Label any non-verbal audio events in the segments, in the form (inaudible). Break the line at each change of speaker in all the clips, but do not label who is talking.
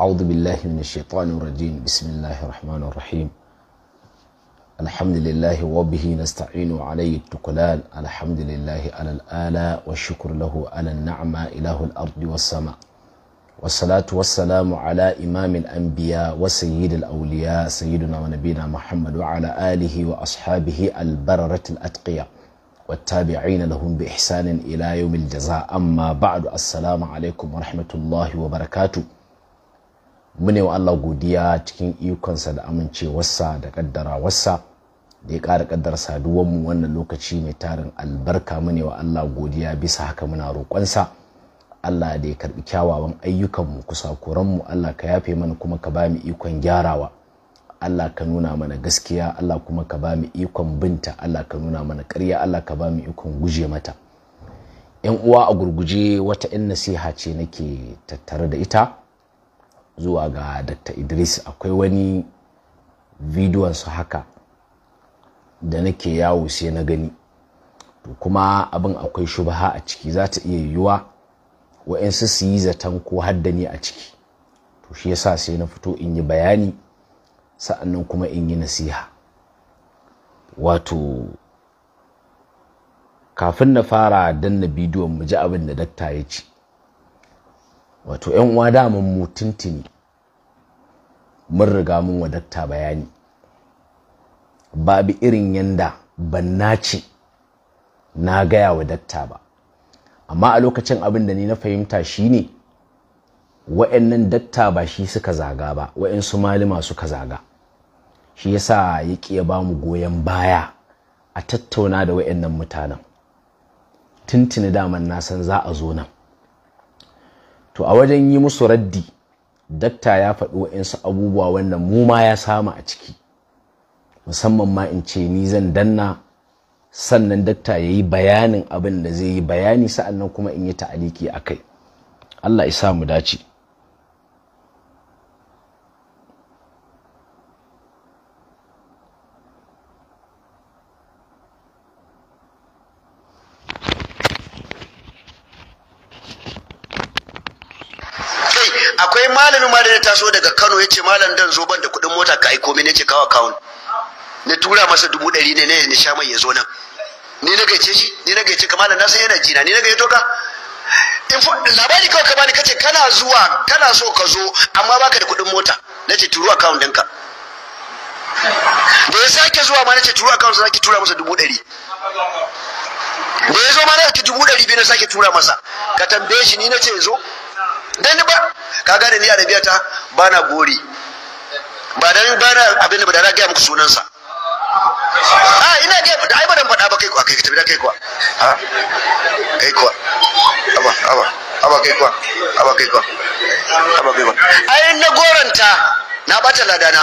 أعوذ بالله من الشيطان الرجيم بسم الله الرحمن الرحيم الحمد لله وبه نستعين عليه التقلال الحمد لله على الآلاء والشكر له على النعمة إله الأرض والسماء والصلاة والسلام على إمام الأنبياء وسيد الأولياء سيدنا ونبينا محمد وعلى آله وأصحابه البررة الأتقياء والتابعين لهم بإحسان إلى يوم الجزاء أما بعد السلام عليكم ورحمة الله وبركاته mune wa Allah godiya cikin ikonsa da amincewarsa da kaddarawarsa da ya ƙara kaddar saduwanmu wannan lokaci mai tarin albarka mune wa Allah godiya bisa haka muna roƙonsa Allah da ya karɓi kyawawan ayyukanmu kusakuranmu Allah ka yafe mana kuma ka ba mu ikon gyarawa Allah ka nuna mana gaskiya Allah kuma ka ba mu ikon binta Allah ka nuna mana karya Allah ka ba mu ikon guje mata yan uwa a gurguje wata 'yan nasiha ce nake tattare da ita zuwa ga dr idris akwai wani su haka da nake yawo sai na gani to kuma abin akwai shubaha a ciki za ta iya yiwuwa wa'yansu su yi zaton ko haddani a ciki to shi yasa sai na fito in yi bayani sa'annan kuma in yi nasiha wato kafin na fara danna bidiyon mu ji abin da dakta ya ce wato yan uwa daman mu tuntuni mun riga mun wadatta bayani babu irin yanda banna ce na gaya wa datta ba amma a lokacin abin da ni na fahimta shine wa'annan datta ba shi suka zaga ba wa'ansu malima suka zaga shi yasa ya ƙi ba mu goyon baya a tattauna da wa'annan mutanen tuntuni daman na san za a zo nan to a wajen yi musu raddi dakta ya faɗi wa'insu abubuwa wanda mu ma ya samu a ciki musamman ma in ce ni zan danna sannan dakta ya yi bayanin abin da zai yi bayani sa'annan kuma in yi ta'aliki a kai allah isa mu dace
malam dan zo ban da kuɗin mota ka aiko mini ce kawo account Ni tura masa dubu ɗari ne ne ni sha mai ya zo nan ni na gaice shi ni na gaice ka malam na san yana jina ni na gaice to ka in labari kawai ka bani kace kana zuwa kana so ka zo amma baka da kuɗin mota nace turu account ɗinka da ya sake zuwa ma nace turu account ki tura masa dubu ɗari da ya zo ma na dubu ɗari biyu na sake tura masa ka tambaye shi ni nace zo dan ba ka gane ni arabiya ta bana gori ba dan ba na abin da ba na gaya muku sunansa a ah, ina gaya da ai ba dan faɗa ba kai kuwa kai tafi da kai
kuwa ha kai kuwa aba aba aba kai kuwa aba kai kuwa aba kai kuwa
ai na goranta na bata ladana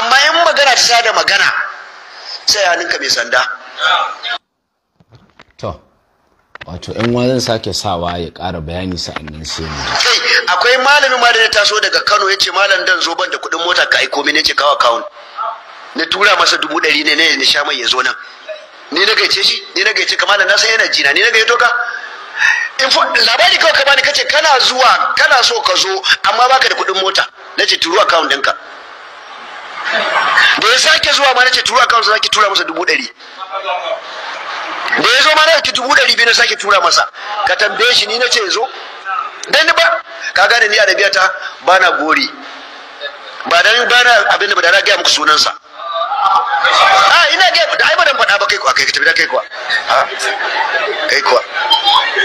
amma in magana ta da magana sai hannunka mai sanda
to wato yan wa zan sake sawa ya ƙara bayani sa'annan sai mu kai
akwai malami ma da ya taso daga Kano yace malam dan zo ban da kuɗin mota ka aiko mini ce kawo kawun na tura masa dubu ɗari ne ne sha mai ya zo nan ni na gaice shi ni na gaice kamar na san yana jina ni na gaito ka in fa labari kawai ka bani kace kana zuwa kana so ka zo amma baka da kuɗin mota nace turu account ɗinka da ya sake zuwa ma nace turu account sai ki tura masa dubu ɗari da ya zo ma na dubu ɗari biyu na sake tura masa ka tambaye shi ni na ce zo dan ba ka gane ni arabiya ta ba na gori ba dan ba na abin da ba da na gaya muku sunansa a ah, ina gaya da ai ba dan faɗa
ba kai kuwa kai tafi da kai kuwa a ah, kai kuwa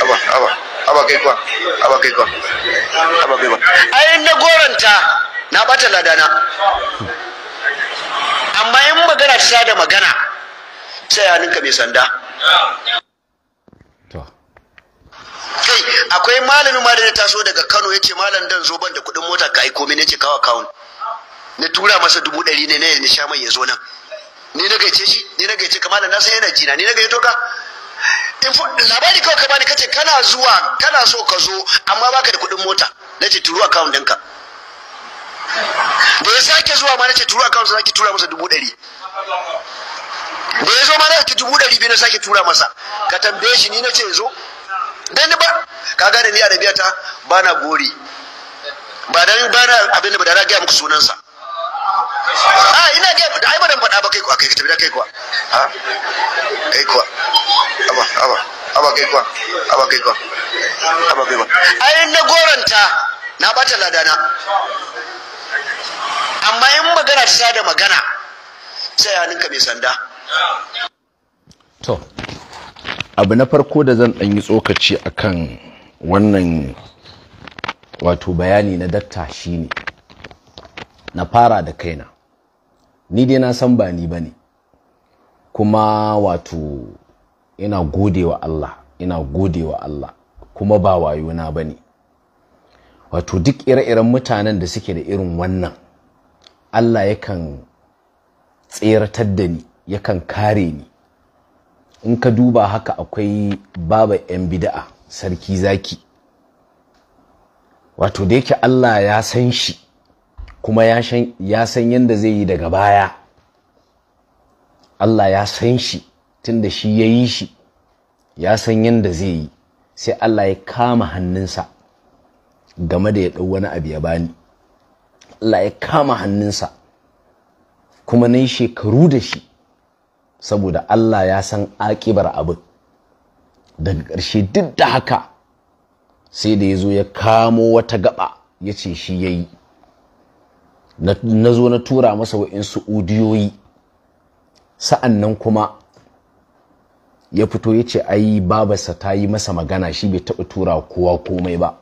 aba aba aba kai kuwa aba kai kuwa aba kai kuwa
ai na goranta na bata ladana amma in magana ta da magana sai hannunka mai sanda kai akwai malamin ma da ya taso daga kano ya ce malam dan zo ban da kuɗin mota ka aiko mini ce kawo kawun na tura masa dubu ɗari ne na yanzu sha mai ya zo nan ni na gaice shi ni na gaice kamar na san yana jina ni na gaito ka labari kawai ka bani kace kana zuwa kana so ka zo amma baka da kuɗin mota na ce turu account ɗinka da ya sake zuwa ma na ce turu account sai ki tura masa dubu ɗari da ya zo ma na ta dubu ɗari biyu na sake tura masa ka tambaye shi ni na ce zo dan ba ka gane ni arabiya ta ba na gori ba dan ba na abin da ba da na ga muku sunansa a
ah, ina ga gaya ai ba dan faɗa ba kai kuwa kai ka tafi da kai kuwa ha kai kuwa aba aba aba kai kuwa aba kai kuwa aba kai kuwa
ai na goranta na bata ladana amma in magana ta da magana sai ninka mai sanda
to abu na farko da zan ɗan yi tsokaci akan wannan wato bayani na dakta shine na fara da kaina ni dai na san ba ni ba ne kuma wato ina gode Allah ina godewa Allah kuma ba wayona ba ne wato duk ire-iren mutanen da suke da irin wannan Allah yakan tseratar da ni yakan kare ni in ka duba haka akwai baba 'yan bida'a sarki zaki wato da yake Allah ya san shi kuma ya san yadda zai yi daga baya Allah ya san shi tun da shi ya yi shi ya san yadda zai yi sai Allah ya kama hannunsa game da ya ɗau wani abu ya bani Allah ya kama hannunsa kuma na yi shekaru da shi saboda Allah ya san aƙibar abin daga ƙarshe duk da haka sai da ya zo ya kamo wata gaba ya ce shi ya yi na zo na tura masa wa'insu udiyoyi sa'an nan kuma ya fito ya ce ai babarsa ta yi masa magana shi bai taɓa tura kowa komai ba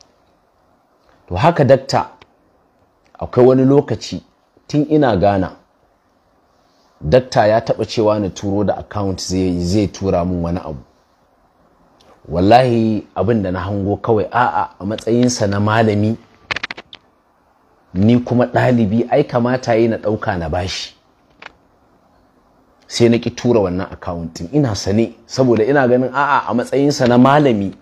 to haka dakta akwai wani lokaci tun ina gana dakta ya taɓa cewa na turo da account zai tura min wani abu wallahi abin da na hango kawai a'a a matsayinsa na malami ni kuma ɗalibi ai kamata yi na ɗauka na bashi sai na ki tura wannan akawuntin ina sane saboda ina ganin a'a a matsayinsa na malami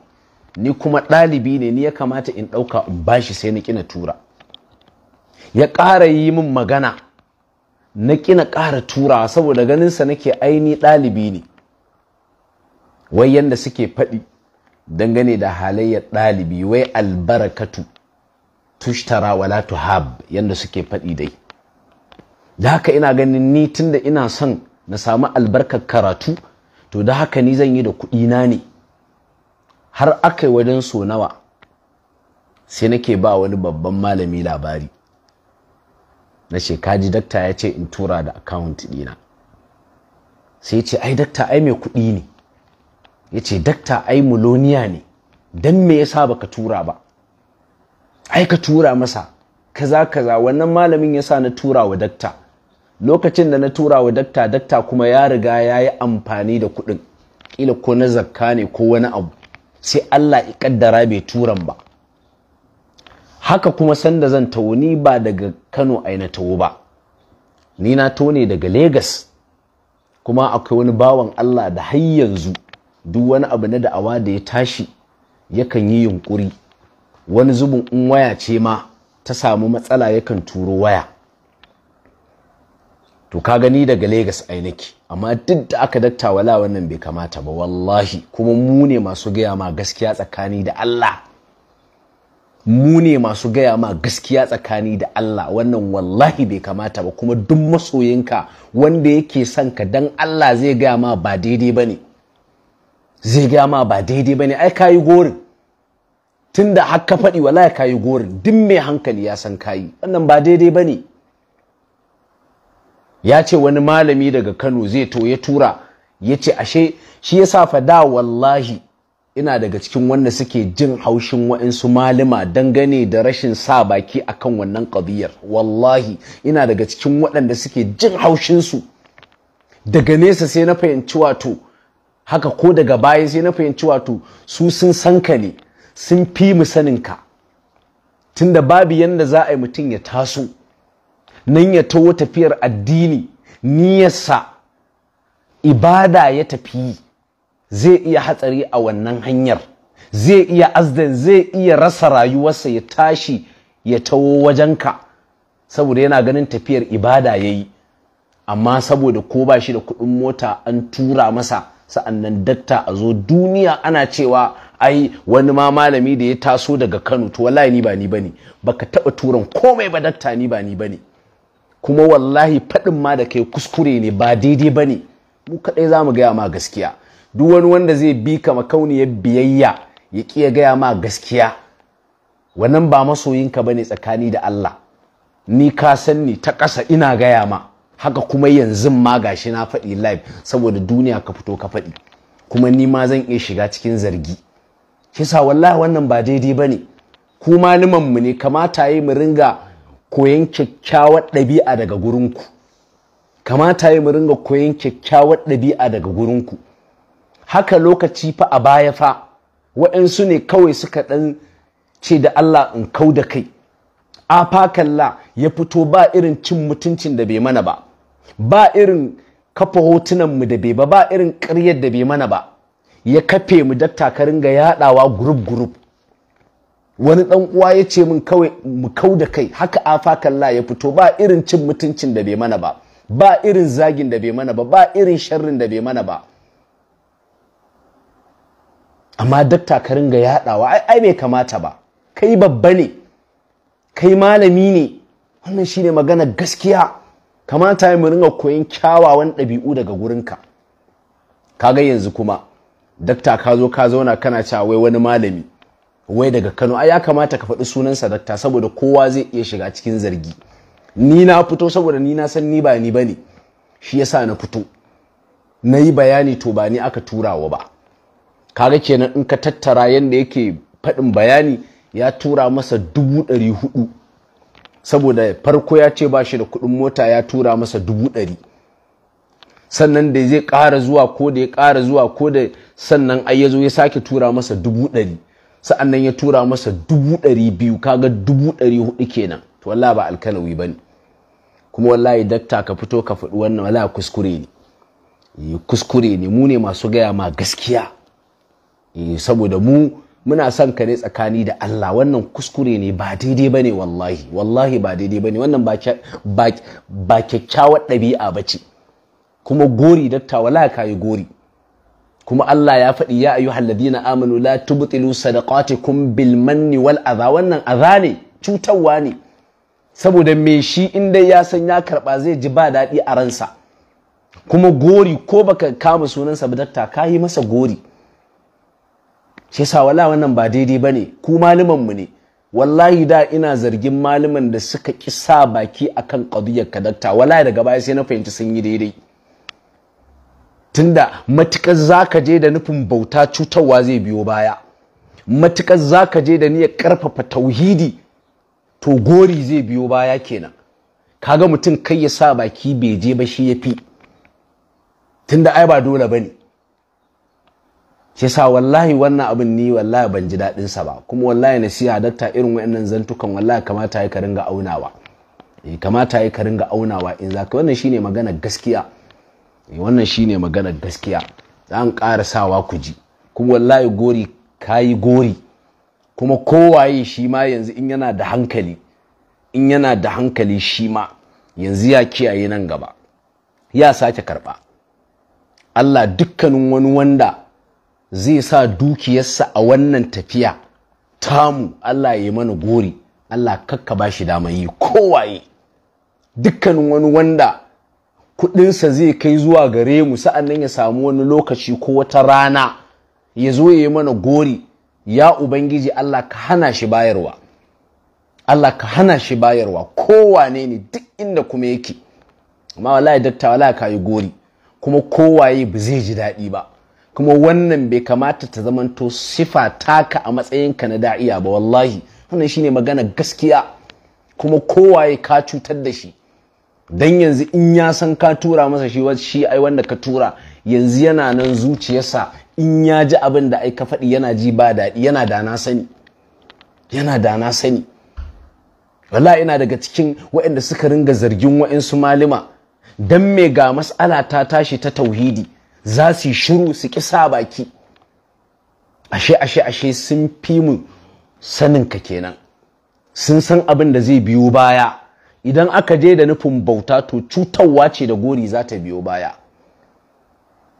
ni kuma ɗalibi ne ni ya kamata in ɗauka in bashi sai na ki na tura ya ƙara yi min magana na kina ƙara turawa saboda ganinsa nake aini ɗalibi ne wai yanda suke faɗi dangane da halayyar ɗalibi wai albarakatu tushtara wala tuhab yanda suke faɗi dai da haka ina ganin ni tunda ina son na samu albarkar karatu to da haka ni zan yi da kuɗina ne har aka yi wajen so nawa sai nake ba wani babban malami labari na ce kaji dakta ya ce in tura da account dina sai ce ai dakta ai mai kuɗi ne ya ce dakta ai muloniya ne Dan me yasa baka tura ba ai ka tura masa kaza kaza wannan malamin yasa na tura wa dakta lokacin da na tura wa dakta dakta kuma ya riga ya yi amfani da kuɗin ƙila ko na zakka ne ko wani abu sai Allah ya kaddara bai turan ba haka kuma sanda zan tawo ni ba daga Kano ai na tawo ba ni na tawo ne daga Legas kuma akwai wani bawan Allah da har yanzu duk wani abu na da'awa da ya tashi yakan yi yunkuri wani zubin in waya ce ma ta samu matsala yakan turo waya to ka gani daga Legas ai nake amma duk da aka datta wala wannan bai kamata ba wallahi kuma mu ne masu gaya ma gaskiya tsakani da Allah mu ne masu gaya ma gaskiya tsakani da Allah wannan wallahi bai kamata ba kuma duk masoyinka wanda yake son ka dan Allah zai gaya ma ba daidai bane zai gaya ma ba daidai bane ai kayi gorin tunda har ka faɗi wallahi kayi gorin duk mai hankali ya san kayi wannan ba daidai bane ya ce wani malami daga Kano zai to ya tura ya ce ashe shi yasa fa da wallahi ina daga cikin wanda suke jin haushin wa'insu malima dangane da rashin sa baki akan wannan ƙabiyar wallahi ina daga cikin waɗanda suke jin haushinsu daga nesa sai na fahimci wato haka ko daga baya sai na fahimci wato su sun san ka ne sun fi mu sanin ka tunda babu yadda za a yi mutum ya taso nan ya taho tafiyar addini niyyarsa ibada ya tafi zai iya hatsari a wannan hanyar zai iya azdan zai iya rasa rayuwarsa ya tashi ya tawo wajenka saboda yana ganin tafiyar ibada ya yi amma saboda ko ba shi da kuɗin mota an tura masa sa'annan dakta a zo duniya ana cewa ai wani ma malami da ya taso daga kano to wallahi ni ba ni bane baka taba turan komai ba dakta ni ba ni bane kuma wallahi faɗin ma da kai kuskure ne ba daidai bane mu kaɗai za mu gaya ma gaskiya duk wani wanda zai bi ka makauniyar biyayya ya ƙi ya gaya ma gaskiya wannan ba masoyinka bane tsakani da Allah ni ka san ni ta ƙasa ina gaya ma haka kuma yanzu ma gashi na faɗi live saboda duniya ka fito ka faɗi kuma ni ma zan iya shiga cikin zargi kisa wallahi wannan ba daidai bane ku mu ne kamata yi mu ringa koyan kyakkyawar ɗabi'a daga gurinku kamata yi mu ringa koyan kyakkyawar ɗabi'a daga gurinku haka lokaci fa a baya fa waɗansu ne kawai suka ɗan ce da Allah in kau da kai a fakalla ya fito ba irin cin mutuncin da bai mana ba ba irin kafa hotunanmu da bai ba ba irin ƙaryar da bai mana ba ya kafe mu dakta ka ringa yaɗawa gurup gurup wani ɗan uwa ya ce min kawai mu kau da kai haka a afakalla ya fito ba irin cin mutuncin da bai mana ba ba irin zagin da bai mana ba ba irin sharrin da bai mana ba amma dakta ka ringa yaɗawa ai bai kamata ba kai babba ne kai malami ne wannan shine magana gaskiya kamata mu ringa koyon kyawawan ɗabi'u daga gurinka kaga yanzu kuma dakta ka zo ka zauna kana cewa wai wani malami wai daga Kano ai ya kamata ka faɗi sunansa dakta saboda kowa zai iya shiga cikin zargi ni na fito saboda ni na san ni ba ni ba ne shi yasa na fito na yi bayani to ba ni aka turawa ba kaga kenan in ka tattara yanda yake faɗin bayani ya tura masa dubu ɗari hudu saboda farko ya ce ba shi da kuɗin mota ya tura masa dubu ɗari sannan da zai ƙara zuwa ko da ya ƙara zuwa ko da sannan ai ya zo ya sake tura masa dubu ɗari sa'annan ya tura masa dubu ɗari biyu kaga dubu ɗari hudu kenan to wallahi ba alkalawi ba ne kuma wallahi dakta ka fito ka faɗi wannan wallahi kuskure ne eh, kuskure ne mu ne masu gaya ma gaskiya Eh, saboda mu muna son ka ne tsakani da Allah wannan kuskure ne ba daidai bane wallahi wallahi ba daidai bane wannan ba kyakkyawar ɗabi'a ba ce kuma gori datta wala kayi gori kuma Allah ya faɗi ya ayyuhal na amanu la tubtilu sadaqatikum bil manni wal adha wannan adha ne cutarwa ne saboda me shi in dai ya san ya karɓa zai ji ba daɗi a ransa kuma gori ko baka kama sunansa ba dakta ka yi masa gori shi yasa wala wannan ba daidai bane ku malaman mu ne wallahi da ina zargin malaman da suka ki sa baki akan qadiyar kadakta wallahi daga baya sai na fahimci sun yi daidai tunda matukar zaka je da nufin bauta cutarwa zai biyo baya matukar zaka je da niyyar karfafa tauhidi to gori zai biyo baya kenan ka ga mutum kai ya sa baki bai je ba shi yafi tunda ai ba dole bane shi sa wallahi wannan abin ni wallahi ban ji daɗin sa ba kuma wallahi nasiha dakta irin wa'annan zantukan wallahi kamata ya ka ringa aunawa eh, kamata ya ka ringa aunawa in zaka wannan shine magana gaskiya eh, wannan shine magana gaskiya zan ƙara sawa ku ji kuma wallahi gori kayi gori kuma kowaye shi ma yanzu in yana da hankali in yana da hankali shi ma yanzu ya kiyaye nan gaba ya sake karɓa Allah dukkanin wani wanda zai sa dukiyarsa a wannan tafiya tamu Allah ya yi mana gori Allah kakka ba shi dama yi kowaye dukkanin wani wanda kudinsa zai kai zuwa gare mu sa'annan ya samu wani lokaci ko wata rana ya zo ya yi mana gori ya ubangiji Allah ka hana shi bayarwa Allah ka hana shi bayarwa kowane ne duk inda kuma yake amma wallahi dakta wallahi ka yi gori kuma kowaye ba zai ji daɗi ba kuma wannan bai kamata ta zamanto sifa taka a matsayinka na da'iya ba wallahi wannan shine magana gaskiya kuma kowaye ka cutar da shi dan yanzu in ya san ka tura masa shi shi ai wanda ka tura yanzu yana nan zuciyarsa in ya ji abin da ai ka faɗi yana ji ba daɗi yana da na sani yana da na sani wallahi ina daga cikin waɗanda suka ringa zargin waɗansu malima dan me ga mas'ala ta tashi ta tauhidi za su shiru su ƙi sa baki ashe ashe ashe sun fi mu sanin ka kenan sun san abin da zai biyo baya idan aka je da nufin bauta to cutarwa ce da gori za ta biyo baya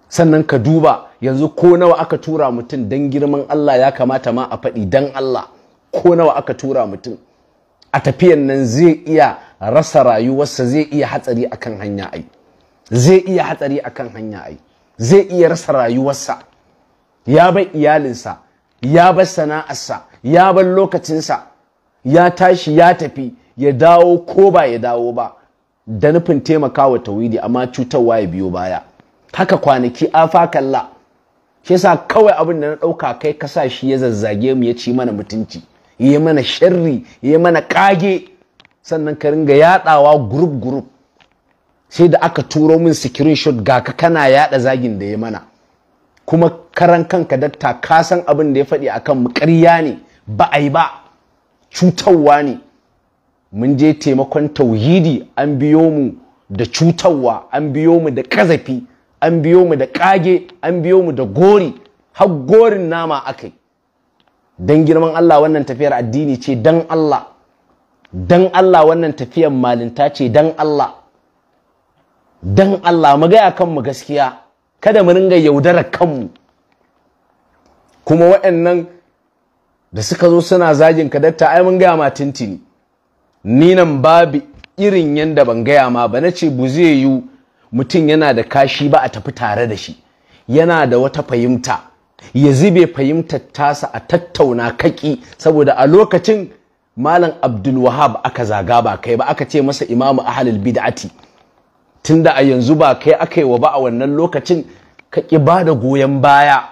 sannan ka duba yanzu ko nawa aka tura mutum don girman Allah ya kamata ma a faɗi don Allah ko nawa aka tura mutum a tafiyan nan zai iya rasa rayuwarsa zai iya hatsari akan hanya ai zai iya hatsari akan hanya ai zai iya rasa rayuwarsa ya bar iyalinsa ya bar sana'arsa ya bar lokacinsa ya tashi ya tafi ya dawo ko ba ya dawo ba da nufin taimakawa Tawidi, amma cutarwa ya biyo baya haka kwanaki kalla. shi yasa kawai abin da na ɗauka kai kasa shi ya zazzage mu ya ci mana mutunci ya yi mana sharri ya yi mana kage sannan ka ringa yaɗawa gurup gurup sai da aka turo min sikirin shot ga ka kana yada zagin da ya mana kuma karan kanka datta ka san abin da ya faɗi akan mu ƙarya ne ba a yi ba cutarwa ne mun je taimakon tauhidi an biyo mu da cutarwa an biyo mu da kazafi, an biyo mu da ƙage an biyo mu da gori har gorin nama akai dan girman Allah wannan tafiyar addini ce dan Allah dan Allah wannan tafiyar malinta ce dan Allah dan Allah mu gaya kanmu gaskiya kada mu ringa yaudarar kanmu kuma waɗannan da suka zo suna zagin ka datta ai mun gaya ma tintini ni nan babu irin yanda ban gaya ma ba na ce bu yu mutum yana da kashi ba a tafi tare da shi yana da wata fahimta ya zube fahimtar tasa a tattauna kaki saboda a lokacin malam abdulwahab aka zaga ba kai ba aka ce masa imamu ahlul bid'ati tunda a yanzu ba kai aka yi wa ba a wannan lokacin ka ƙi ba da goyon baya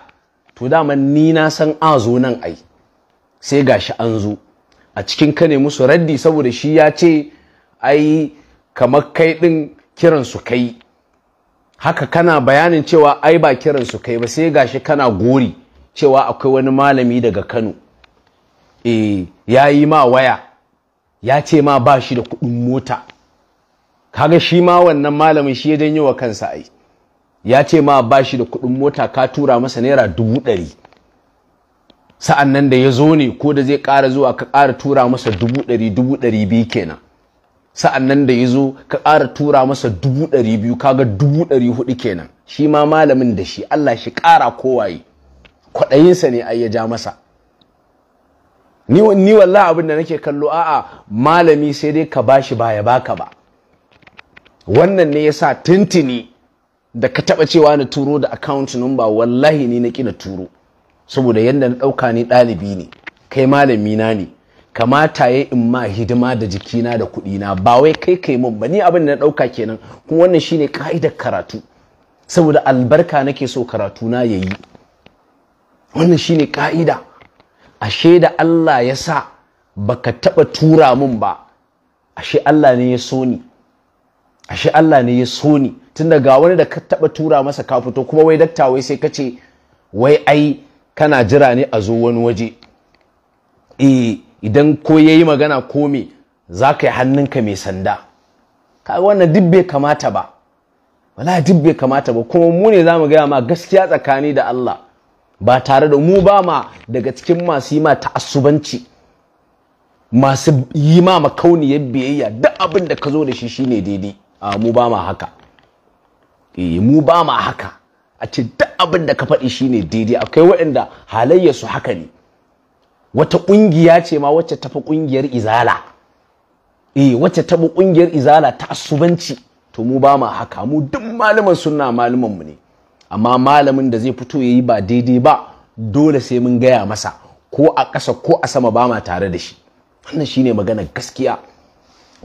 to dama ni na san a zo nan ai sai gashi an zo a cikin ka ne musu raddi saboda shi ya ce ai kamar kai ɗin kiran su kai haka kana bayanin cewa ai ba kiran su kai ba sai gashi kana gori cewa akwai wani malami daga Kano eh ya yi ma waya ya ce ma ba shi da kuɗin mota kaga shi ma wannan malamin shi ya janyo wa kansa ai ya ce ma ba shi da kuɗin mota ka tura masa naira dubu ɗari sa'an nan da ya zo ne ko da zai ƙara zuwa ka ƙara tura masa dubu ɗari dubu ɗari biyu kenan sa'an nan da ya zo ka ƙara tura masa dubu ɗari biyu kaga dubu ɗari hudu kenan shi ma malamin da shi Allah shi ƙara kowaye kwaɗayinsa ne ai ya ja masa ni wallah abin da nake kallo a'a malami sai dai ka bashi ba ya ba ka ba wannan ne ya yasa tuntuni da ka taɓa cewa na turo da account number wallahi ni na kina turo saboda yadda na ɗauka ni ɗalibi ne kai malami na ne kamata ya in ma hidima da jikina da kuɗina ba wai kai kai mun ba ni abin da na ɗauka kenan kuma wannan shine ka'idar karatu saboda albarka nake so karatu na yayi wannan shine ka'ida ashe da Allah ya sa baka taɓa tura mun ba ashe Allah ne ya so ni ashe Allah ne ya so ni tunda ga wani da ka taɓa tura masa ka fito kuma wai dakta wai sai ka ce wai ai kana jira ne a zo wani waje eh idan ko yayi magana ko me za ka yi hannunka mai sanda ka wannan duk bai kamata ba wala duk bai kamata ba kuma mu ne za mu gaya ma gaskiya tsakani da Allah ba tare da mu ba ma daga cikin masu yi ma ta'assubanci masu yi ma makauniyar biyayya duk abin da ka zo da shi shine daidai Ah, mu ba ma haka eh, mu ba ma haka a ce duk abin da ka faɗi shine daidai akwai waɗanda halayya su haka ne wata ƙungiya ce ma wacce tafi ƙungiyar izala eh wacce tafi ƙungiyar izala ta asubanci to mu ba ma haka mu duk malaman sunna malaman mu ne amma malamin da zai fito yayi ba daidai ba dole sai mun gaya masa ko a ƙasa ko a sama ba ma tare da shi wannan shine maganar gaskiya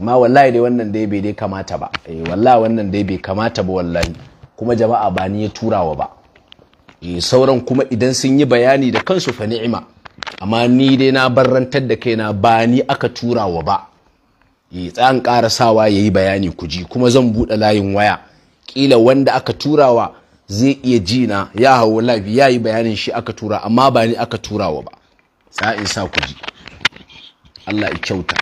amma wallahi dai wannan dai bai dai kamata ba eh wallahi wannan dai bai kamata ba wallahi kuma jama'a ba ni ya turawa ba eh sauran kuma idan sun yi bayani da kansu fa ni'ima amma ni dai na barrantar da kaina ba ni aka turawa ba eh tsan karasawa yayi bayani ku ji kuma zan bude layin waya kila wanda aka turawa zai iya ji na ya hawo live yayi bayanin shi aka tura amma ba ni aka turawa ba sa'in sa ku ji
Allah ya kyauta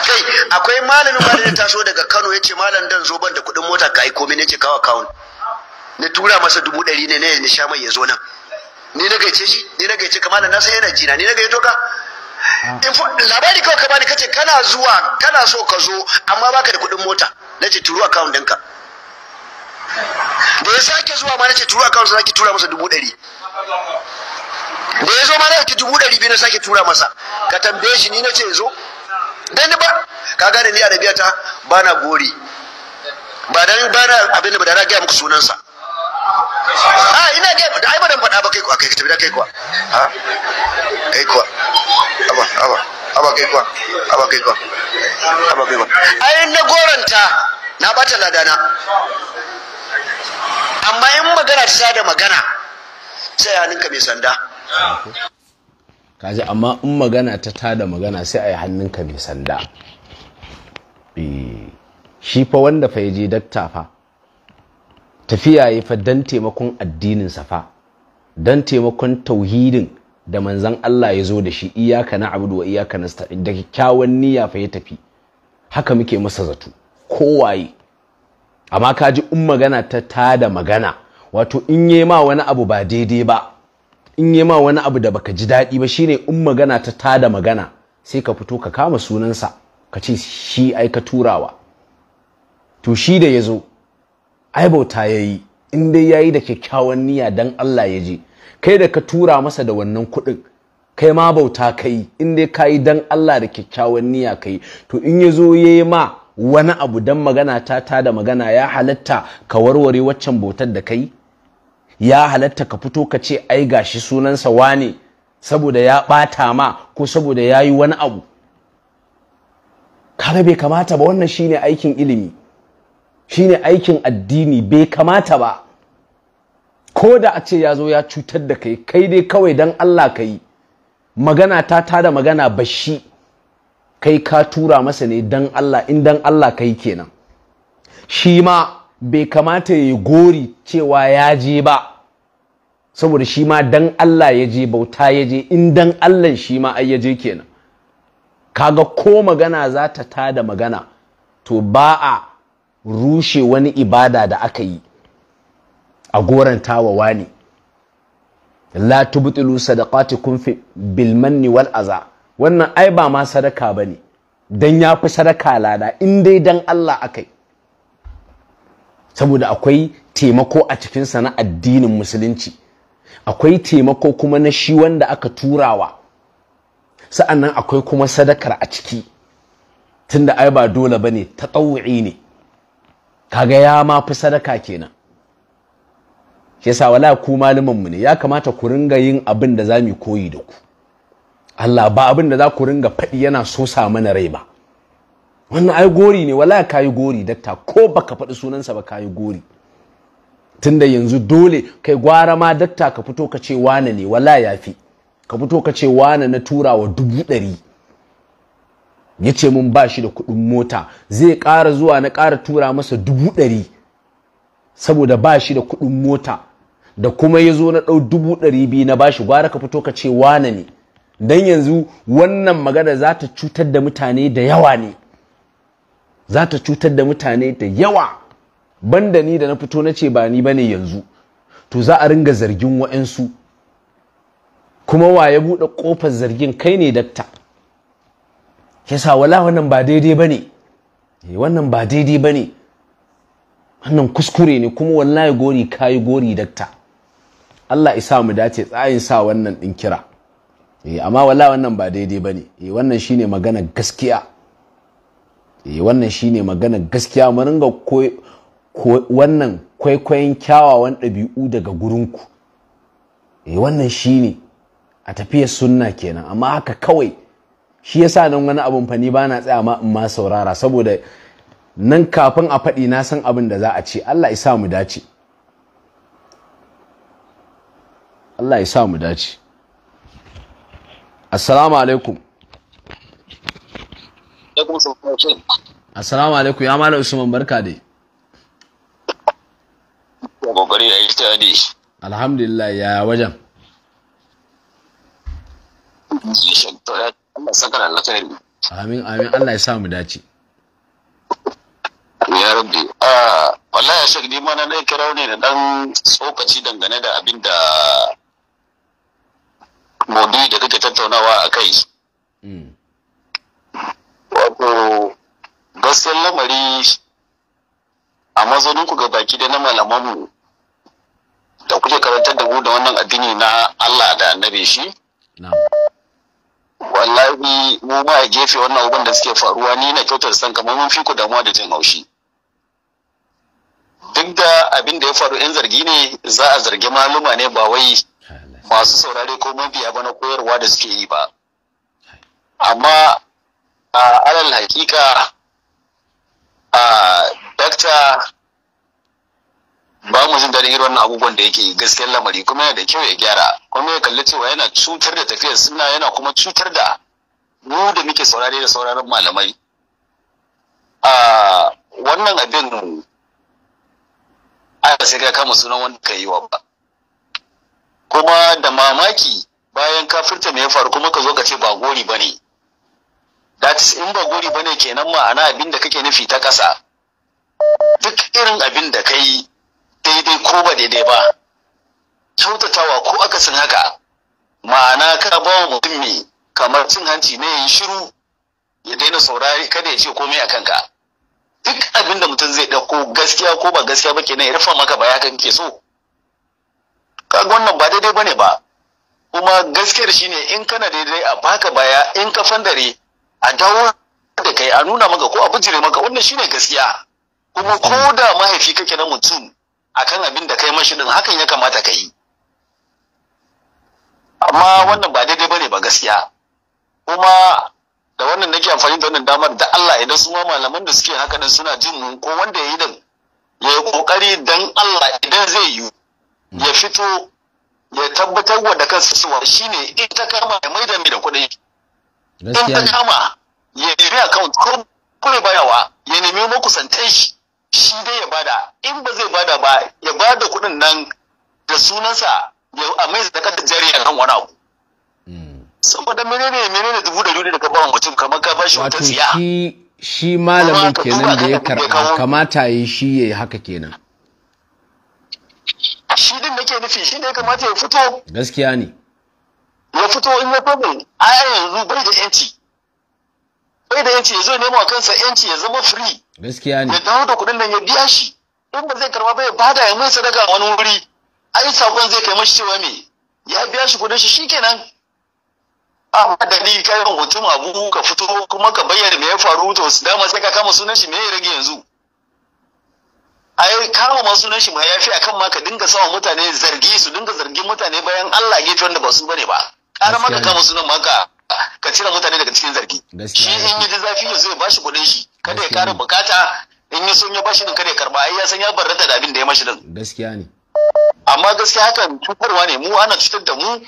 kai akwai malamin ma da ya taso daga Kano yace malam dan zo ban da kuɗin mota ka aiko mini yace kawo account na tura masa dubu ɗari ne ne sha mai ya zo nan ni na gaice shi ni na gaice ka malam na san yana jina ni na gaito ka labari kawai ka bani kace kana zuwa kana so ka zo amma baka da kuɗin mota nace turu account ɗinka da ya sake zuwa ma nace turu account ki tura masa dubu ɗari da ya zo ma na dubu ɗari biyu na sake tura masa ka tambaye shi ni nace ya zo gani ba ka gane ni arabiya ta ba na gori ba dan ba na abin da ba da na gaya muku sunansa a ah, ina gaya da ai ba dan faɗa ba kai kuwa kai tafi da kai kuwa
ha kai kuwa aba aba aba kai kuwa aba kai kuwa aba kai kuwa ai na
goranta na bata ladana amma in magana ta da magana sai hannunka mai sanda
kaji amma in magana ta tada magana sai a yi hannunka mai sanda e, shi fa wanda fa ya je dakta fa tafiya ya fa don taimakon addininsa fa Dan taimakon tauhidin da manzan Allah ya zo da shi iyaka na abudu wa iyaka na da kyakkyawan niyya fa ya tafi haka muke masa zato Ko waye. amma kaji in magana ta tada magana wato in yi ma wani abu ba daidai ba in yi ma wani abu da baka ji daɗi ba shine in magana ta tada magana sai ka fito ka kama sunansa ka ce shi ai ka turawa to shi da ya zo ai bauta ya yi in dai ya yi da kyakkyawan niyya don Allah ya je kai da ka tura masa da wannan kuɗin kai ma bauta ka yi in dai ka yi don Allah da kyakkyawan niyya ka yi to in ya zo ya yi ma wani abu don magana ta tada magana ya halatta ka warware waccan bautar da ka yi ya halatta ka fito ka ce ai gashi sunansa wane saboda ya ɓata ma ko saboda ya yi wani abu kaga bai kamata ba wannan shine aikin ilimi shine aikin addini bai kamata ba ko da a ce ya zo ya cutar da kai kai dai kawai don Allah ka yi magana ta ta da magana bashi kai ka tura masa ne don Allah in don Allah ka yi kenan shi ma bai kamata ya gori cewa ya je ba saboda shi ma dan Allah ya je bauta ya je in dan Allah shi ma ai ya je kenan kaga ko magana za ta da magana to ba a rushe wani ibada da aka yi a goranta wa wani la tubtilu sadaqatikum fi bil manni wal aza wannan ai ba ma sadaka bane dan ya yafi sadaka lada in dai dan Allah akai saboda akwai taimako a cikinsa na addinin musulunci akwai taimako kuma na shi wanda aka turawa sa'annan akwai kuma sadakar a ciki tunda ai ba dole ba ne ta tatawu'i ne kaga ya ma fi sadaka kenan sa wala ku malaman mu ne ya kamata ku ringa yin abin da za mu koyi da ku Allah ba abin da za ku ringa faɗi yana so sa mana rai ba wannan ai gori ne wala kayi gori dakta ko baka faɗi sunansa ba kayi gori tunda yanzu dole kai gwara ma dakta ka fito ka ce wane ne wala yafi ka fito ka ce wane na tura wa dubu ɗari ya ce mun ba shi da kuɗin mota zai ƙara zuwa na ƙara tura masa dubu ɗari saboda ba shi da kuɗin mota da kuma ya zo na ɗau dubu ɗari biyu na bashi gwara ka fito ka ce wane ne don yanzu wannan magana za ta cutar da mutane da yawa ne za ta cutar da mutane da yawa banda ni da na fito na ce ba ni bane yanzu to za a ringa zargin wa'ansu kuma wa ya buɗe ƙofar zargin kai ne dakta yasa wala wannan ba daidai bane eh, wannan ba daidai bane wannan kuskure ne kuma wallahi gori kayi gori dakta Allah isa mu dace tsayin sa wannan ɗin kira eh, amma wala wannan ba daidai bane eh, wannan shine magana gaskiya Eh, wannan shine magana gaskiya mu ringa wannan kwaikwayon kyawawan ɗabi'u daga gurinku eh, wannan shine a tafiyar sunna kenan amma haka kawai shi yasa nan wani abun fani ba na tsaya ma in ma saurara saboda nan kafin a faɗi na san abin da za a ce Allah sa mu dace Allah isa mu dace assalamu alaikum Assalamu alaikum ya Malam Usman barka dai.
Kokari ya yi tadi.
Alhamdulillah ya wajen. Amin amin Allah ya sa mu dace. Ya rabbi Ah,
wallahi shek ni ma na dai kirau ne da dan tsokaci dangane da abin da maudu'i da kake tattaunawa a kai. Mm. wato gaskiyar lamari a mazanin ku ga baki da na malamanmu da kuke karantar da mu da wannan addini na Allah da annabi shi wallahi mu ma a gefe wannan abin da suke faruwa ni na kyautar san kamar mun fi ku damuwa da jin haushi duk da abin da ya faru in zargi ne za a zargi maluma ne ba wai masu saurare ko mabiya ba na koyarwa da suke yi ba amma a alal hakika a dakta ba mu jin daɗin irin abubuwan da yake gaskiyar lamari kuma yana da kyau ya gyara kuma ya kalli cewa yana cutar da tafiyar suna yana kuma cutar da mu da muke saurare da sauraron malamai a wannan abin ana sai ka kama sunan wanda ka yi wa ba kuma da mamaki bayan kafirta me ya faru kuma ka zo ka ce ba gori ba ne that in ba guri bane kenan ma'ana abin da kake nufi ta ƙasa duk irin abin da ka yi daidai ko ba daidai ba kyautatawa ko akasin haka ma'ana ka ba wa mutum me kamar cin hanci ne yin shiru ya daina saurari kada ya ce komai a kanka duk abin da mutum zai ɗauko gaskiya ko ba gaskiya ba kenan ya rufa maka baya kan ke so kaga wannan ba daidai bane ba kuma gaskiyar shine in kana daidai a baka baya in ka fandare a dawo da kai a nuna maka ko a bijire maka wannan shine gaskiya kuma ko da mahaifi kake na mutum akan abin da kai mashi din hakan ya kamata ka yi amma wannan ba daidai bane ba gaskiya kuma da wannan nake amfani da wannan damar da Allah idan su ma malaman da suke haka din suna jin mu ko wanda yayi din ya yi kokari dan Allah idan zai yi ya fito ya tabbatar wa da kansa suwa shine ita kama ya maida mai da kuɗi gaskiya dama ya nemi account ko kuma bayawa ya nemi makusantan shi shi dai ya bada in ba zai bada ba ya bada kuɗin nan da sunansa ya amai zakar jariya kan wani abu hmm. saboda menene menene dubu da dubu da ka ba mutum kamar ka shi wata siya.
shi shi malamin kenan da ya karɓa kamata yi shi yi haka kenan
shi din nake nufi shi ne kamata ya fito
gaskiya ne
ya fito in ya fito a yanzu bai da yanci bai da yanci ya zo a kansa yanci ya zama free
gaskiya ne ya
dawo da kuɗin nan ya biya shi in ba zai karba ba ya bada ya mai sadaka wani wuri ai sakon zai kai mashi cewa me ya biya shi kuɗin shi shikenan a ni kai mutum abu ka fito kuma ka bayyana me ya faru to dama sai ka kama sunan shi me ya rage yanzu ai kama ma sunan shi ma yafi akan ma ka dinga sawa mutane zargi su dinga zargin mutane bayan Allah gefe wanda ba su bane ba
ƙara maka kama
sunan maka ka cire mutane daga cikin zargi shi in yi zafi ne zai bashi kuɗin shi kada ya ƙara bukata in yi sun ya bashi din kada ya karba ai ya san ya barrata da abin da ya mashi din gaskiya ne amma gaskiya hakan cutarwa ne mu ana cutar da mu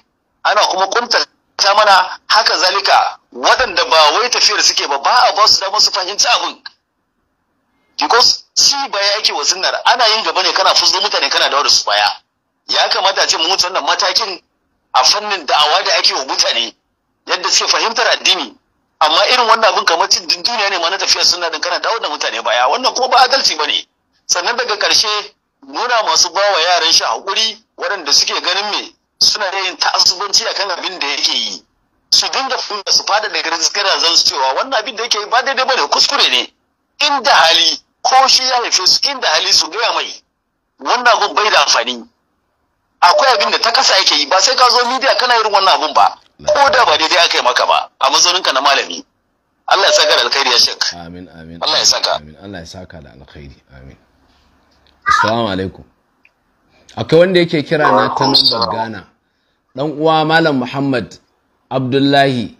ana kuma kunta ta mana haka zalika waɗanda ba wai tafiyar suke ba ba a ba su damar su fahimci abin because shi ya yake wa sunnar ana yin gaba ne kana fusdo mutane kana da da su baya ya kamata a ce mu wuce wannan matakin a fannin da'awa da ake wa mutane yadda suke fahimtar addini amma irin wannan abin kamar cin duniya ne ma na tafiya suna din kana dawo da mutane baya wannan kuma ba adalci bane sannan daga karshe nuna masu bawa yaran shi hakuri waɗanda suke ganin me suna yin ta'assubanci akan abin da yake yi su dinga fuka su fada da garzikara zan su cewa wannan abin da yake yi ba daidai bane kuskure ne inda hali ko shi ya haife su inda hali su gaya mai wannan abin bai da amfani akwai abin da ta kasa yake yi ba sai ka zo media kana yin wannan abun ba ko da ba daidai aka yi maka ba a mazauninka na malami Allah ya saka da alkhairi ya shek amin amin Allah ya saka amin
Allah ya saka
da alkhairi amin assalamu alaikum akwai wanda yake kira na ta nan Ghana dan uwa malam Muhammad Abdullahi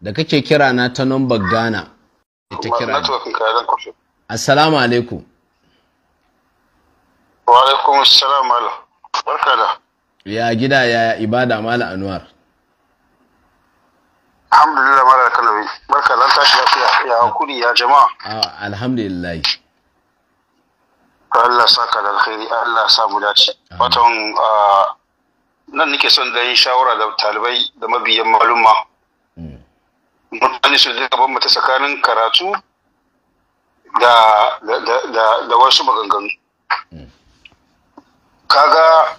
da kake kira na ta nan Ghana ita kira assalamu alaikum
wa alaikum assalam malam barka da
ya gida ya ibada mala anwar
alhamdulillah mala kalawi barka lan tashi lafiya ya hakuri ya jama'a
alhamdulillah
Allah saka da alkhairi Allah sa mu dace watan nan nake son da yin shawara da talibai da mabiyan maluma mm. mutane su da gaban mata tsakanin karatu da da da wasu maganganu mm. kaga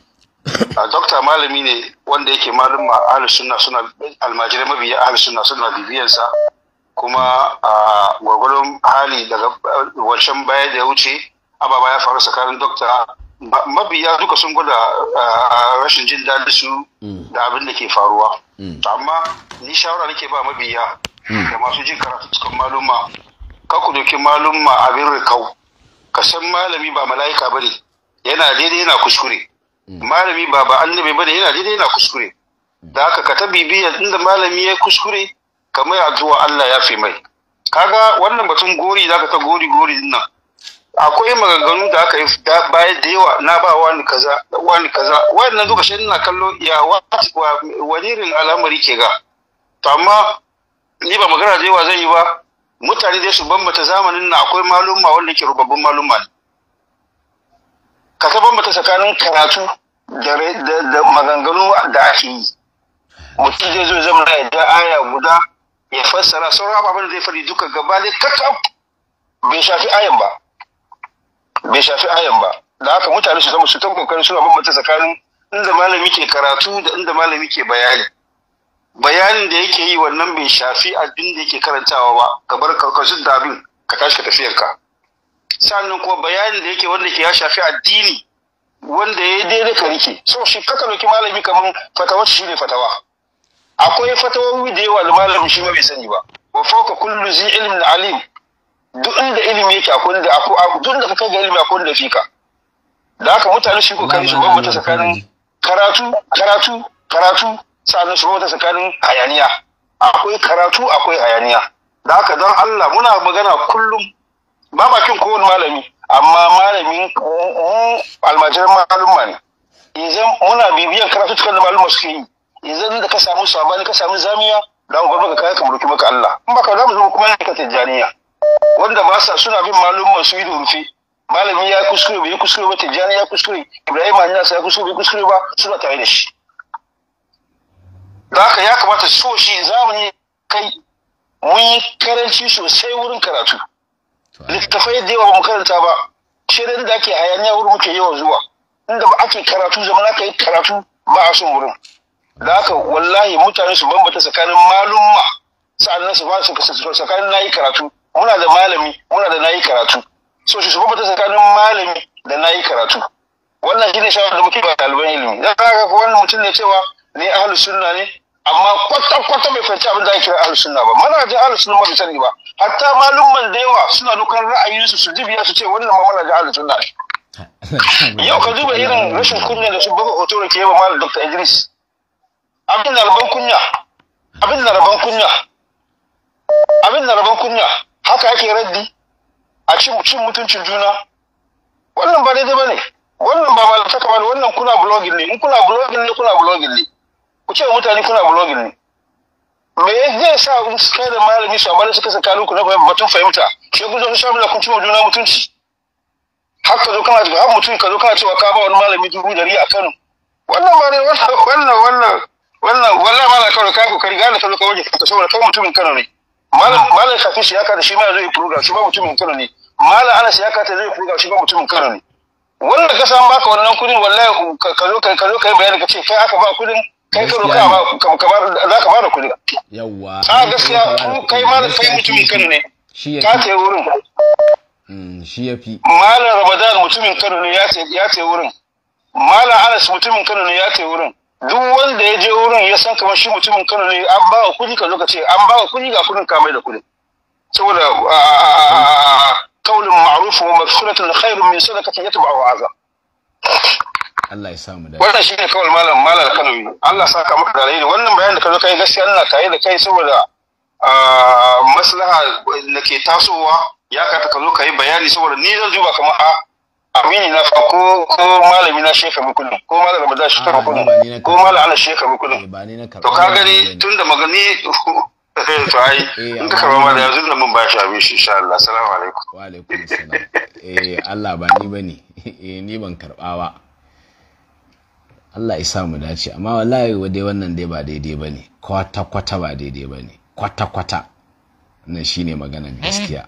a dokta malami ne wanda yake malum ahli sunna suna almajirai mabiya ahli sunna suna bibiyansa kuma a gwagwarin hali daga wancan baya da ya wuce ababa ya faru tsakanin dokta mabiya duka sun gwada rashin jin daɗi su hmm. da abin da ke faruwa hmm. amma ni shawara nake ba mabiya hmm. da masu jin karatu cikin malumma ka ku doki malumma abin rikau ka san malami ba mala'ika bane yana daidai yana kuskure mm. malami ba ba annabi bane yana daidai yana kuskure da haka ka ta bibiya inda malami ya kuskure kamar addu'a Allah ya fi mai kaga wannan batun gori zaka ta gori gori din nan akwai maganganu da aka yi baya da yawa na ba wani kaza wani kaza wannan duka shi ina kallo ya wani wadirin al'amari ke ga to amma ni ba magana da yawa zan yi ba mutane dai su bambata zamanin na akwai maluma wanda ke rubabbun maluma ne ka saban mata tsakanin karatu da maganganu da ake yi mutum zai zo zama ya da aya guda ya fassara sauran ababen da zai fari duka gaba ne kakka bai shafi ayan ba bai shafi ayan ba da haka mutane su zama su ta kokarin suna bambanta tsakanin inda malami ke karatu da inda malami ke bayani bayanin da yake yi wannan bai shafi abin da yake karantawa ba ka bar karkashin dabin ka tashi ka tafiyarka sannan kuma bayanin da yake wanda ke ya shafi addini wanda ya daidai ka rike so shi kaka doki malami kamar fatawa shi ne fatawa akwai fatawowi da yawa da malamin shi ma bai sani ba wa fauka kullu zi ilmin alim duk inda ilimi yake akwai da akwai duk inda ka kai ga ilimi akwai da fika da haka mutane shi kokari su bambanta tsakanin karatu karatu karatu sannan su wata tsakanin hayaniya akwai karatu akwai hayaniya da haka don Allah muna magana kullum ba ma kin kowane malami amma malamin eh, eh, almajiran malumma ne idan muna bibiyan karatu da malumma suke yi idan da ka samu sabani ka samu zamiya da mu baka kai kamar ki ka Allah in baka zamu zo kuma ne ka tijaniya wanda ba sa suna bin malumma su yi da rufe malami ya kuskure bai kuskure ba ya kuskure Ibrahim Anyas ya kuskure bai kuskure ba suna tare da shi da haka ya kamata so shi zamani kai mun yi karanci sosai wurin karatu littafai da yawa mu karanta ba shi da ake hayaniya wurin muke wa zuwa inda ba ake karatu zaman ka yi karatu ba a son wurin da haka wallahi mutane su bambata tsakanin malumma sa'annan su ba su tsakanin nayi karatu muna da malami muna da nayi karatu so su bambata tsakanin malami da nayi karatu wannan shine shawar da muke ba ɗaliban ilimi da kaga ko wannan mutum ne cewa ni ahlus sunna ne amma kwata kwata bai fahimci abin da ake kira ahlus sunna ba mana ahlus sunna ba bai sani ba hatta malumman da yawa suna dukan ra'ayinsu su dibiya su ce wannan mamana da ahlus sunna
yau ka duba irin rashin kunya
da su baka hoto da ke yawa malam dr idris abin da rabon kunya abin da rabon kunya abin da rabon kunya haka yake raddi a cin mutuncin juna wannan ba daidai ba ne wannan ba malam ta wannan kuna blogin ne in kuna blogin ne kuna blogin ne ku ce mutane kuna blogin ne me zai sa in kai da malami shi amma da suka tsakanin ku na bayan batun fahimta sai kun zo ku samu da kun ci wa juna mutunci har ka zo kana zuwa har mutum ka zo kana cewa ka ba wani malami dubu dari a Kano wannan ba ne wannan wannan wannan wannan ma na Kano ka ku kari gane ka zo ka waje ka saboda kai mutumin Kano ne malam malam Hafiz ya ka da shi ma zai yi program shi ba mutumin Kano ne malam Anas ya ka ta zai program shi ba mutumin Kano ne wanda ka san baka wannan kudin wallahi ka ka zo ka yi bayani ka ce kai aka ba kudin kai ka ka a
kai mutumin ne shi mm, fi
malam ramadan mutumin kano ne ya malam anas mutumin kano ne ya duk wanda ya je wurin ya san kamar shi mutumin kano ne an ba kuɗi ka zo ka ce an ba kuɗi ga kuɗin ka mai da kuɗi saboda kaulin ma'ruf wa maghfiratun khairun min sadaqatin yatba'u azab Allah ya samu da wannan shine kawai malam malam kanowi Allah saka maka da alheri wannan bayanin da ka zo kai gaskiya ina tare da kai saboda maslaha da ke tasowa ya kata ka zo ka bayani saboda ni zan duba kamar a amini na fa ko ko malami na shekha mukulu ko malam Ramadan sheka mukullum ko malam ana shekha mukulu eh, to ka gani tunda magani (laughs) to ai eh, in ka karba malam yanzu da mun ba shi abin shi insha Allah assalamu alaikum wa alaikum assalam eh Allah
ba ni bane (laughs) eh ni ban karba ba Allah ya mu dace amma wallahi wa dai wannan dai ba daidai ba ne, kwata kwata ba daidai ba ne, kwata kwata nan ne maganan gaskiya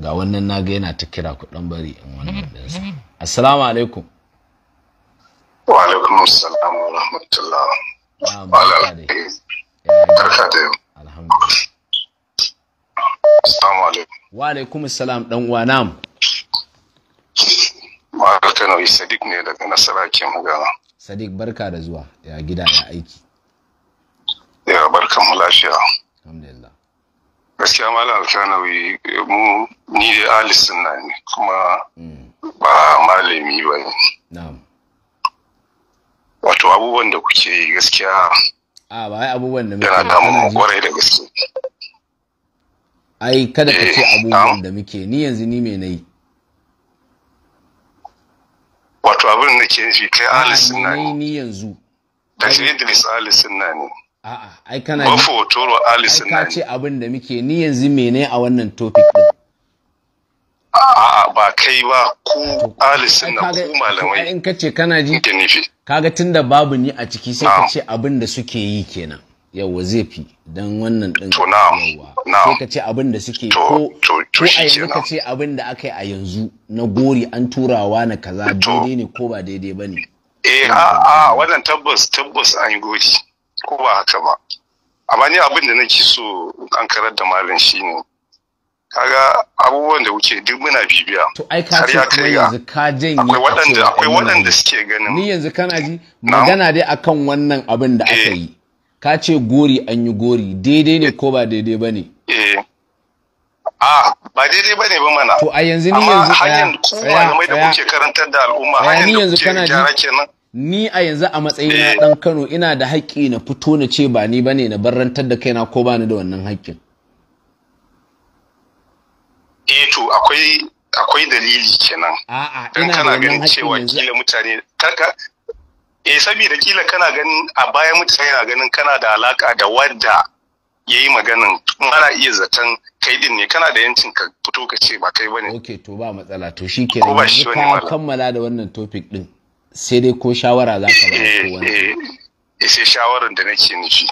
ga wannan naga yana ta kira kudin bari in wannan dinsa assalamu alaikum
wa alaikum assalam wa rahmatullah wa ah, barka
da eh, alhamdulillah
wa alaikum assalam
Mu'adu
Sadiq ne daga Nasarakin Gama.
Sadiq barka da zuwa ya gida ya aiki.
Ya barka mu lafiya. Alhamdulillah. Gaskiya Malam Alkanawi mu ni da Ali Sunna ne kuma hmm. ba malami ba ne. Na'am. Wato abubuwan da kuke yi gaskiya
A ba ai abubuwan da muke yana damun kwarai da gaske. Ai kada ka ce eh, abubuwan da muke ni yanzu ni me nayi.
wato abin da ke nufi kai alisin na ne
ni yanzu
da bisa alisin na ne a'a
ai kana ba fotoro alisin na ne ce abin da muke ni yanzu mene a wannan topic din
a'a ba kai ba ku alisin na ku malamai
in kace kana ji kaga tunda babu ni a ciki sai ka ce abin da suke yi kenan yawa zai fi don wannan ɗin yawa sai ka ce abin da suke ko ko a yanzu ka ce abin da aka yi a yanzu na gori an turawa na kaza daidai ne ko ba daidai ba ne
eh a a wannan tabbas tabbas an yi gori ko ba haka ba amma ni abin da nake so an karar da malam shine kaga abubuwan da wuce duk muna bibiya to ai ka ce kuma yanzu
ka janye akwai waɗanda akwai waɗanda suke ganin ni yanzu kana ji magana dai akan wannan abin da aka eh. yi ka ce gori an yi gori daidai ne ko ba daidai ba ne
eh. a ba daidai ba ne ba mana to a yanzu ni yanzu hanyar kuma da muke karantar da al'umma hanyar da kuke gyara
kenan ni a yanzu a matsayin na dan eh. Kano ina da haƙƙi na fito na ce ba ni ba ne na barrantar da kaina ko ba ni da wannan haƙƙin
eh to akwai akwai dalili kenan
a'a ina da wannan haƙƙin yanzu
mutane eh saboda kila kana ganin a bayan mutane yana ganin kana da alaka da wadda ya yi maganin mara iya zaton kai din ne kana da yancin ka fito ka ce ba kai bane
Ok to ba matsala to shi ke ka kammala da wannan topic din sai dai ko shawara za ka ba ko eh, wani eh,
eh, sai shawarar da nake nufi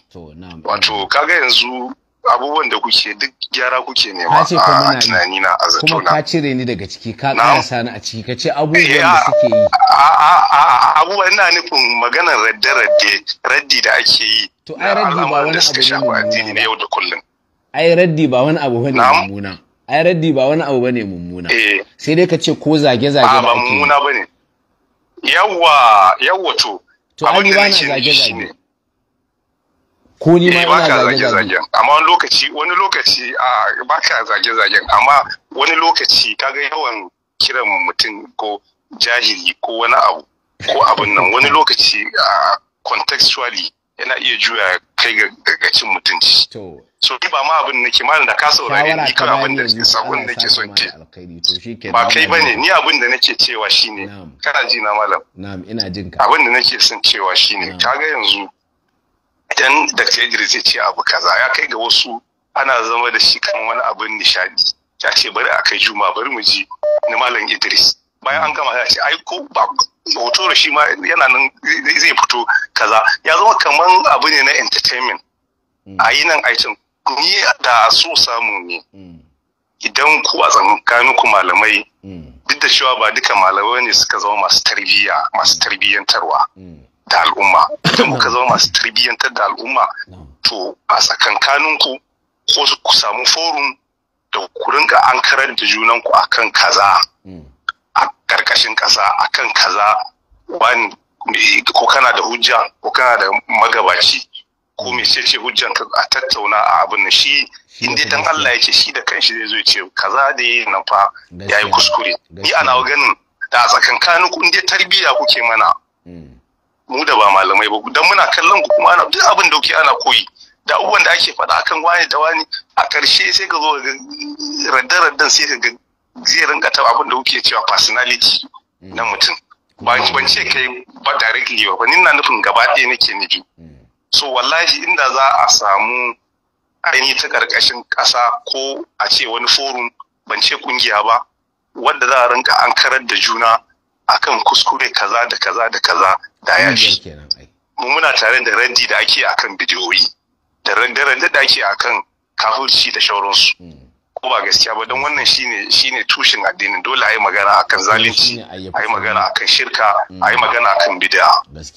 wato kaga yanzu abubuwan da kuke duk gyara kuke nema a tunani na a
zato na. kuma ka cire ni daga ciki ka karasa ni a ciki ka ce abubuwan eh, da suke yi
abubuwan ina nufin maganar radde-radde raddi da ake yi
to ai raddi ba wani abu ne yau da kullum
ai raddi ba wani abu bane mummuna ai raddi ba wani abu bane mummuna eh. sai dai ka ce ko zage-zage ba mummuna
bane
yawwa yawwa to to ai ba na zage-zage
ko ni ma eh, ina zage zage amma
wani lokaci wani lokaci a baka zage zage amma wani lokaci kaga yawan kiran mutum ko jahili ko wani abu ko abin nan wani lokaci a contextually yana iya juya kai ga cin mutunci so ba ma abin nake malam da ka saurare ni kan abin da ke sakon da ke son
ke ba kai bane ni
abin da nake cewa shine kana ji na malam
na'am ina jin
ka abin da nake son cewa shine kaga yanzu idan da ke ce abu kaza ya kai ga wasu ana zama da shi kan wani abin nishadi ya ce bari a kai juma bari mu ji na malam Idris bayan an gama ya ce ai ko ba hoto shi ma yana nan zai fito kaza ya zama kamar abu ne na entertainment hmm. a yi nan aikin ni da so samu ne hmm. idan ku a tsakanin ku malamai hmm. duk da cewa ba duka malamai ne suka zama masu masu tarbiyyantarwa da al'umma muka zama masu tarbiyyantar da al'umma to a tsakankanin ku ko ku samu forum da ku rinka an karanta junan ku akan kaza hmm. a karkashin kasa akan kaza wani ko kana da hujja ko kana da magabaci ko hmm. ce-ce hujjan ka a tattauna a abin shi in dan Allah yake shi da kanshi zai zo ya ce kaza da yi nan fa yayi kuskure ni ana ganin da tsakankanin ku in dai tarbiyya kuke mana hmm. mu da ba malamai ba dan muna kallon ku kuma ana duk abin da kuke ana koyi da abubuwan da ake faɗa akan wani da wani a ƙarshe sai ka zo ga raddan-raddan sai ka ga zai rinka ta abin da kuke cewa personality mm. na mutum ba ban ce kai ba directly ba ni na nufin gaba ɗaya nake niji mm. so wallahi inda za a samu ainihi ta karkashin ƙasa ko a ce wani forum ban ce kungiya ba wanda za a rinka an karar da juna akan kuskure kaza da kaza da kaza da ya fi mu muna tare da randi da ake akan bidiyoyi da rande-rande da ake akan kafurci da shauransu hmm. ko ba gaskiya ba don wannan shine shine tushen addinin dole a yi magana akan zalunci a yi magana akan shirka hmm. a yi magana akan bid'a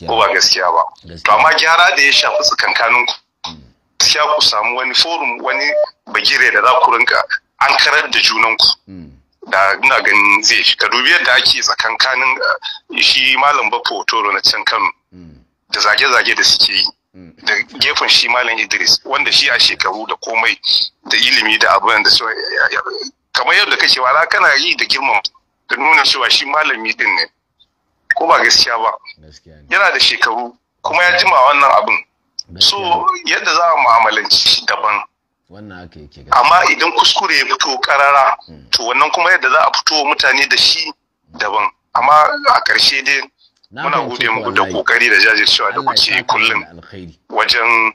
ko ba gaskiya ba
to amma gyara
da ya shafi tsakankanin hmm. gaskiya ku samu wani forum wani bagire da za ku rinka an karar da junanku da ina ganin zai shi ka dubi yadda ake tsakankanin eh, shi malam bafo toro na can kano mm. da zage-zage da suke yi mm. da gefen shi malam idris wanda shi a shekaru da komai da ilimi da abin da su kamar yadda kake wala kana yi da girman da nuna cewa shi malami din ne ko ba gaskiya ba yana da shekaru kuma ya jima wannan abin so yadda za a mu'amalanci daban wannan aka yake amma idan kuskure ya fito karara hmm. to wannan kuma yadda za a fito mutane da shi daban amma a ƙarshe dai muna gode muku da kokari da jajircewa da kuke kullum wajen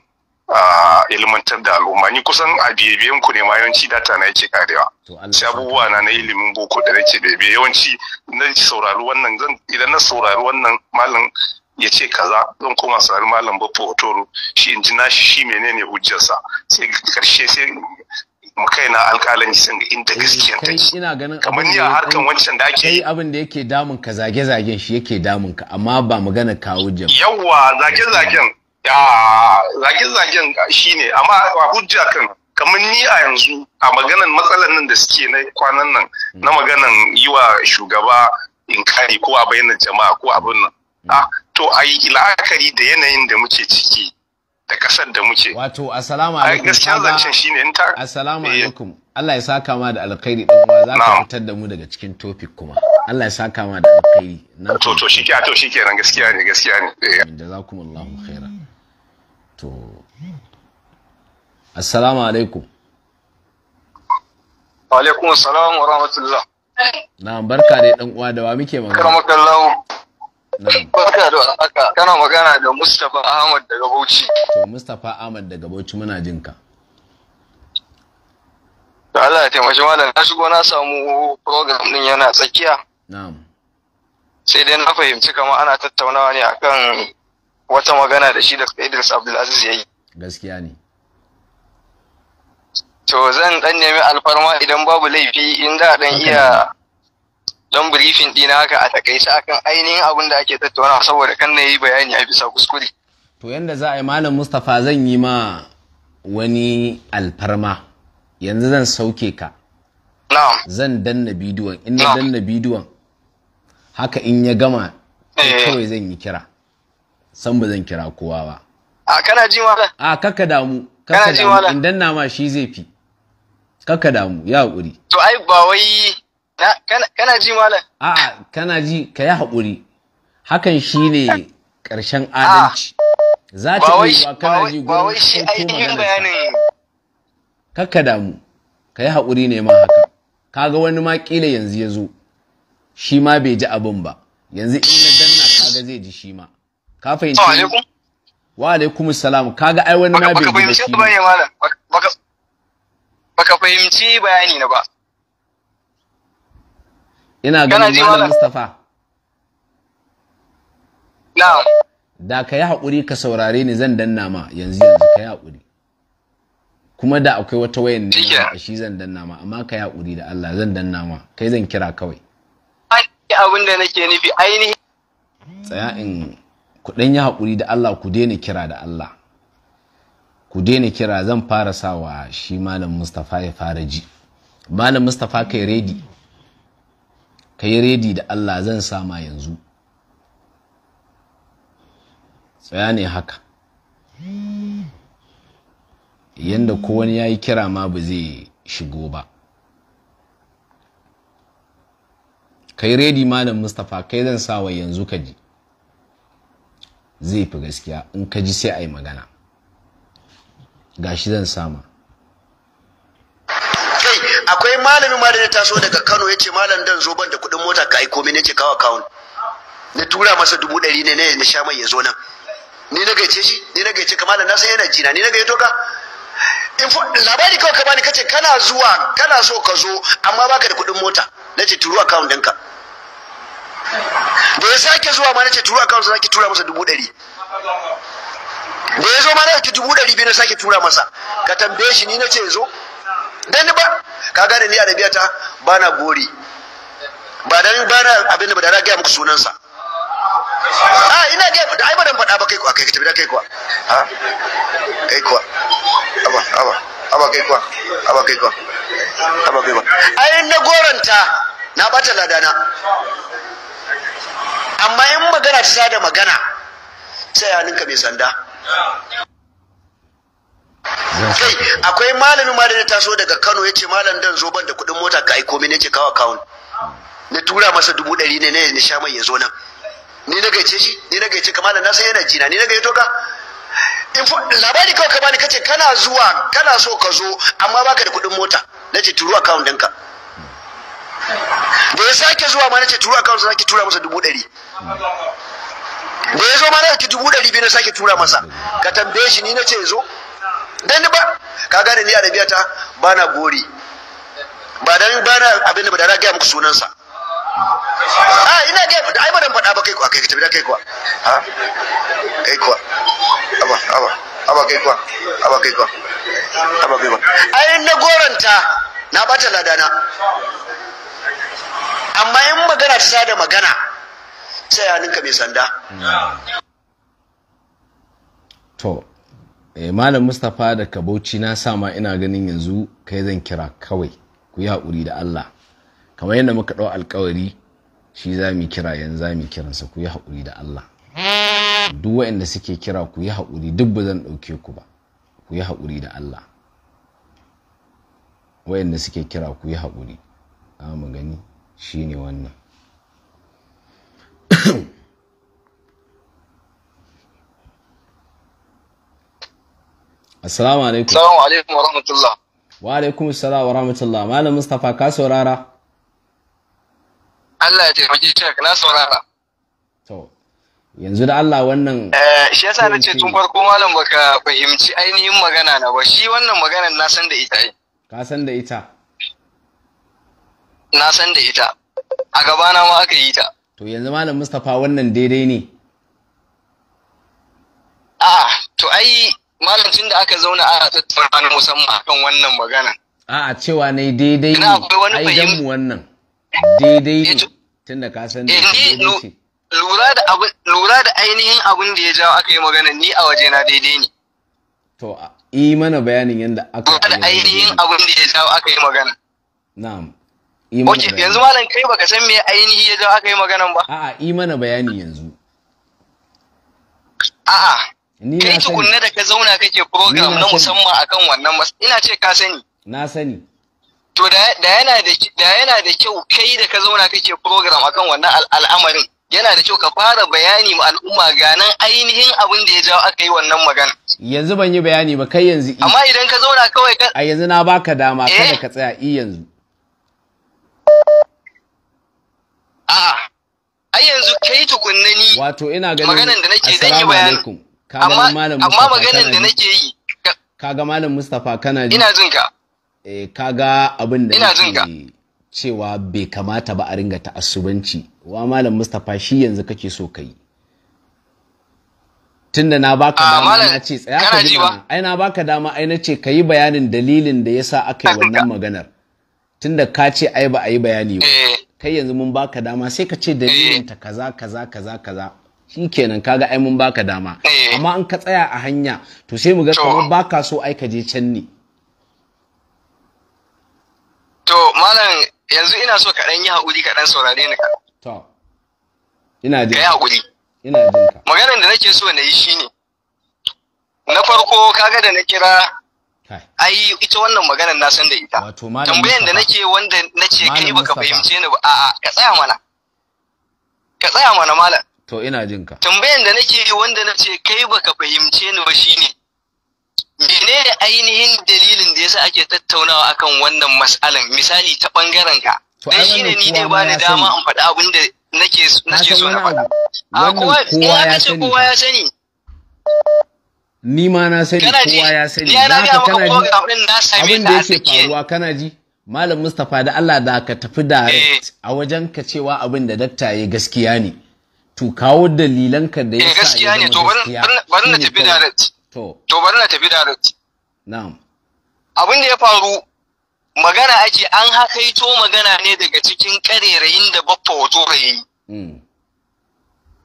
ilmantar da al'umma ni kusan a bebe ku ne ma yawanci data na yake karewa shi abubuwa na na ilimin boko da nake bebe yawanci na saurari wannan idan na saurari wannan malam ya ce kaza zan kuma sarari malam bafo otoro shi in ji shi, shi menene hujjarsa sai karshe sai mu kai na alƙalanci sun ga inda eh, gaskiyar take ina ganin kamar ni a harkan wancan da ake yi
abin da yake damun ka zage zagen shi yake damun ka amma ba magana ka hujja yawa zage zagen
ya zage zagen shine amma ba hujja kan kamar ni a yanzu a maganan matsalar nan da suke na kwanan nan na hmm. maganan yi wa shugaba kare, ko a bayyana jama'a ko abin nan hmm. ah, to a yi la'akari da yanayin da muke ciki da kasar da muke
wato assalamu alaikum gaskiya zancen shine in ta assalamu eh. alaikum Allah ya saka ma da alkhairi ɗan uwa za ka fitar da mu daga cikin topic kuma Allah ya saka ma da alkhairi na to
to shi to shi kenan gaskiya ne gaskiya ne eh. jazakumullahu khaira to
assalamu alaikum
wa alaikum assalam wa rahmatullah
na barka dai dan uwa da wa muke magana
karamakallahu Barka mm. da haka kana magana da Mustapha Ahmad daga Bauchi. To
Mustapha Ahmad daga Bauchi muna jin ka.
Allah ya taimaki malam na shigo na samu program din yana tsakiya. Na'am. Sai dai na fahimci kamar ana tattaunawa ne akan wata magana da shi da Idris Abdulaziz yayi. Gaskiya ne. To zan dan nemi alfarma idan babu laifi in da dan iya don briefing dina haka a takaice akan ainihin abin da ake tattauna saboda kan na yi bayani a bisa kuskure
to yanda za a yi malam mustapha zan yi ma wani alfarma yanzu zan sauke ka zan danna bidiyon in na danna bidiyon haka in ya gama eh. kawai zan yi kira san ba zan kira kowa ba
a kana ji ma
a kaka damu kaka damu in danna ma shi zai fi kaka damu ya hakuri
to ai ba wai kana ji malam
a'a kana ji ka yi haƙuri hakan shi ne ƙarshen ah. adalci za ta yi wa kana ji
gurin sauko magana
kakka damu ka yi haƙuri ne ma haka kaga wani ma ƙila yanzu ya zo shi ma bai ji abin ba yanzu in na danna kaga zai ji shi ma ka fahimci wa alaikum salam kaga ai
wani ma bai ji shi ba baka fahimci bayani na ba
ina ganin malam Mustapha na'am da ka yi haƙuri ka saurare ni zan danna ma yanzu yanzu ka yi haƙuri kuma da akwai wata wayan ne a shi zan danna ma amma ka yi haƙuri da Allah zan danna ma kai zan kira kawai abin da nake nufi ainihi tsaya in ku dan yi haƙuri da Allah ku daina kira da Allah ku daina kira zan fara sawa shi malam Mustapha ya fara ji malam Mustapha kai redi ka yi redi da Allah zan sama yanzu tsaya ne haka yadda kowani ya yi kira ma ba zai shigo ba ka yi redi malam mustapha kai zan sawa yanzu ka ji zai fi gaskiya in ka ji sai a yi magana gashi zan sama
akwai malami malami ya taso daga Kano ya ce malam dan zo ban da kuɗin mota ka aiko mini ce kawo account na tura masa dubu ɗari ne na sha mai ya zo nan ni na gaice shi ni na gaice ka malam na san yana jina ni na gaito ka labari kawai ka bani kace kana zuwa kana so ka zo amma baka da kuɗin mota na ce turu account ɗinka da ya sake zuwa ma na ce turu account ki tura masa dubu ɗari da ya zo ma nace dubu ɗari biyu na sake tura masa ka tambaye shi ni na ce zo dan ba ka gane ni arabiya ta bana gori ba dan bana abin da ba da ga muku sunansa a ina ga da ai ba dan faɗa ba kai kuwa kai tafi da kai kuwa
ha kai kuwa aba aba aba kai kuwa aba kai kuwa aba kai kuwa
ai na goranta na bata ladana amma in magana ta da magana sai ninka mai sanda kai akwai malamin ma da ya taso daga Kano yace malam dan zo ban da kuɗin mota ka aiko mini yace kawo account hmm. na tura masa dubu ɗari ne ne ni sha mai ya zo nan ni na gaice shi ni na gaice ka malam na san yana jina ni na to ka in labari kawai ka bani kace kana zuwa kana so ka zo amma baka da kuɗin mota nace turu account ɗinka da ya sake zuwa ma nace turu account ki tura masa dubu ɗari hmm. da ya zo ma nace ki dubu ɗari biyu na sake tura masa ka tambaye shi ni nace zo dan ba ka gane ni arabiya ta bana gori ba dan bana abin da ba da ga muku sunan sa a ah, ina ga ai ba dan faɗa ba kai
kuwa kai tafi da kai kuwa ha kai kuwa aba aba aba kai kuwa aba kai kuwa aba kai kuwa
ai na goranta na bata ladana amma in magana ta sada magana sai hannunka mai sanda
to Eh, malam mustapha da kabauci na sama ina ganin yanzu kai zan kira kawai ku yi haƙuri da allah kamar yadda muka ɗau alkawari shi za mu kira yanzu za mu kiransa ku yi haƙuri da allah duk waɗanda suke kira ku yi haƙuri duk ba zan ɗauke ku ba ku yi haƙuri da allah waɗanda suke kira ku yi haƙuri za mu gani shi ne wannan (coughs) Assalamu alaikum. Assalamu
alaikum wa rahmatullah.
Wa alaikum assalam wa rahmatullah. Malam Mustapha ka saurara?
Allah ya taimaki shek na saurara.
To yanzu da Allah wannan eh shi yasa
nace tun farko malam baka fahimci ainihin magana na ba shi wannan maganar na san da ita yi.
Ka san da ita.
Na san da ita. A gabana ma aka yi ta.
To yanzu malam Mustapha wannan daidai ne.
Ah, to ai Malam tun da aka zauna ana tattauna na musamman kan wannan magana
a'a cewa ne daidai ne ai dan mu wannan daidai ne eh, tunda ka san eh, daidai ce
lura da ainihin abin da ya jawo aka yi magana ni a waje na daidai ne
to yi mana bayanin yadda aka yi da ainihin
abin da ya jawo aka yi magana
na'am yi mana bayani yanzu
malam kai baka san me ainihi ya jawo aka yi magana ba a'a
yi mana bayani yanzu a'a ni na sani tukunna da ka zauna kake program na musamman akan wannan mas
ina ce ka sani na sani to da yana da da yana da kyau kai da ka zauna kake program akan wannan al'amarin yana da kyau ka fara bayani ma al'umma ga nan ainihin abin da ya jawo aka yi wannan magana
yanzu ban yi bayani ba kai yanzu amma
idan ka zauna kawai ka
a yanzu na baka dama eh? kada ka tsaya i yanzu
a'a ai yanzu kai tukunna ni wato ina ganin maganan da nake zan yi bayani
amma maganin da nake yi kaga malam mustapha kana ji ina jin ka eh kaga abin da ina jin ka cewa bai kamata ba a ringa ta'assubanci wa malam mustapha shi yanzu kake so kai tunda na baka ah, dama na ce tsaya ka ji ai na baka dama ai na ce ka yi bayanin dalilin da yasa aka yi wannan maganar tunda ka ce ai ba a yi bayani ba eh. kai yanzu mun baka dama sai ka ce dalilin ta eh. kaza kaza kaza kaza shi kenan kaga ai mun baka dama eh. amma in ka tsaya a hanya to sai mu ga kamar baka so ai ka je can ne
to malam yanzu ina so ka dan yi haƙuri ka dan saurare ni ka
to ina ji ka yi haƙuri ina ji ka
maganar da nake so na yi shine na farko kaga da na kira ai ita wannan maganar na san da ita
tambayan da nake
wanda nace kai baka fahimce ni ba a'a ka tsaya mana ka tsaya mana malam
To ina jin ka.
Tambayan da nake yi wanda na ce kai baka fahimce ni ba shine. Menene ainihin dalilin da yasa ake tattaunawa akan wannan mas'alan misali ta bangaren ka.
Dan shine ni dai bani dama in
faɗi abin da nake nake so na faɗa. A kowa eh, ya sani. Kowa ya sani.
Ni ma na sani kowa ya sani. Za ka kana ji abin da yake faruwa kana ji. Malam Mustapha da Allah da ka tafi eh. da a wajen ka cewa abin da dakta ya gaskiya ne. to kawo dalilanka da eh, ya sa ya zama gaskiya bari na tafi
direct to bari na tafi
direct na'am abin da ya faru magana ake an hakaito magana ne daga cikin karerayin da baffa wato rayi mm.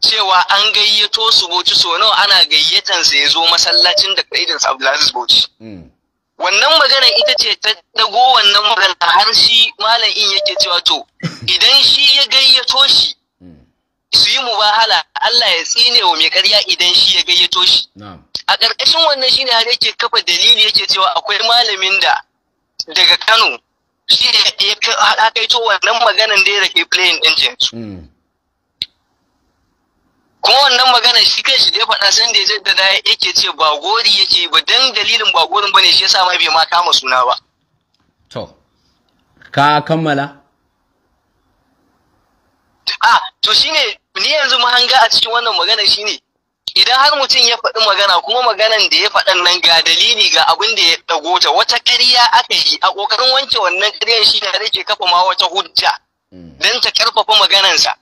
cewa an gayyato su boci so nawa ana gayyatan sa ya zo masallacin da kaidin sa Abdulaziz boci mm. wannan magana ita ce ta dago wannan magana har shi malam in yake cewa to (laughs) idan shi ya gayyato shi su yi mubahala Allah ya tsine wa mai karya idan shi ya gayyato shi a ƙarƙashin wannan shi ne har yake kafa dalili yake cewa akwai malamin da daga Kano shi ne ya to wannan maganan da ya rage playing engine mm. kuma wannan magana shi kai shi dai faɗa san da ya jaddada yake ce ba gori yake ba dan dalilin ba gorin bane shi yasa ma bai ma kama suna ba
to ka kammala
Ah, to ne ni yanzu mahanga a cikin wannan magana shine idan har mutum ya faɗi magana kuma maganan da ya faɗan nan ga dalili ga abin da ya ɗago ta wata ƙarya aka yi a ƙoƙarin wanke wannan ƙaryar shi da ke kafa ma wata hujja hmm. don ta ƙarfafa maganansa.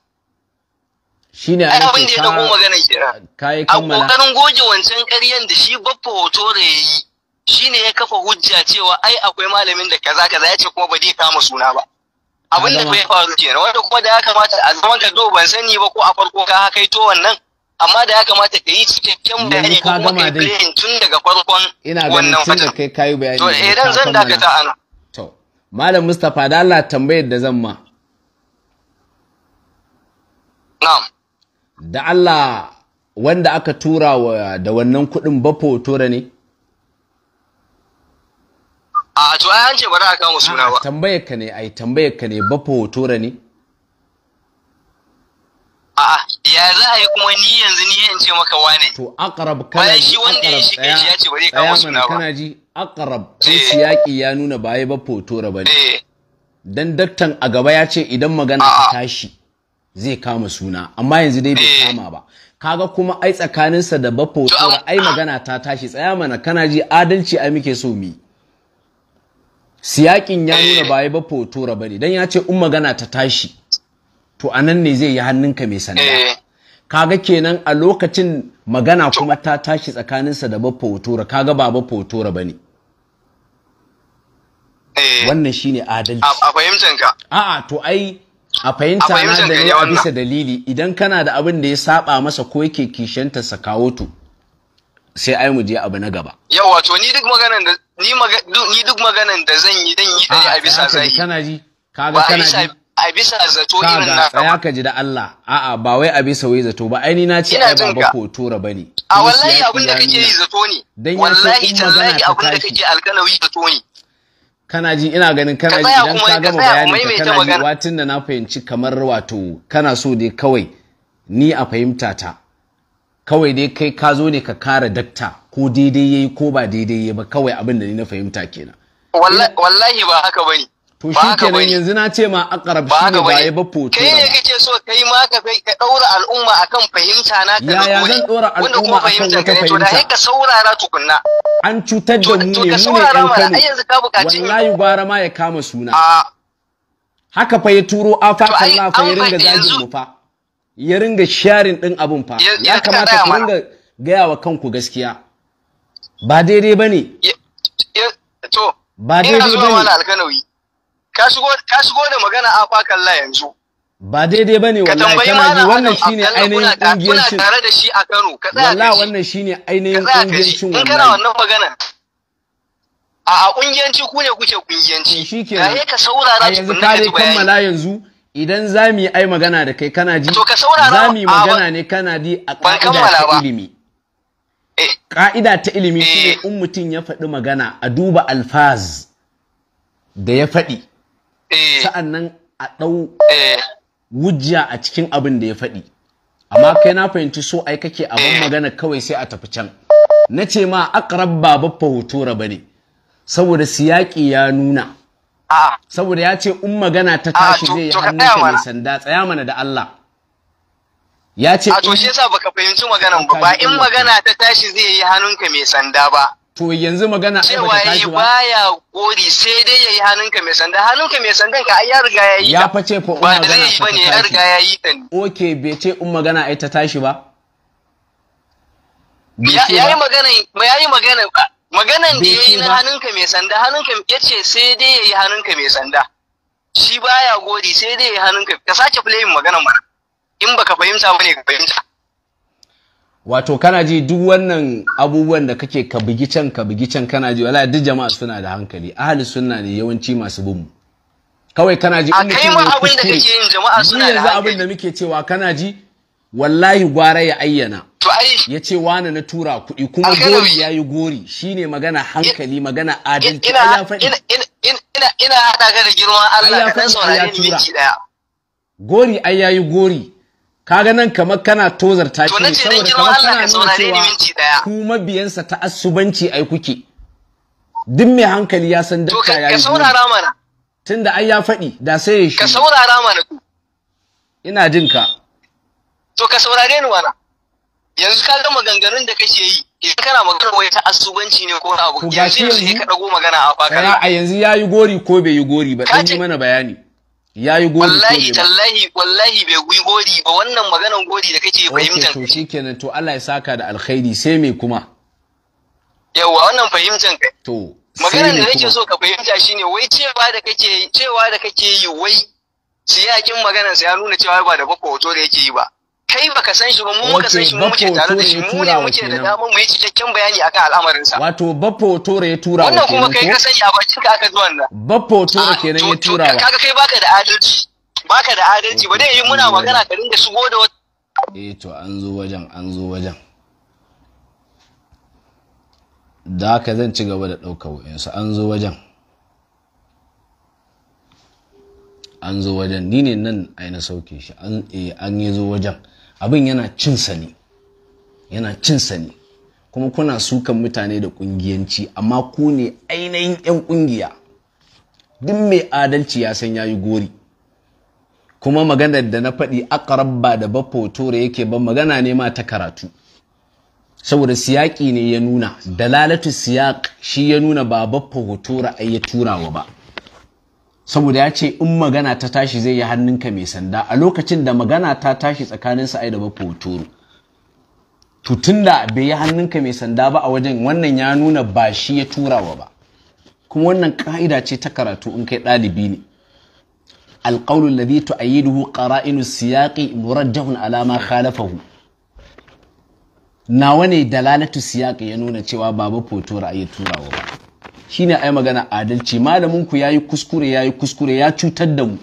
Shi ne abin da ya ɗago
A
ƙoƙarin
goge wancan ƙaryar da shi baffa hoto da ya yi shi ne ya kafa hujja cewa ai akwai malamin da kaza kaza ya ce kuma ba zai kama suna ba. abin da bai faru ke wanda kuma da ya kamata a zaman ka do ban sani ba ko a farko ka kai to wannan amma da ya kamata ka yi cikakken bayani ko kuma ka yi tun daga farkon wannan fatan
kai kayi bayani to idan eh, zan dakata an to malam Mustapha da Allah tambayar da zan ma na'am da Allah wanda aka tura wa da wannan kuɗin bafo tura ne
a to ai an ce ba za a kama suna ba
tambayar ka ne ai tambayar ka ne bafo hotora ne
a'a ya za a yi kuma ni yanzu ni in ce maka wane
to aqrab kana ji shi wanda ya shige shi ya ce ba zai kama suna ba kana ji aqrab sai eh. siyaki ya nuna ba ya bafo hotora ba ne eh. dan daktan a gaba ya ce idan magana ta tashi zai kama suna amma yanzu dai bai eh. kama ba kaga kuma ai tsakaninsa da bafo hotora ai magana ta tashi tsaya mana kana ji adalci ai muke so mu yi siyakin ya nuna eh. ya ba fotora bane dan ya ce in magana ta tashi to anan ne zai yi hannunka mai sanda eh. kaga kenan a lokacin magana kuma ta tashi tsakaninsa da ba fotora kaga ba ba fotora bane eh. wannan shine adalci a fahimtanka a'a to ai a fahimta na da ne a bisa dalili idan kana da abin da ya saba masa ko yake kishanta sa kawo to sai ai mu je abu na gaba
yawa to ni duk maganar da ni duk maganan da zan yi dan yi dai a bisa zai kana
ji kaga kana ji
a bisa zato irin na ya
ka ji da Allah a'a ba wai a bisa wai zato ba aini na ce ai baba ko tura bane a wallahi abin da kake yi
zato ne wallahi tallahi abin da kake alkanawi zato ne
kana ji ina ganin kana ji idan ka gama bayani ka kana ji watin da na fahimci kamar wato kana so dai kawai ni a fahimta ta kawai dai kai ka zo ne ka kare dakta ko daidai yi ko ba daidai yayi ba kawai abin da ni na fahimta kenan
wallahi ba haka bane to shi kenan
yanzu na ce ma ƙarab shi ne ba ya ba foto kai ne
kake so kai ma ka kai ka daura al'umma akan fahimta na ka ya kuma daura al'umma akan wata fahimta to da ka saurara tukunna
an cutar da mu ne mu ne ɗan
Kano wallahi
gwara ma ya kama suna ah. haka fa ya turo afakan la fa ya ringa zagin mu fa ya ringa sharing ɗin abun fa ya kamata ku ringa gaya wa kanku gaskiya ba daidai ba ne to ba daidai ba
ne ka shigo da magana a la yanzu
ba daidai ba ne wallahi kana ji wannan ainihin kungiyancin
kuna tare da shi a Kano ka tsaya wallahi wannan ne ainihin ƙungiyancin wallahi kana wannan magana a a kungiyanci ku ne kuke kungiyanci shikenan ka saurara yanzu ka
dai kammala yanzu idan za mu yi ai magana da kai kana ji za mu yi magana ne kana di a ƙa'ida ta ilimi ƙa'ida eh. ta ilimi eh. shine in mutum ya faɗi magana a duba alfaz da ya faɗi eh. sa'an nan a ɗau wujiya a cikin abin da ya faɗi amma kai na fahimci so ai kake abin magana kawai sai a tafi can na ce ma akrab ba baffa hoto raba ne saboda siyaƙi ya nuna ah. saboda ya ce in magana ta ah, tashi zai yi hannunka mai sanda tsaya mana da Allah ya ce a to shi yasa
baka fahimci maganan ba ba in magana ta tashi zai yi hannunka mai sanda ba
to yanzu magana ai bata tashi ba
baya kori sai dai yayi hannunka mai sanda hannunka mai sandan ka ai ya riga yayi ya
face fa in magana ta tashi ya riga yayi ta ne okay bai ce in magana ai ta tashi ba
yayi magana yayi magana maganan da yayi na hannunka mai sanda hannunka yace sai dai yayi hannunka mai sanda shi baya gori sai dai yayi hannunka ka sake playing maganan mana in baka fahimta ba ne ka fahimta
wato kana ji duk wannan abubuwan da kake ka bugi can ka bugi can kana ji wala duk jama'a suna da hankali ahli sunna ne yawanci masu bin mu kawai kana ji in mutum ya kuskure mu yanzu abin da muke cewa kana ji wallahi gwara ya ayyana ya ce wani na tura kuɗi kuma gori ya yi gori shine magana hankali magana adalci ina
ina ina haɗa ina da girman Allah ina ina ina ina daya
gori ai yayi gori kaga nan kamar kana tozarta shi ne saboda kamar kana nuna cewa ku mabiyansa ta asubanci ai kuke duk mai hankali ya san da ka yayi tunda ai ya faɗi da sai ya shi
ka saurara mana
ina jin ka
to ka saurare ni wala yanzu ka ga maganganun da kake yi idan kana magana wai ta asubanci ne ko abu yanzu yanzu ka dago magana a baka
a yanzu yayi gori ko bai yi gori ba dan yi mana bayani ya yi gori wallahi tallahi
wallahi bai gui gori ba wannan maganan gori da kake fahimtar to
shikenan to Allah ya saka da alkhairi sai me kuma
yawa wannan fahimtar ka to
maganan da nake so
ka fahimta shine wai cewa da kake cewa da kake yi wai siyakin maganar sai ya nuna cewa ba da bako hoto da yake yi ba kai ba ka san shi ba mu ka san shi mu muke tare da shi mu ne muke da damar mu yi cikakken bayani a al'amarin sa
wato bappo tore ya tura wannan kuma kai ka san shi a bakin ka aka zuwan wannan bappo tore ah, kenan ya tura wa
kaga kai baka da adalci baka da adalci ba dai yi muna magana ka dinga shigo da wata
eh to an zo wajen an zo wajen da haka zan ci gaba da ɗaukar wa'insu an zo wajen an zo wajen ni ne nan a na sauke shi an eh, yi zo wajen abin yana cin sani yana cin sani kuma kuna sukan mutane da kungiyanci amma ku ne ainihin 'yan kungiya duk mai adalci ya san ya yi gori kuma maganar da na faɗi akrabba da tore yake ba magana ne ma ta karatu saboda siyaƙi ne ya nuna dalalatu siyaƙ shi ya nuna ba bafotora ai ya turawa ba saboda ya ce in magana ta tashi zai yi hannunka mai sanda a lokacin da magana ta tashi tsakanin sa'ai da bafo turu to tunda bai yi hannunka mai sanda ba a wajen wannan ya nuna ba shi ya turawa ba kuma wannan ka'ida ce ta karatu in kai ɗalibi ne القول الذي تؤيده قرائن السياق مرجح alama ما hu. nawa ne dalalatu Siyaki ya nuna cewa turu a yi turawa ba shine ai magana adalci malamin ku yayi kuskure yayi kuskure ya cutar da mu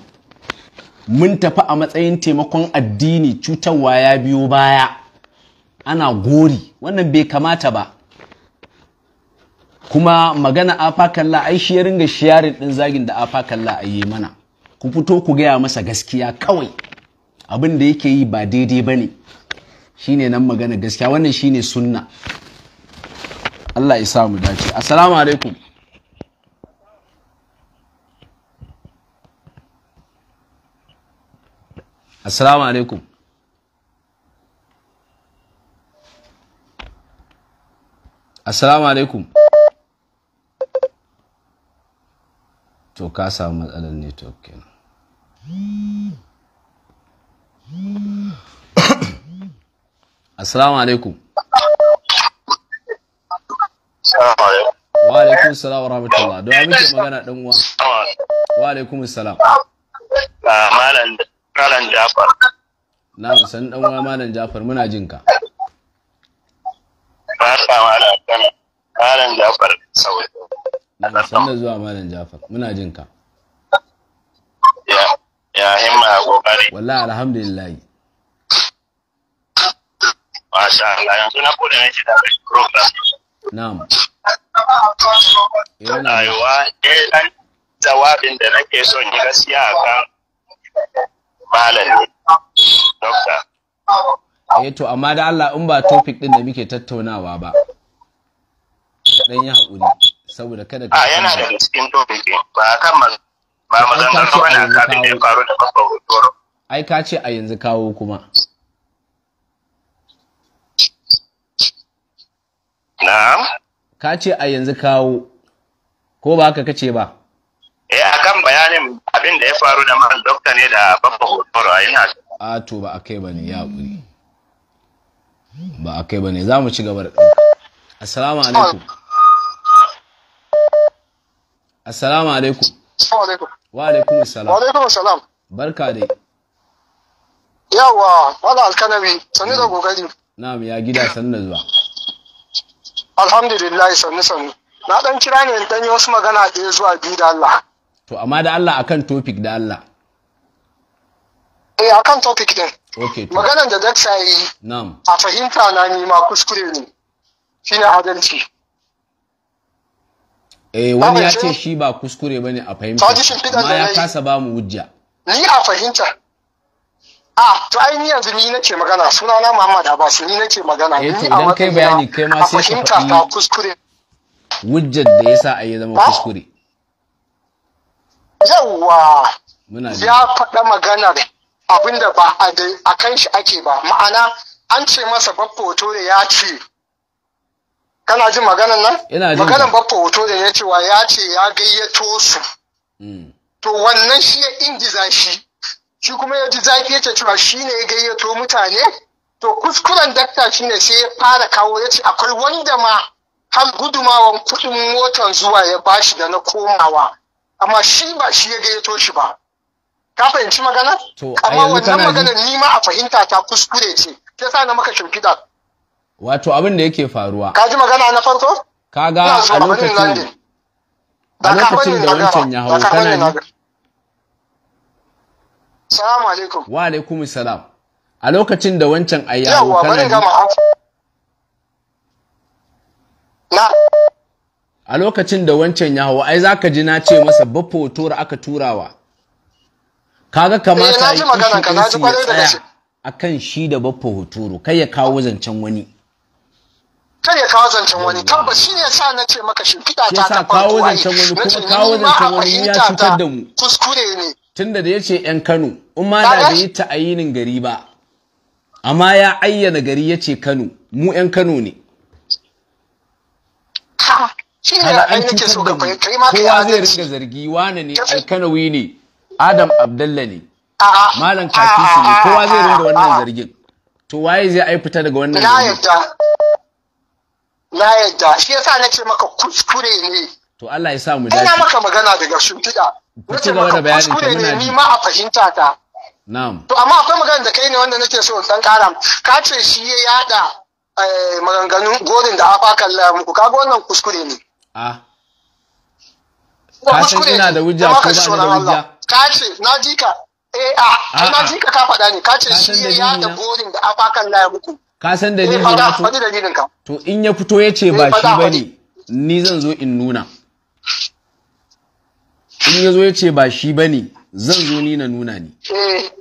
mun tafi a matsayin taimakon addini cutarwa ya biyo baya ana gori wannan bai kamata ba kuma magana afa ai shi ya ringa shiyarin din zagin da afa kalla a yi mana ku fito ku gaya masa gaskiya kawai abin da yake yi ba daidai ba ne shine nan magana gaskiya wannan shine sunna Allah ya samu dace assalamu alaikum assalamu alaikum assalamu alaikum to ka samu matsalar network kenan (coughs) assalamu alaikum wa alaikum salam wa rahmatullah don abin magana dan uwa wa alaikum salam
ah, malam Malam Jafar.
Na san ɗan uwa Malam Jafar muna jin ka.
Ba sa Malam Malam Jafar sauyi.
Na san da zuwa Malam Jafar muna jin ka. Ya ya himma kokari. Wallahi alhamdulillah.
Masha Allah yanzu na bude miki da program.
Na'am.
Eh, Aiwa,
eh dan jawabin da nake son yi gaskiya
akan malam ne dokta
eh
to amma da Allah in ba topic din da muke tattaunawa ba dan ya haƙuri saboda kada ka ah, yana da
cikin topic ba kan ba maganar wani
kafin da faru da babban
ai ka ce a yanzu kawo kuma na'am ka ce a yanzu kawo ko ba haka kace ba
eh a kan bayanin abin da ya faru da man dokta ne da babba hotoro a yana
a to ba a kai ba ne, ya kuri ba a kai ba ne, za mu ci gaba da ɗauka assalamu alaikum assalamu alaikum wa alaikum assalam wa alaikum assalam barka dai
yawa wala alkanami sani da gogari
na'am ya gida da zuwa
alhamdulillah sannu sannu na dan kira ne dan yi wasu magana ɗaya zuwa biyu da Allah
to amma da Allah a kan topic da Allah
eh a kan topic din
okay maganan
da ya yi Nam. a fahimta na ni ma kuskure ne shi ne adalci
eh wani ya ce shi ba kuskure bane a fahimta amma ya kasa ba mu hujja
ni a fahimta a to ai ni yanzu ni nake magana suna na Muhammad Abbas ni nake magana eh, ni a kai bayani kai ma sai ka fahimta kuskure
Wujjar da yasa ai zama kuskure
yawwa ya faɗa maganar abinda ba a kan shi ake ba ma'ana an ce masa babba hoto da ya ce kana jin maganar nan maganar babba hoto da ya ce wa ya ce ya gayyato su mm. to wannan shi ya ingiza shi shi kuma ya ji zafi ya ce cewa shi ne ya gayyato mutane to kuskuren dakta shi ne sai ya fara kawo ya ce akwai wanda ma har gudumawan kuɗin motar zuwa ya bashi da na komawa amma shi ba shi ya gayyato shi ba ka fahimci magana
amma wannan maganar
ni ma a fahimta ta kuskure ce ke sa na maka shimfiɗa
wato abin da yake faruwa ka
ji magana na farko
ka ga a lokacin
a lokacin da wancan ya hau kana
ne Salamu alaikum. Wa alaikum salam. A lokacin da wancan ayyawo kana Yau, Yawwa bari gama. Na a lokacin da wancan ya hawa ai za ka ji na ce masa ba fotora aka turawa kaga kamata eh, ya yi ya tsaya a kan shi da baffa hotoro kai ya kawo zancen wani
kai ya kawo zancen wani tabbas shi ne sa na ce maka shimfiɗa ta ta kawo zancen wani kuma kawo zancen wani ya cutar da mu
kuskure ne
tunda da yace yan Kano in ma da bai ta ayinin gari ba amma ya ayyana gari yace Kano mu yan Kano ne
shi an yake so ka fahimta ma kai kowa zai
ringa zargi wane ne ne adam abdalla malam kakisu ne kowa zai ringa wannan zargin to waye zai ai fita daga wannan na yadda
na yadda shi yasa na ce maka kuskure ne
to Allah ya sa mu dace ina maka
magana daga shuntida. ci gaba da bayanin ka muna ji ma a fahimta ta na'am to amma akwai magana da kai ne wanda nake so dan ƙara ka ce shi ya yada eh, maganganun gorin da afa kallon Ka ga wannan kuskure ne Ah. ka san ina da wuja ko ba na ji ka eh ah, ah, ka ka faɗa ka
ya san eh, dalilin ka? to to in ya fito ya ce ba eh, shi bane ni zan zo in nuna in ya zo ya ce ba shi bane zan zo ni nuna ni eh.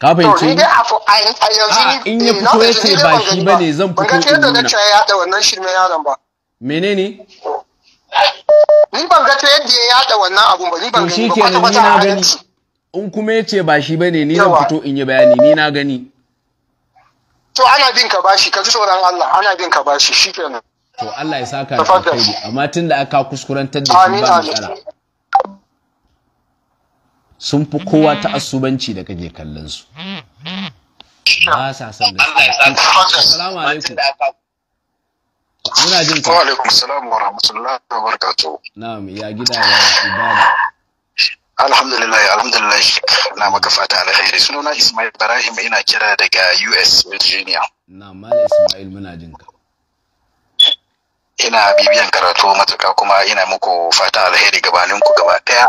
ka fahimci? in ya fito ya ce ba shi bane zan fito in
nuna menene ni ban ga ta yadda ya yada wannan abun ba ni ban gani ba kwata kwata na gani
in kuma ya ce ba shi bane ni zan fito in yi bayani ni na gani
to ana bin ka bashi ka ji tsoron Allah ana bin ka bashi shi shikenan
to Allah ya saka ka kai amma tun da aka kuskurantar da shi ba matsala sun fi kowa ta asubanci da kake kallon su ba sa son gaskiya assalamu alaikum muna jin ka wa alaikum salam wa rahmatullahi wa barakatuh na'am ya gida ya ibada
alhamdulillah alhamdulillah na maka fata alheri sunana Ismail Ibrahim ina kira daga US Virginia
na'am mala Ismail muna jin ka ina
bibiyan karatu matuka kuma ina muku fata alheri gabanin ku gaba daya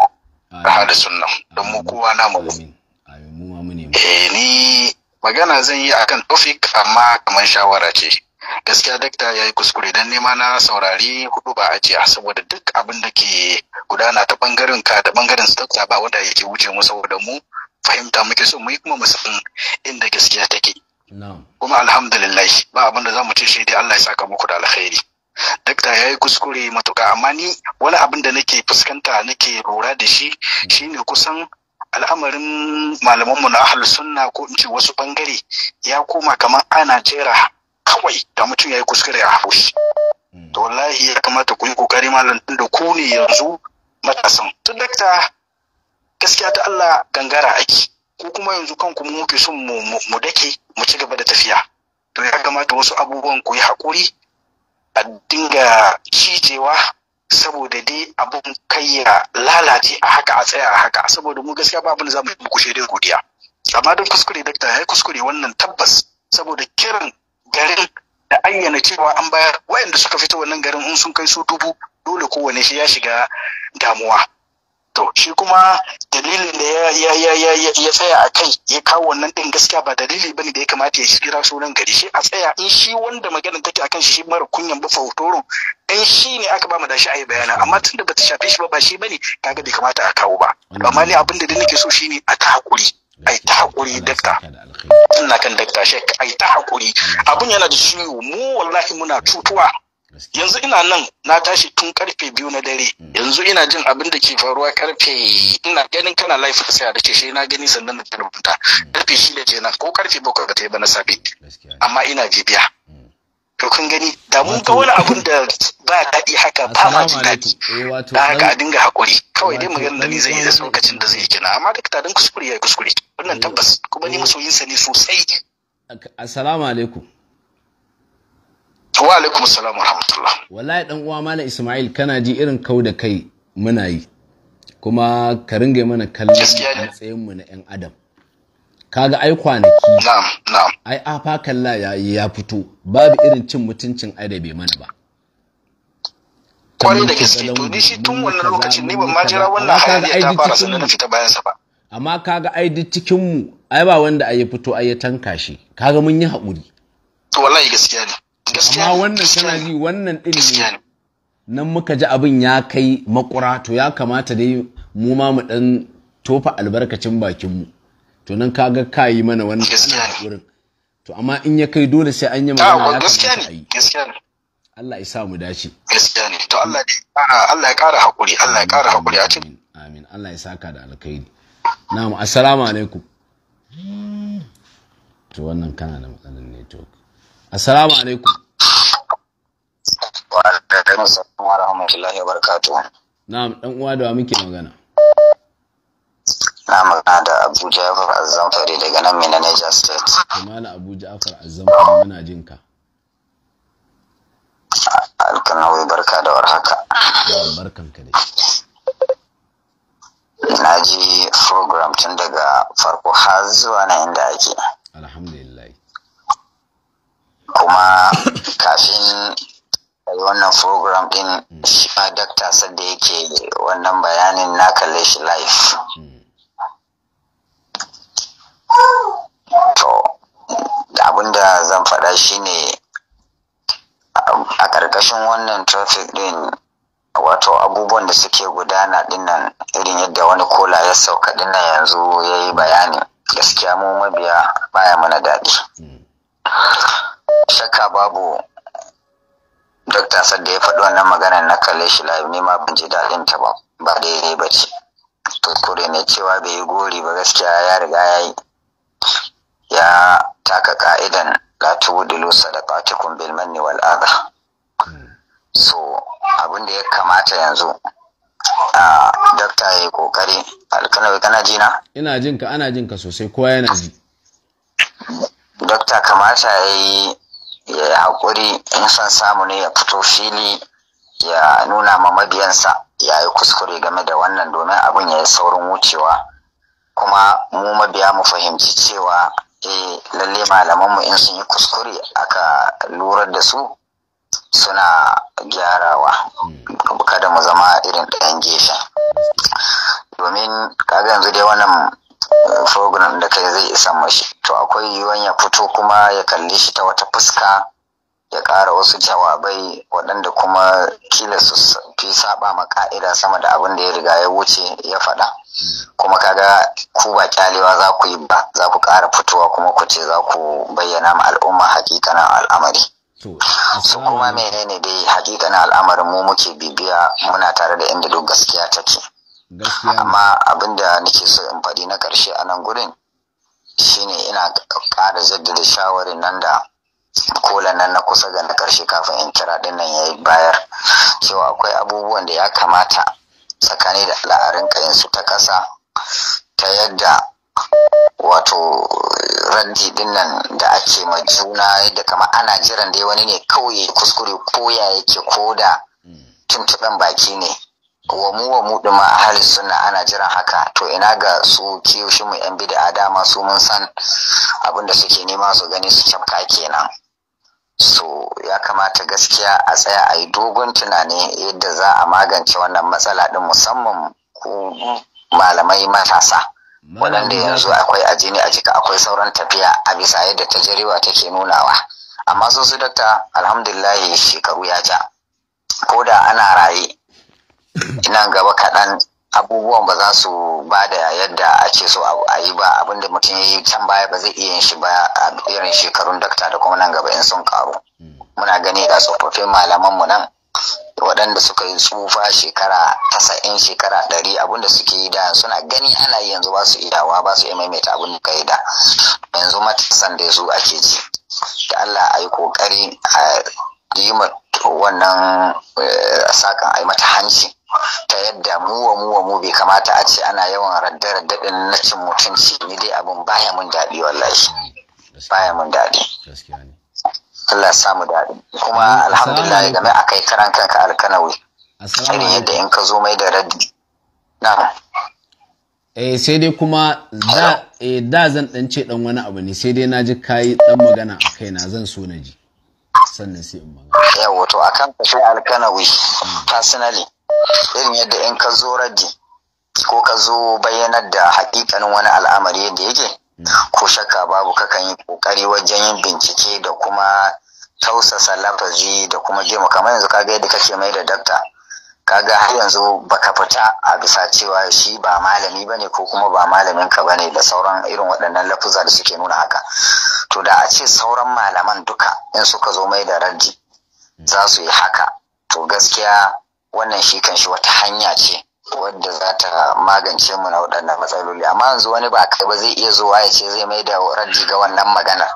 ahadu sunna don mu kowa na mu eh ni magana zan yi akan topic amma kamar shawara ce gaskiya dakta ya yi kuskure don nema na saurari hudu ba a jiya saboda duk abin da ke gudana ta bangaren ka da bangaren su dakta ba wanda yake wuce mu saboda mu fahimta muke so mu yi kuma musamman inda gaskiya take kuma alhamdulillah ba abin da za mu ce shi dai Allah ya saka muku da alkhairi dakta ya yi kuskure matuka amma ni wani abin da nake fuskanta nake lura da shi shine kusan al'amarin malamanmu na ahlus sunna ko in ce wasu bangare ya koma kamar ana jera kawai da mutum ya yi kuskure a haushi hmm. to wallahi ya kamata ku yi kokari malam da ku ne yanzu matasan tun dakta gaskiya ta Allah gangara ake ko kuma yanzu kanku mu muke son mu dake mu ci gaba da tafiya to ya kamata wasu abubuwan ku yi hakuri a dinga cijewa saboda dai abun kai ya lalace a haka a tsaya a haka saboda mu gaskiya ba abin da za mu yi muku shaidar godiya amma don kuskure dakta ya kuskure wannan tabbas saboda kiran garin da ayyana cewa an bayar wayanda suka fita wannan garin in sun kai su dubu dole kowane shi ya shiga damuwa to shi kuma dalilin da ya tsaya a kai ya kawo wannan din gaskiya ba dalili bane da ya kamata ya shigira sunan gari shi a tsaya in shi wanda maganar take akan shi mara kunyan bufa hotoro in shi ne aka ba da shi a yi bayana amma tunda bata shafe shi ba ba shi bane kaga bai kamata a kawo ba mm. amma ni abin da nake so shi ne a ta hakuri ai ta hakuri dakta ina kan dakta shek ai ta hakuri abun yana da ciwo mu wallahi muna cutuwa yanzu ina nan na tashi tun karfe biyu na dare hmm. yanzu ina jin abin da ke faruwa karfe ina ganin kana life sai da ce na gani sannan na rubuta karfe hmm. shida kenan ko karfe bakwai ba ta yi ba na safe amma ina bibiya hmm. to kun gani da mun ga wani abun da ba daɗi haka ba ma jin daɗi eh, da haka a dinga haƙuri kawai dai maganar da ni zai yi da lokacin da zai kina amma da tarin kuskure ya yi kuskure wannan eh, tabbas kuma ni eh. masoyinsa ne sosai
assalamu alaikum
wa alaikum assalam wa rahmatullah
wallahi dan uwa malam isma'il kana ji irin kau da kai muna yi kuma ka ringa mana kallon matsayin mu na yan adam kaga ai kwanaki ai afa kalla ya ya fito babu irin cin mutuncin ai mana ba
kwarai da gaske to ni shi tun wannan lokacin ni ban ma jira wannan hayaniya ta fara sannan na fita bayan sa ba
amma kaga ai duk cikin mu ai ba wanda ai ya fito ai ya tanka shi kaga mun yi haƙuri
to wallahi gaskiya ne
amma wannan kana ji wannan din ne nan muka ji abin ya kai makura to ya kamata dai mu ma mu dan tofa albarkacin bakin mu to nan kaga ka yi mana wannan wurin to amma in ya kai dole sai an yi magana ya
ne gaskiya ne
Allah ya sa mu dace
gaskiya ne to Allah ya Allah ya kara hakuri Allah ya kara hakuri a cikin amin Allah ya saka da
alkhairi na'am assalamu alaikum to wannan kana da matsalar network assalamu alaikum
wa alaikum assalam wa rahmatullahi wa barakatuh
na'am dan uwa da muke magana
na magana da abu jafar azamfari daga nan mina niger state kamala abu
jafar azamfari muna jin ka alkanawai barka
da warhaka barkan ka dai na ji program tun daga farko har zuwa na inda ake alhamdulillah kuma kafin wannan program din mm. shi ma dakta sadda yake wannan bayanin na kalle shi live mm. to abinda zan faɗa shine um, a ƙarƙashin wannan traffic din wato abubuwan da suke gudana dinnan irin yadda wani kola ya sauka dinnan yanzu ya yi bayani gaskiya mu mabiya baya mana daɗi shakka babu dokta sadda ya faɗi wannan maganar na kalle shi live ne ma ban ji daɗin ta ba ba daidai ba ce kuskure ne cewa bai yi gori ba gaskiya ya riga ya yi ya taka ka'idan la tubdilu sadaqatukum bil manni wal adha so abin da ya kamata yanzu a dakta ya yi kokari alkanawi kana jina
ina jin ka ana jin ka sosai kowa yana ji
dakta kamata ya yi ya yi haƙuri in san samu ne ya fito fili ya nuna ma mabiyansa ya yi kuskure game da wannan domin abin ya yi saurin wucewa kuma mu mabiya mu fahimci cewa eh lalle mu in sun yi kuskure aka lurar da su suna gyarawa hmm. kada mu zama irin ɗayan gefe domin kaga yanzu dai wannan eh, program da kai zai isa mashi to akwai yiwuwan ya fito kuma ya kalli shi ta wata fuska ya ƙara wasu jawabai waɗanda kuma kila su fi saba ma ka'ida sama da abin da ya riga ya wuce ya faɗa kuma kaga ku ba kyalewa za ku yi ba za ku ƙara fitowa kuma ku ce za ku bayyana ma al'umma hakikanin al'amari su kuma menene dai hakikanin al'amarin mu muke bibiya muna tare da inda duk gaskiya take amma abinda nake so in faɗi na ƙarshe a nan gurin shine ina ƙara jaddada shawarin nan da kolan nan na kusa ga na ƙarshe kafin in kira dinnan nan ya bayar cewa akwai abubuwan da ya kamata tsakani da al'arin kayan ta ƙasa ta yadda wato raddi din nan da ake ma juna yadda kama ana jiran dai wani ne kawai kuskure ko ya yake ko da tuntuɓen baki ne wamu wamu ɗuma a hali suna ana jiran haka to ina ga su kiyoshin mu yan bid'a dama su mun san abin da suke nema su gani su shafka kenan so ya kamata gaskiya a tsaya a yi dogon tunani yadda za a magance wannan matsala din musamman ku malamai matasa waɗanda yanzu akwai ajini a jika akwai sauran tafiya a bisa yadda ta tajarewa take nunawa amma su su dakta alhamdulillah shekaru ya ja ko da ana raye nan gaba kaɗan abubuwan ba za su ba da yadda ake so a yi ba abinda mutum ya yi can baya ba zai iya yin shi ba a irin shekarun dakta da kuma nan gaba in sun karu muna gani ga tsofaffin malaman mu nan waɗanda suka yi tsufa shekara tasa'in shekara ɗari abinda suke yi da suna gani ana yi yanzu ba su idawa ba su iya maimaita abin da da yanzu matasan da su ake ji da Allah a yi kokari a yi wannan eh, saƙan a yi mata hanci ta yadda mu wa mu wa mu bai kamata a ce ana yawan radda radda din na cin mutunci ni dai abun baya mun daɗi wallahi baya mun daɗi Allah samu daɗi kuma alhamdulillah game a kai karan kanka alkanawi irin yadda in ka zo mai da raddi na
eh sai dai kuma da eh da zan dan ce dan wani abu ne sai dai na ji kai dan magana a kaina zan so na ji sannan sai in
magana yawa to akan ka sai alkanawi hmm. personally irin yadda in ka zo raddi ko ka zo bayyanar da hakikanin wani al'amari yadda yake ko shakka babu kakan yi kokari wajen yin bincike da kuma tausasa lafazi da kuma jema kamar yanzu kaga yadda kake mai da dakta kaga har yanzu baka fita a bisa cewa shi ba malami bane ko kuma ba malamin ka bane da sauran irin waɗannan lafuza da suke nuna haka to da a ce sauran malaman duka in suka zo mai da raddi za su yi haka to gaskiya wannan shi kan shi wata hanya ce wadda za ta magance mu na waɗannan matsaloli amma yanzu wani ba kai ba zai iya zuwa ya ce zai mai da raddi ga wannan magana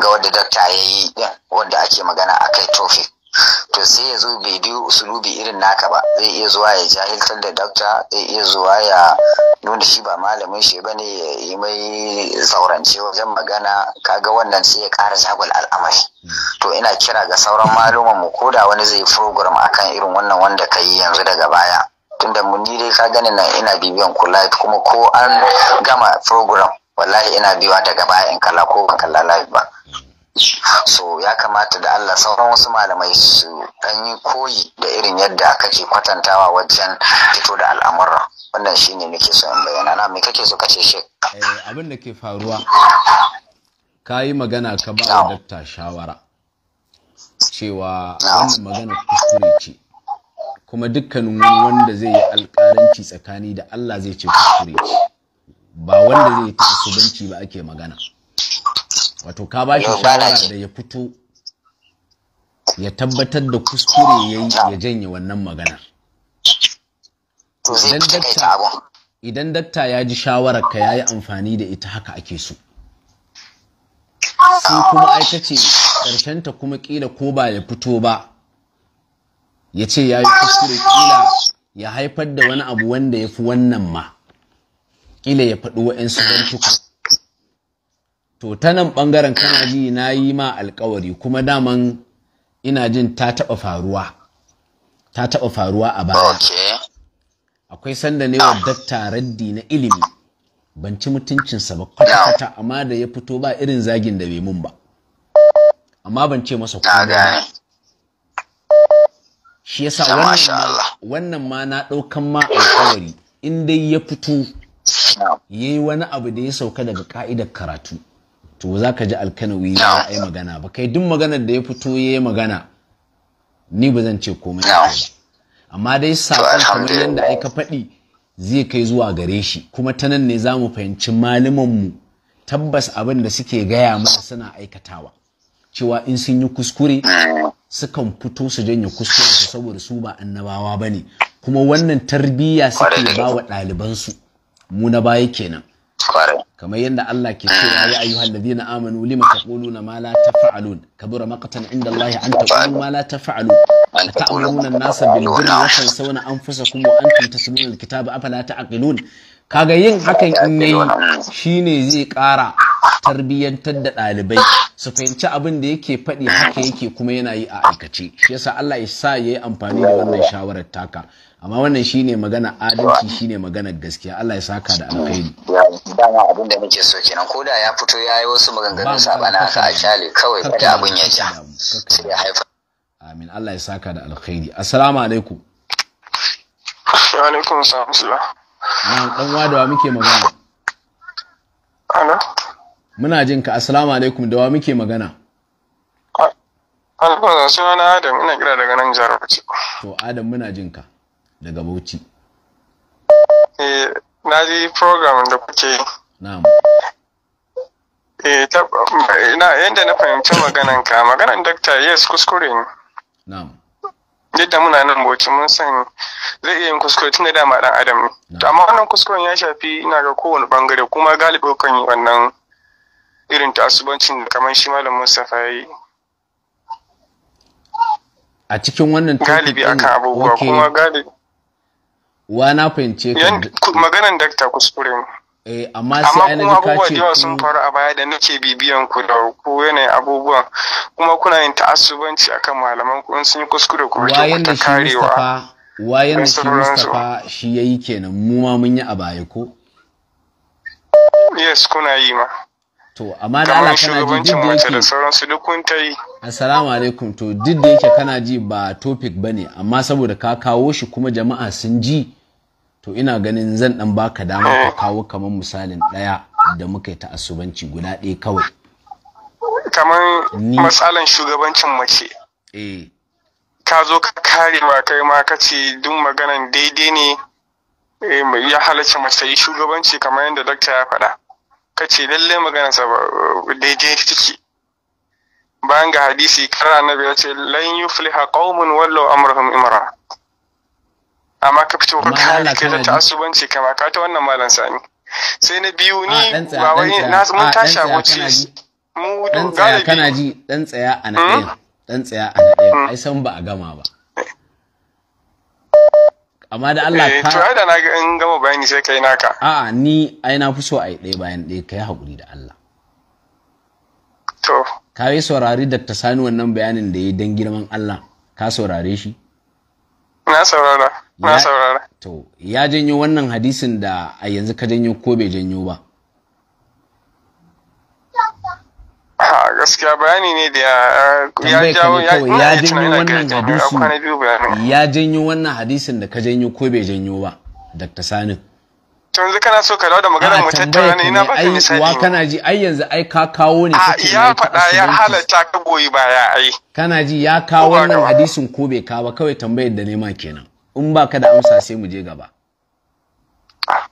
ga wadda dakta ya yi wadda ake magana a kai tofe. to sai ya zo bai biyu usulubi irin naka ba zai iya zuwa ya jahiltar da dokta zai iya zuwa ya nuna shi ba malamin shi ba ne ya yi mai saurance wajen magana kaga wannan sai ya kara zagul al'amari hmm. to ina kira ga sauran maluman mu koda wani zai program akan irin wannan wanda ka yi yanzu daga baya tunda mu ni dai ka gani nan ina bibiyan ku live kuma ko an gama program wallahi ina biwa daga baya in kalla ko ban kalla live ba hmm. so ya kamata da Allah sauran wasu malamai su dan yi koyi da irin yadda aka ke kwatantawa wajen fito da al'amura wannan shine nake so in bayyana na me kake so kace shi eh,
abin da ke faruwa ka yi magana ka ba wa dakta shawara cewa wannan magana kuskure ce kuma dukkanin wani wanda zai yi alƙaranci tsakani da Allah zai ce kuskure ba wanda zai yi ta ba ake magana wato ka ba shi shawara da ya fito ya tabbatar da kuskure ya yi ya janye wannan magana. idan dakta ya ji shawarar ka ya yi amfani da ita haka ake so sai kuma ƙarshen ta kuma ƙila ko ba ya fito ba ya ce ya yi kuskure ƙila ya haifar da wani abu wanda ya fi wannan ma Ƙila ya faɗi wa'yansu bantuka to ta nan ɓangaren kana ji na yi ma alkawari kuma daman ina jin ta taɓa faruwa ta taɓa faruwa a baya akwai sanda ne wa dakta raddi na ilimi ban ci mutuncinsa ba kwata-kwata amma da ya fito ba irin zagin da bai mun ba amma ban ce masa komai ba shi yasa wannan ma na ɗaukan ma alkawari in dai ya fito yayi wani abu da ya sauka daga ka'idar karatu to za ka ji alkanawi ya yi magana ba kai duk maganar da ya fito ya yi magana ni ba zan ce komai ba amma dai saƙon kamar yadda ai ka faɗi zai kai zuwa gare shi kuma ta nan ne za mu fahimci mu tabbas abin da suke gaya masa suna aikatawa cewa in sun yi kuskure sukan fito su janye kuskure su saboda su ba annabawa ba ne kuma wannan tarbiyya suke ba wa ɗalibansu mu na baya kenan kamar yadda Allah ke cewa ya ayyuhal ladina amanu lima taquluna ma la taf'alun kabura maqtan inda Allah an taqulu ma la taf'alun ta'muruna an-nasa bil an wa tansawna anfusakum wa antum tatluna al-kitaba afala ta'qilun kaga yin hakan in yayi ne zai ƙara tarbiyyantar da ɗalibai su fahimci abin da yake faɗi haka yake kuma yana yi a aikace shi yasa Allah ya sa yayi amfani da wannan shawarar taka amma wannan shine magana adalci shine magana gaskiya Allah ya saka
da alkhairi dama abin da muke so kenan ko da ya fito ya yi wasu maganganun sabana aka a shale kawai kada abin ya ja
sai ya haifa amin Allah ya saka da alkhairi assalamu alaikum
assalamu alaikum salam
na dan wadawa muke magana ana muna jin ka assalamu alaikum da wa muke magana
Alfa suna Adam ina kira daga nan jihar Bauchi.
To Adam muna jin ka. daga Bauchi.
Eh, na ji program da kuke yi. Eh, na yadda na fahimci maganan ka, maganan dokta yes kuskure ne. Yadda muna nan boki mun san zai iya yin kuskure tun da dama dan adam ne. To amma wannan kuskuren ya shafi ina ga kowane bangare kuma galibi kan yi wannan irin tasubancin da kamar shi malam Mustapha ya yi.
A cikin wannan galibi akan abubuwa kuma galibi. wa na fahimce ka
maganan dakta kuskure ne
eh, amma sai kuma ka ce yawa sun faru
a baya da nake bibiyan ku da ku yanayin abubuwa kuma kuna yin ta'assubanci akan malaman ku sun yi kuskure ku wayan da shi Mustapha
wayan da shi Mustapha shi yayi kenan mu ma mun yi a baya ko
yes kuna yi ma
to amma da Allah kana jin da
sauransu duk kun ta yi
Assalamu alaikum to duk da yake kana ji ba topic bane amma saboda ka kawo shi kuma jama'a sun ji to ina ganin zan dan baka dama ka kawo kamar misalin daya da muka yi ta asubanci guda ɗaya kawai
kamar matsalan shugabancin mace eh ka zo ka kare ma kai ma ka ce duk maganan daidai ne eh, ya halarci mace shugabanci kamar yadda dakta ya faɗa ka ce lallai maganarsa eh, daidai take bayan ga hadisi kar annabi ya ce lan yufliha qaumun wallau amrahum imra amma ka fito ka kare kai da ta'assubanci kama ka ta wannan malam sani sai na biyu ni ba wani na mun tashi a
mu dan
tsaya kana ji dan tsaya a na hmm? ɗaya dan tsaya a na ɗaya hmm. ai san ba a gama ba amma da Allah eh, ka to ai da na
ga in gama bayani sai kai naka a'a
ni ai na fi so ai ɗaya bayan ɗaya kai hakuri da Allah to ka yi saurari da ta Sani wannan bayanin da ya yi don girman Allah ka saurare shi
na saurara na saurara to
ya janyo wannan hadisin da a yanzu ka janyo ko bai janyo ba
ha gaskiya bayani ne da ya jawo ya janyo wannan hadisin
ya janyo wannan hadisin da ka janyo ko bai janyo ba Dr. Sani
to yanzu kana so ka dawo da maganar mu tattauna ne
ina baka misali wa kana ji ai yanzu ai ka kawo ne kace ya
faɗa ya halatta ka goyi baya ai
kana ji ya kawo wannan hadisin ko bai kawo ba kawai tambayar da nema kenan in baka da amsa sai mu je gaba ah,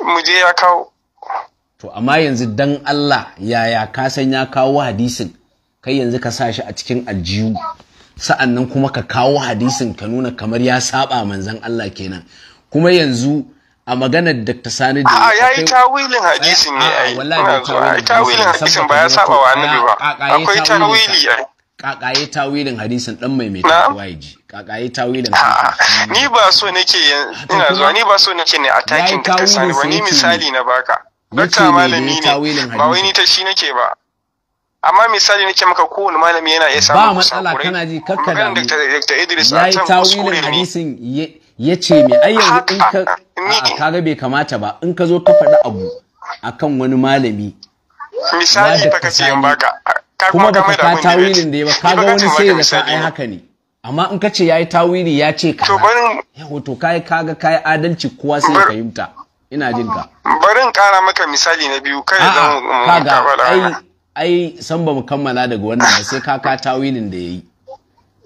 mu je ya kawo to amma yanzu dan Allah yaya ka san ya kawo hadisin kai yanzu ka sa shi a cikin aljihu sa'annan kuma ka kawo hadisin ka nuna kamar ya saba manzon Allah kenan kuma yanzu a maganar Dr. Sani da ya yi
tawilin hadisin ne ai wallahi tawilin hadisin ba ya saba wa
annabi ba akwai tawili ai kakaye tawilin hadisin dan mai mai tawaiji kakaye tawilin hadisin
ni ba so nake ina zuwa ni ba so nake ne a takin Dr. Sani wani misali na baka Dokta malami ne ba wai ni ta shi nake ba amma misali nake maka kowane malami yana iya samun kusa ba matsala kana ji kakka da Dr. Idris a can kuskure ne
ya ce me ai in ka kaga bai kamata ba in ka zo ka faɗi abu akan wani malami
misali da ka ce
kuma ba ka ka tawilin da ya ba kaga wani sai da ka ai haka
ne amma in ka ce ya yi tawili ya ce ka yawa to yi kaga yi adalci kowa sai ya fahimta ina jin ka
bari in kara maka misali na biyu kai da kaga ai ai
san ba mu kammala daga wannan ba sai ka ka tawilin da yayi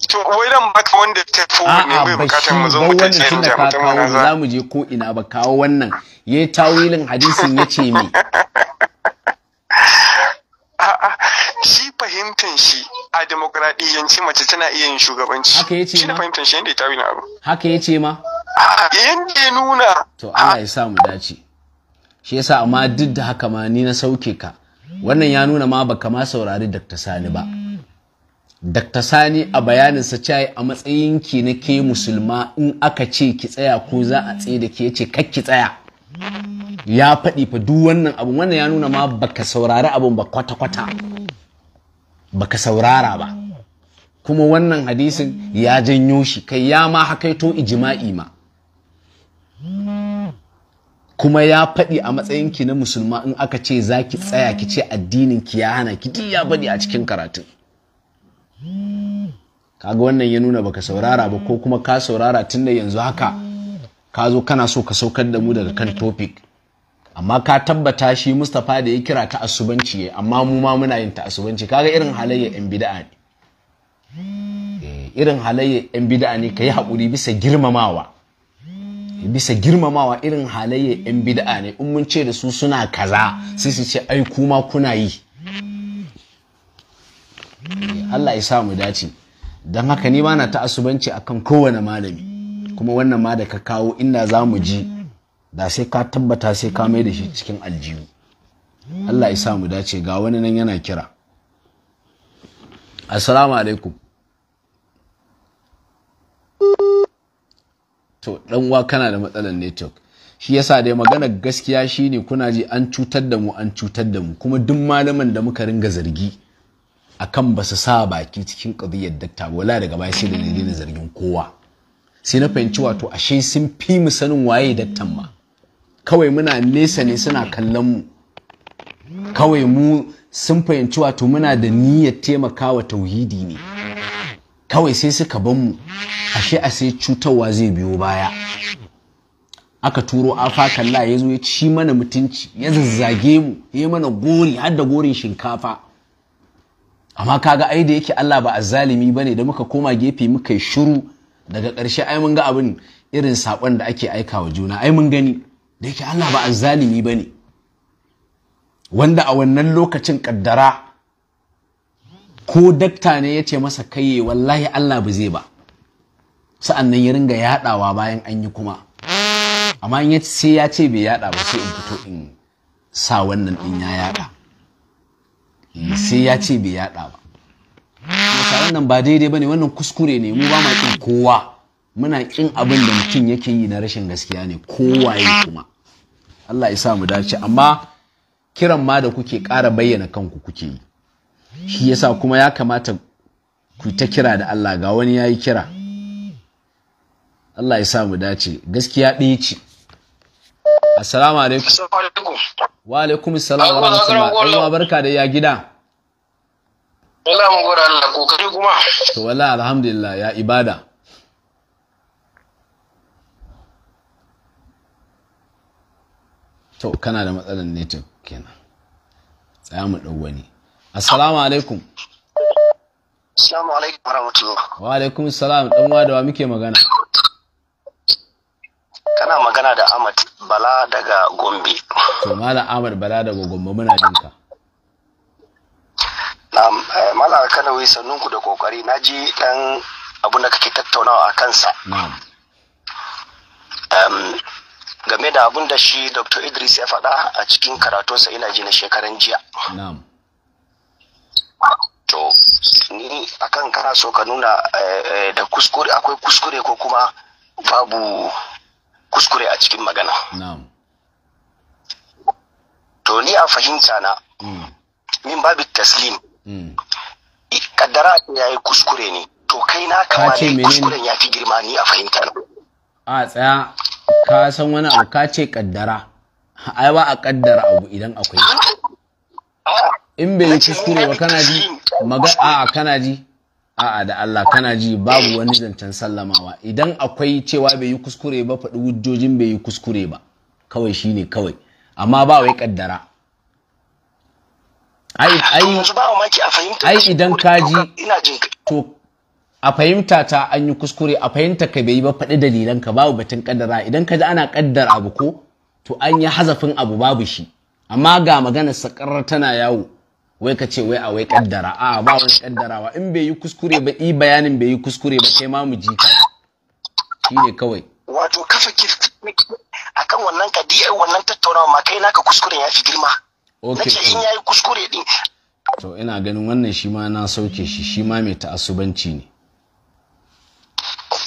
to wai dan baka wanda
ta ne
bai bukatar mu zo da ka kawo za
mu je ko ina ba kawo wannan yi tawilin hadisin ce me (laughs)
shi fahimtan shi a demokradiyyanci mace tana iya yin shugabanci haka shi shi ya tawilin abu
haka ma
ya nuna
to Allah ya sa mu dace shi yasa amma duk da haka ma ni na sauke ka wannan ya nuna ma baka ma saurari Dr. Sani ba Dr. Sani a bayanin bayaninsa cewa a matsayin ki na ke musulma in aka ce ki tsaya ko za a tsaye da ke ce kar ki tsaya. Ya faɗi fa duk wannan abun wannan ya nuna ma baka saurari abun ba kwata-kwata. Baka saurara ba. Kuma wannan hadisin ya janyo shi kai ya ma hakaito ijima'i ma. Kuma ya faɗi a matsayin ki na musulma in aka ce za ki tsaya ki ce addinin ki ya hana ki duk ya faɗi a cikin karatun. kaga wannan ya nuna baka saurara ba ko kuma ka saurara tun da yanzu haka ka zo kana so ka saukar da mu daga kan topic amma ka tabbata shi Mustapha da ya kira ta asubanci ya amma mu ma muna yin ta asubanci kaga irin halayya yan bid'a ne eh, irin halayya yan bid'a ne yi haƙuri bisa girmamawa bisa girmamawa irin halayya yan bid'a ne in mun ce da su suna kaza sai su ce ai kuma kuna yi Eh, Allah ya sa mu dace don haka ni bana ta asubanci akan kowane malami kuma wannan ma da ka kawo inda za mu ji da sai ka tabbata sai ka mai da shi cikin aljihu Allah ya sa mu dace ga wani nan yana kira assalamu alaikum to dan uwa kana da matsalar network shi yasa dai magana gaskiya shine kuna ji an cutar da mu an cutar da mu kuma duk malaman da muka ringa zargi akan ba su sa baki cikin ƙadiyar dakta wala daga baya sai da na zargin kowa sai na fahimci wato ashe sun fi mu sanin waye daktan ma kawai muna nesa ne suna kallon mu kawai mu sun fahimci wato muna da niyyar taimakawa tauhidi ne kawai sai suka ban mu ashe a sai cutarwa zai biyo baya aka turo afa kalla ya zo ya ci mana mutunci ya zazzage mu ya mana gori har da gorin shinkafa amma kaga ai da yake Allah ba azzalimi bane da muka koma gefe muka yi shiru daga ƙarshe ai mun ga abin irin saƙon da ake aika wa juna ai mun gani da yake Allah ba azzalimi bane wanda a wannan lokacin kaddara ko dakta ne ya ce masa kaiye wallahi Allah ba zai ba sa'an nan ya ringa yaɗawa bayan an yi kuma amma in sai ya ce bai yaɗa ba sai in fito in sa wannan in ya yaɗa sai ya ce bai yaɗa ba masu wannan ba daidai ba ne wannan kuskure ne mu ba ma kin kowa muna ƙin abin da mutum yake yi na rashin gaskiya ne kowaye kuma Allah ya sa mu dace amma kiran ma da kuke ƙara bayyana kanku kuke yi shi yasa kuma ya kamata ku ta kira da Allah ga wani ya yi kira Allah ya sa mu dace gaskiya ɗaya ce Assalamu alaikum. Wa alaikum salam wa rahmatullahi Ɗan barka da ya gida.
Wala mu gora Allah kokari kuma.
To wala alhamdulillah ya ibada. To kana da matsalar network kenan. Tsaya mu dau wani. Assalamu alaikum.
Assalamu alaikum wa rahmatullahi.
Wa alaikum salam dan wa da wa muke magana.
kana magana da Ahmad Bala daga Gombe.
To Malam Ahmad Bala daga Gombe muna jin ka.
Na'am, eh, Malam Kanawi ku da kokari na ji dan abun da kake tattaunawa a kansa. Na'am. Um, game da abun da shi Dr. Idris ya faɗa a cikin karatunsa ina ji na shekaran jiya. Na'am. To, ni akan kana so ka nuna eh, eh, da kuskure akwai kuskure ko kuma babu kuskure a cikin magana to ni a fahimta na mm. min babu taslim mm. kaddara ya yi kuskure ne to kai na kama ne kuskuren ya fi girma ni a fahimta na
a tsaya ka san wani abu ka ce kaddara ai ba a kaddara abu idan akwai in bai yi kuskure ba kana ji maga a kana ji a'a da Allah kana ji babu wani zancen sallamawa idan akwai cewa bai yi kuskure ba faɗi wujjojin bai yi kuskure ba kawai shine kawai amma ba wai kaddara ai idan ka ji to a fahimta ta an yi kuskure a fahimta ka bai yi ba faɗi dalilan ka babu batun kaddara idan ka ji ana kaddara abu ko to an yi hazafin abu babu shi amma ga maganar sakarar tana yawo wai ka ce wai a wai kaddara a ba wani kaddarawa in bai yi kuskure ba i bayanin bai yi kuskure ba kai ma mu ji ka shi ne kawai
wato kafa akan wannan kadiyar wannan tattaunawa ma kai naka kuskure ya fi girma okay in yayi kuskure din
to ina ganin wannan shi ma na sauke shi shi ma mai ta'assubanci ne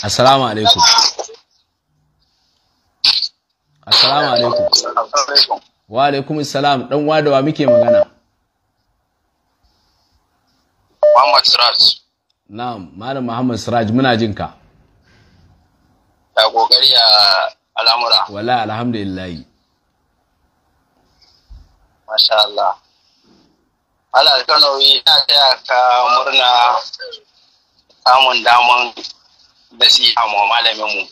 assalamu alaikum assalamu alaikum wa alaikum assalam dan wadawa muke magana Muhammad Siraj. Na'am, Malam Muhammad Siraj muna jin ka.
Ya kokari ya al'amura.
Wala alhamdulillah.
Masha Allah. Allah alkanawi ya taya ka murna samun daman da siya ma malamin mu.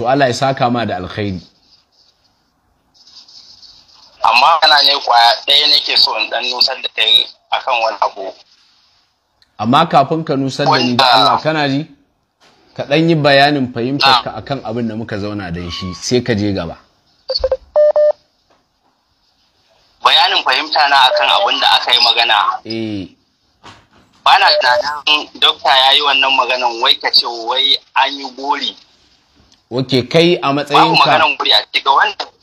To Allah ya saka ma da alkhairi.
amma kana ne kwaya ɗaya nake so in dan nusar da kai akan wani abu
amma kafin ka nusar da ni da Allah kana ji ka dan yi bayanin fahimtar ka akan abin da muka zauna da shi sai ka je gaba
bayanin fahimta na akan abin da aka yi magana eh bana tunanin dokta ya yi wannan maganan wai ka ce wai an yi gori
Oke kai a matsayinka.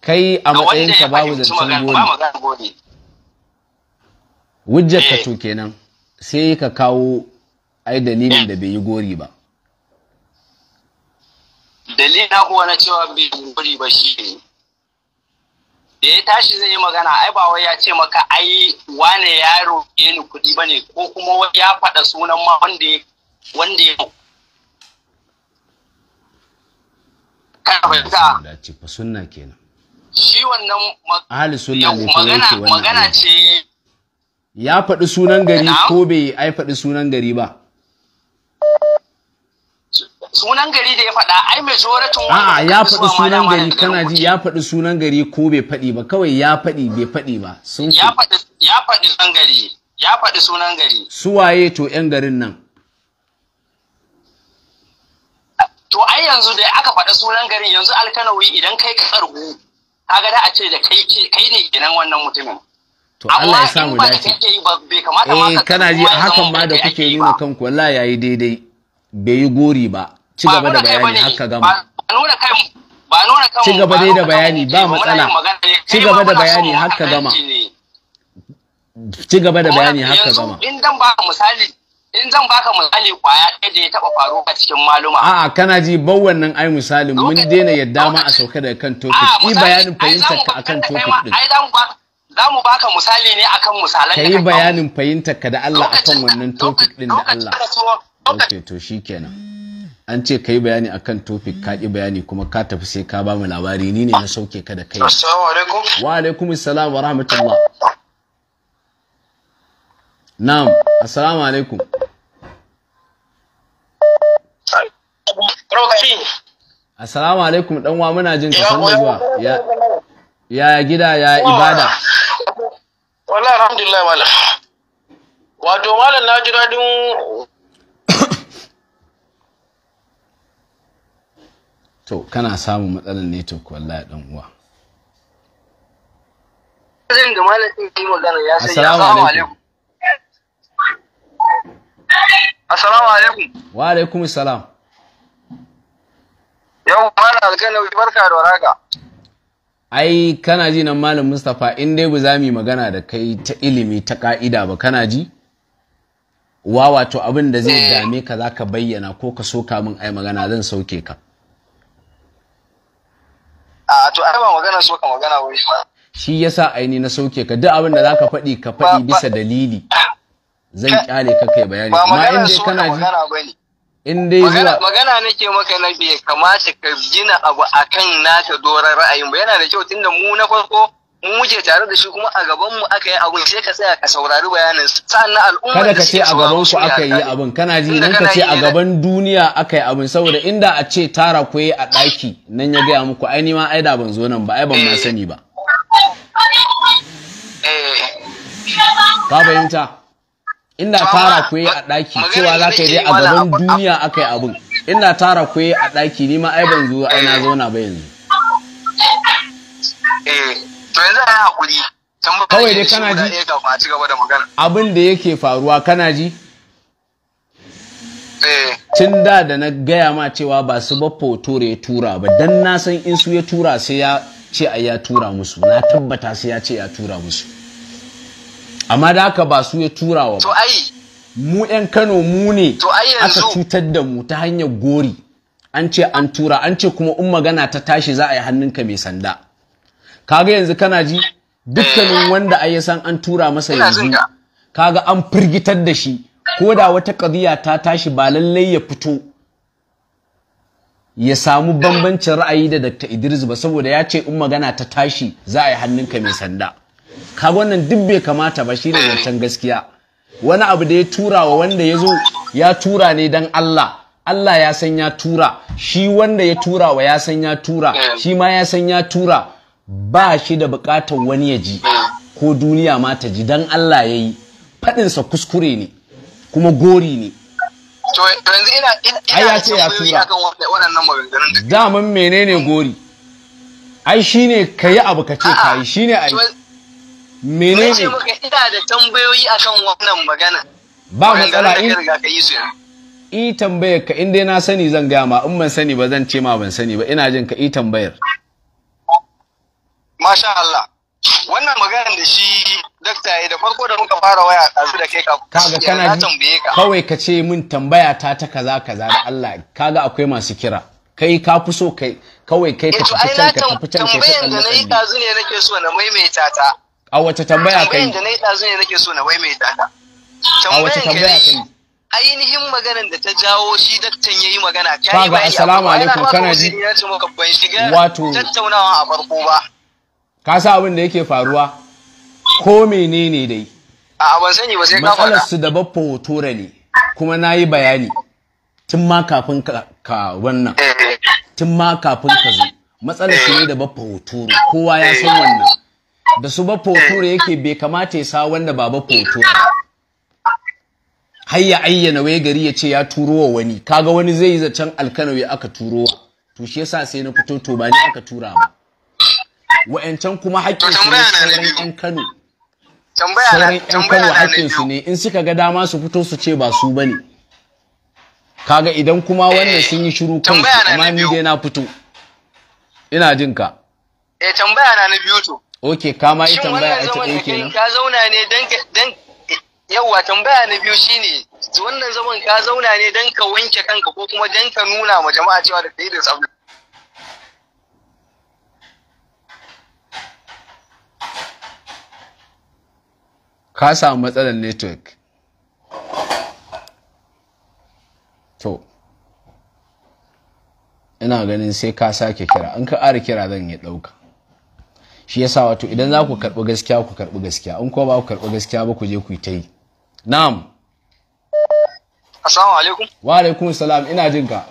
Kai a ka babu zancen gori. Wujjar ka eh. to kenan sai ka kawo ai dalilin eh. da bai yi gori
ba.
Dalilin na kuwa na cewa bai yi gori ba shi
ne. da ya tashi zai yi magana ai ba wai ya ce maka ai wane ya roƙe ni kuɗi ba ne ko kuma ya faɗa sunan ma wanda ya wanda ya
sunna kenan
shi wannan ahli sunna ne ko yake wannan magana ce
ya faɗi sunan gari ko bai ai faɗi sunan gari ba
sunan gari da ya faɗa ai wani a'a ya faɗi
sunan gari kana ji ya faɗi sunan gari ko bai faɗi ba kawai ya faɗi bai faɗi ba sun ya faɗi ya faɗi sunan
gari ya faɗi sunan gari
su waye to yan garin nan
to ai yanzu da aka faɗa sunan garin yanzu alkanawi idan kai
karhu kaga da a ce da kai kai ne gidan wannan mutumin
to
Allah ya samu dace
eh
kana ji hakan ma da kuke nuna kanku wallahi yayi daidai bai yi gori ba ci gaba da bayani haka gama ci gaba dai da bayani ba matsala ci gaba da bayani haka gama ci gaba da bayani haka gama
in dan ba misali in zan baka misali kwaya ɗaya da ya taɓa faru a cikin maluma.
A'a kana ji ban wannan ai misalin mun daina yadda ma a sauka daga kan topic. Ki bayanin fahimtar ka akan topic din. Ai
za baka misali ne akan misalan da
bayanin fahimtar ka da Allah akan wannan tofik ɗin da Allah. Ok to kenan. An ce ka yi bayani akan tofik ka ƙi bayani kuma ka tafi sai ka ba mu labari ni ne na sauke ka da kai. Assalamu alaikum. Wa alaikum wa rahmatullah. Na'am, assalamu alaikum. Assalamu alaikum dan uwa muna jin ka sanin zuwa. Ya ya gida ya ibada.
Wallahi alhamdulillah malam. Wato malam na ji dadin
To kana samun matsalar network wallahi
dan uwa.
Zan ga malam din yi magana ya sai assalamu
alaikum.
Assalamu alaikum.
Wa
alaikum salam.
Yau na alkanawi barka da waraka.
Ai kana ji nan malam Mustapha in dai ba za mu magana da kai ta ilimi ta ka'ida ba kana ji? Wa wato abin da zai dame ka za ka bayyana ko ka soka min ai magana zan sauke ka.
A to ai ba magana soka magana wai.
Shi yasa aini na sauke ka duk abin da za ka faɗi ka faɗi bisa dalili. zan kyale ka kai bayani amma in dai kana
ji
in
dai zuwa
magana nake maka na bai kamata ka gina abu akan naka doron ra'ayin ba yana da kyau tunda mu na farko mu wuce tare da shi kuma a gaban mu aka yi abun sai ka tsaya ka saurari bayanin sannan al'umma kada ka ce a gaban su aka yi
abun kana ji nan ka ce a gaban duniya aka yi abun saboda inda a ce tara ku yi a daki nan ya gaya muku ai ni ma ai da ban zo nan ba ai ban ma eh. sani ba eh. ka fahimta ina tara ku a daki cewa za ka yi dai a gaban duniya aka yi abin ina tara ku a daki ni ma ai ban zo ai na zauna ba yanzu
eh, kawai dai kana ji
abin da yake faruwa kana ji eh. tun da da na gaya ma cewa ba su ba foto ya tura ba dan na san in su ya tura sai ya ce a ya tura musu na tabbata sai ya ce ya tura musu amma da haka ba su ya tura wa ba mu 'yan kano mu ne aka cutar da mu ta hanyar gori an ce an tura an ce kuma in magana ta tashi za a yi hannunka mai sanda kaga yanzu kana ji dukkanin eh. wanda ai san an tura masa yanzu kaga an firgitar da shi ko da wata ƙabiya ta tashi ba lallai ya fito ya samu bambancin ra'ayi da Dr. Idris ba saboda ya ce in magana ta tashi za a yi hannunka mai sanda. ka wannan duk bai kamata ba shine wancan gaskiya wani abu da ya tura wa wanda ya zo ya tura ne dan Allah Allah ya san ya tura shi wanda ya tura wa ya san ya tura shi ma ya san ya tura ba shi da bukatar wani ya ji ko duniya ma ta ji dan Allah ya yi faɗinsa kuskure ne kuma gori ne
Ai ya ce ya tura
da menene gori ai shine kayi abu ka ce shine menene ce muka
ina da tambayoyi akan wannan magana
ba matsala
in
i tambayar ka in na sani zan gaya ma in ban sani ba zan ce ma ban sani ba ina jin ka i tambayar
masha Allah wannan maganar da shi dakta ya da farko da muka fara waya kasu da kai kaga kana tambaye kawai
ka ce min tambaya ta ta kaza kaza da Allah kaga akwai masu kira kai ka fi so kai kawai kai ka eh fi can ka tafi can can ka da na yi can
ne nake so na maimaita
ta a wace tambaya kai da
na yi ɗazu ne nake so na wai mai dada a wace tambaya kai ainihin maganar da ta jawo shi daktan yayi magana kai ba bayani assalamu alaikum kana ji wato tattaunawa a farko ba
ka sa abin da yake faruwa ko menene dai
a ban sani ba sai ka faɗa su
da baffa hotora ne kuma nayi bayani tun ma kafin ka wannan eh. tun ma kafin ka zo matsalar su ne da baffa hotoro kowa ya san eh. wannan da su ba fotura yake bai kamata ya sa wanda ba ba fotura har ayyana wai gari ya ce ya turo wa wani kaga wani zai yi zaton ya aka turo wa to shi yasa sai na fito to ba ni aka tura ba wa'ancan kuma haƙƙin su ne sauran ƴan Kano sauran ƴan Kano haƙƙin su ne in suka ga dama su fito su ce ba su bane kaga idan kuma wannan sun yi shiru kansu amma ni dai na fito ina jin ka
eh tambaya na na biyu to
Oke, kama ita mbaya a ta ɗaya kenan. Ka
zauna ne don yawwa tambaya na biyu ne wannan zaman ka zauna ne don ka wanke kanka ko kuma don ka nuna ma jama'a cewa da kai da tsabta.
Ka samu matsalar network. To, ina ganin sai ka sake kira, in ka ara kira zan yi ɗauka. shi yasa wato idan za ku karɓi gaskiya ku karɓi gaskiya in ko ba ku karɓi gaskiya ba ku je ku yi ta yi na'am
assalamu alaikum
wa alaikum salam ina jin ka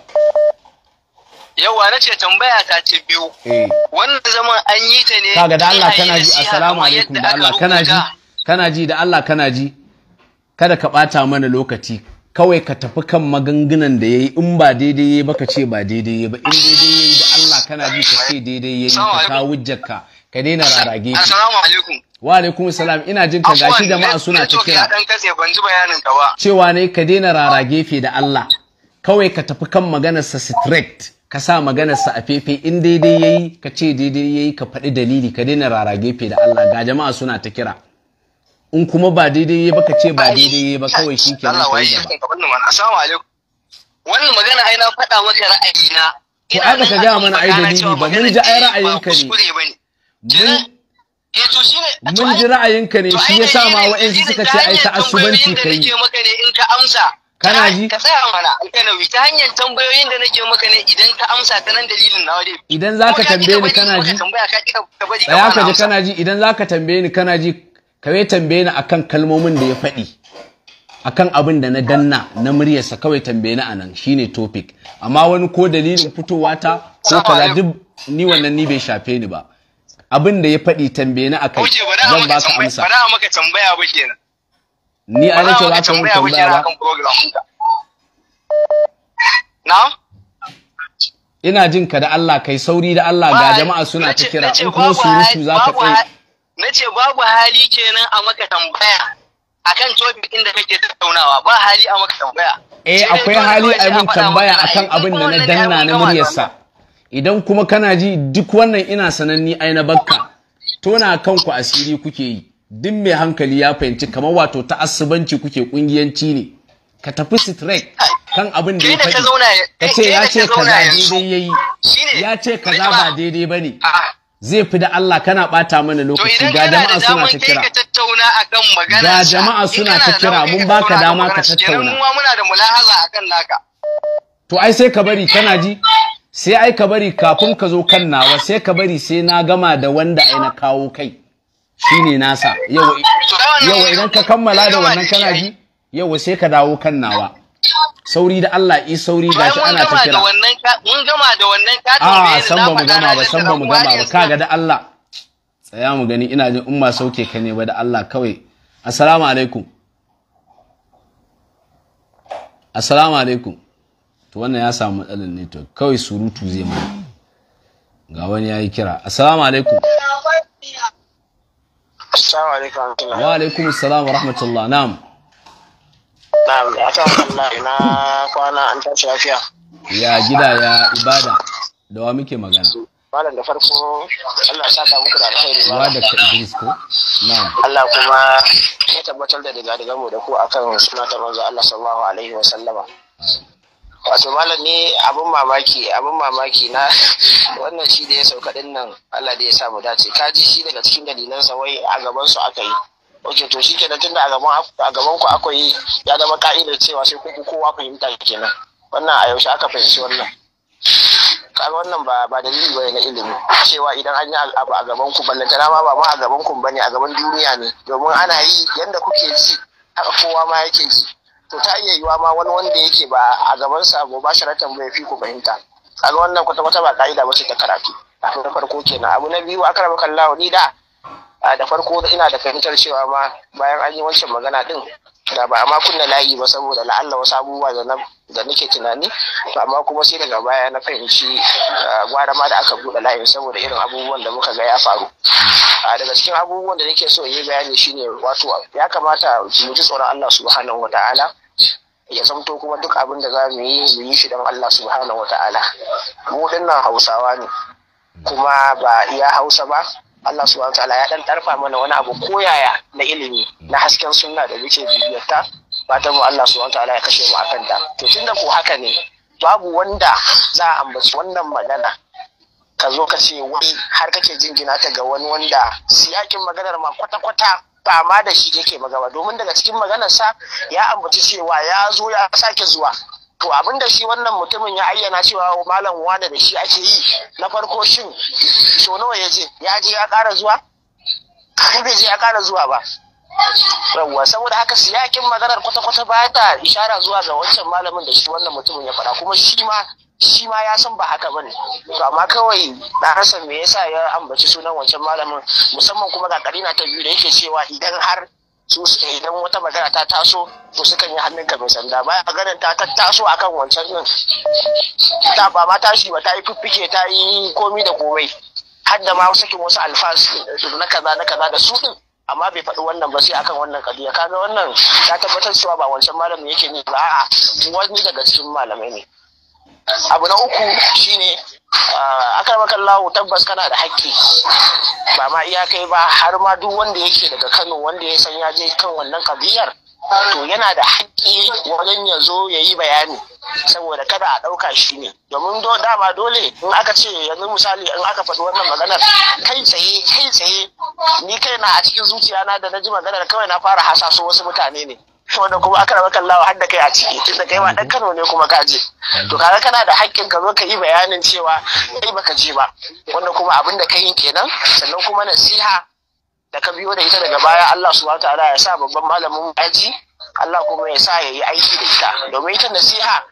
yawa na ce tambaya ta ce biyu eh. wannan zaman an yi ta ne kaga da Allah kana ji assalamu alaikum da Allah
kana ji kana ji da Allah kana ji kada ka ɓata mana lokaci kawai ka tafi kan maganganan da ya yi in ba daidai ya ba ka ce ba daidai ya ba in daidai ya yi da Allah kana ji ka ce daidai ya yi ka kawo wujjarka ka daina rarage ki assalamu alaikum wa alaikum salam ina jin ka gashi jama'a suna ta kira dan
ban ji bayanin ka ba
cewa ne ka daina rarage fi da Allah kawai ka tafi kan maganarsa straight ka sa maganarsa a fefe in daidai yayi ka ce daidai yayi ka faɗi dalili ka daina rarage fi da Allah ga jama'a suna ta kira in kuma ba daidai yayi ba ka ce ba daidai yayi ba kawai shi kenan ka yi
gaba assalamu alaikum wannan magana ai na faɗa maka ra'ayina
ko aka ka ga mana ai dalili ba mun ji ai eh, ra'ayinka ne mun eh, ji ra'ayinka ne shi ya sa ma wa'ansu suka ce ai ta'assubanci kai
kana ji ka tsaya mana alkanawi ta hanyar tambayoyin da nake maka ne idan ka amsa ta nan dalilin nawa dai
idan zaka tambaye ni kana ji
tsaya ka ji kana ji
idan zaka tambaye ni kana ji kawai tambaye ni akan kalmomin da ya faɗi akan abin da na danna na muryarsa kawai tambaye ni anan shine topic amma wani ko dalilin fitowa ta ko kaza duk ni wannan ni bai shafe ni ba abin da ya faɗi tambaye ni akai zan ba ka amsa ba
da maka tambaya ba kenan
ni a nake ba ka mun tambaya ba na ina jin ka da Allah kai sauri da Allah ga jama'a suna ta kira in kuma surutu za ka tsaye
nace babu hali kenan a maka tambaya akan topic din da kake tattaunawa ba hali a maka tambaya
eh akwai hali a mun tambaya akan abin da na danna na muryarsa idan kuma kana ji duk wannan ina sananni ai na bakka tona kanku asiri kuke yi duk mai hankali ya fahimci kamar wato ta'assubanci kuke kungiyanci ne ka tafi straight kan abin da ya faɗi ka ce ya ce kaza daidai yayi ya ce kaza ba daidai bane zai fi da Allah kana ɓata mana lokaci ga jama'a suna ta kira ga jama'a suna ta kira mun baka dama ka tattauna to ai sai ka bari kana ji sai ai ka bari kafin ka zo kan nawa sai ka bari sai na gama da wanda ai na kawo kai shine nasa Yau, yau idan ka kammala da wannan kana ji yau sai ka dawo kan nawa sauri da Allah yi sauri da shi ana ta kira
mun gama da wannan ka a ah, san ba mu gama ba san ba mu gama ba
kaga da Allah tsaya mu gani ina jin in ma sauke ka ne ba da Allah kawai assalamu alaikum assalamu alaikum to wannan ya samu matsalar network kawai surutu zai ma ga wani ya yi kira assalamu alaikum
assalamu alaikum wa alaikum
assalam wa rahmatullah na'am
na'am ya ta Allah ina kwana an tashi lafiya
ya gida ya ibada da wa muke magana
malam da farko Allah saka muku da alkhairi ba da
Idris ko na'am
Allah kuma ya tabbatar da daga daga mu da ku akan suna ta manzo Allah sallallahu alaihi wa sallama wato malam ne abin mamaki abin mamaki na (laughs) wannan shi da ya sauka din nan Allah da ya sa mu dace ka ji shi daga cikin dalilan sa wai a gaban su aka yi oke to shi kenan tunda a gaban a gaban ku aka ya zama ka'idar cewa sai ku kowa fahimta kenan wannan a yaushe aka fahimci wannan kaga wannan ba ba dalili bane na ilimi cewa idan an yi abu a gaban ku ballanta ma ba ma a gaban ku bane a gaban duniya ne domin ana yi yanda kuke ji haka kowa ma yake ji to ta iya yiwa ma wani wanda yake ba a gaban sa ba sharatan bai fi ku fahimta kaga wannan kwata kwata ba ka'ida ba ta karatu abu na farko kenan abu na biyu maka Allah ni da da farko ina da fahimtar cewa ma bayan an yi wancan magana din da ba a ma kunna layi ba saboda la'alla wasu abubuwa da na da nake tunani to amma kuma sai daga baya na fahimci ah, gwara ma da aka bude layin saboda irin abubuwan da muka ga ya faru ah, daga cikin abubuwan da nake so yi bayani shine wato ya kamata mu ji tsoron Allah subhanahu wataala ya zamto kuma duk abin da za mu yi mu yi shi don Allah subhanahu wataala mu dinnan Hausawa ne kuma ba iya Hausa ba Allah subhanahu wataala ya dan tarfa mana wani abu koyaya na ilimi na hasken sunna da muke bibiyarta fatan mu Allah subhanahu ta'ala ya kashe mu akan kanta to da ko haka ne babu wanda za a ambaci wannan magana ka zo ka ce wani har kake jingina ta ga wani wanda siyakin maganar ma kwata-kwata ba ma da shi yake magana domin daga cikin sa ya ambaci cewa ya zo ya sake zuwa to abin da shi wannan mutumin ya ayyana cewa malam wane da shi ake yi na farko shin so nawa ya je ya je ya kara zuwa (laughs) bai je ya kara zuwa ba yawwa saboda haka siyakin maganar kwata-kwata ba ta ishara zuwa ga wancan malamin da shi wannan mutumin ya faɗa kuma shi ma shi ma ya san ba haka bane to amma kawai na rasa me yasa ya ambaci sunan wancan malamin musamman kuma ga karina ta biyu da yake cewa idan har su idan wata magana ta taso to sukan yi hannunka mai sanda baya ganin ta taso akan wancan din ta ba ma tashi ba ta yi fiffike ta yi komi da komai har da ma sakin wasu alfas na kaza na kaza da su din amma bai faɗi wannan ba sai akan wannan kadiya kaga wannan ya tabbatar cewa ba wancan malamin yake ne ba a'a wani daga cikin malamai ne abu na uku shine kan lawo tabbas kana da hakki. ba ma iya kai ba har ma duk wanda yake daga kano wanda ya san ya je kan wannan kabiyar to yana da haƙƙi wajen ya zo ya yi bayani saboda kada a ɗauka shi ne domin dama dole in aka ce yanzu misali in aka faɗi wannan maganar kai tsaye kai tsaye ni kaina a cikin zuciya na da na ji maganar kawai na fara hasaso wasu mutane ne wanda kuma aka raba kallawa har da kai a ciki tunda kai ma dan Kano ne kuma ka je to kaga kana da haƙƙin ka zo ka yi bayanin cewa kai baka je ba wanda kuma abin da ka yi kenan sannan kuma nasiha da ka biyo da ita daga baya Allah wata ala ya sa babban malamin aji Allah kuma ya sa ya yi aiki da ita domin ita nasiha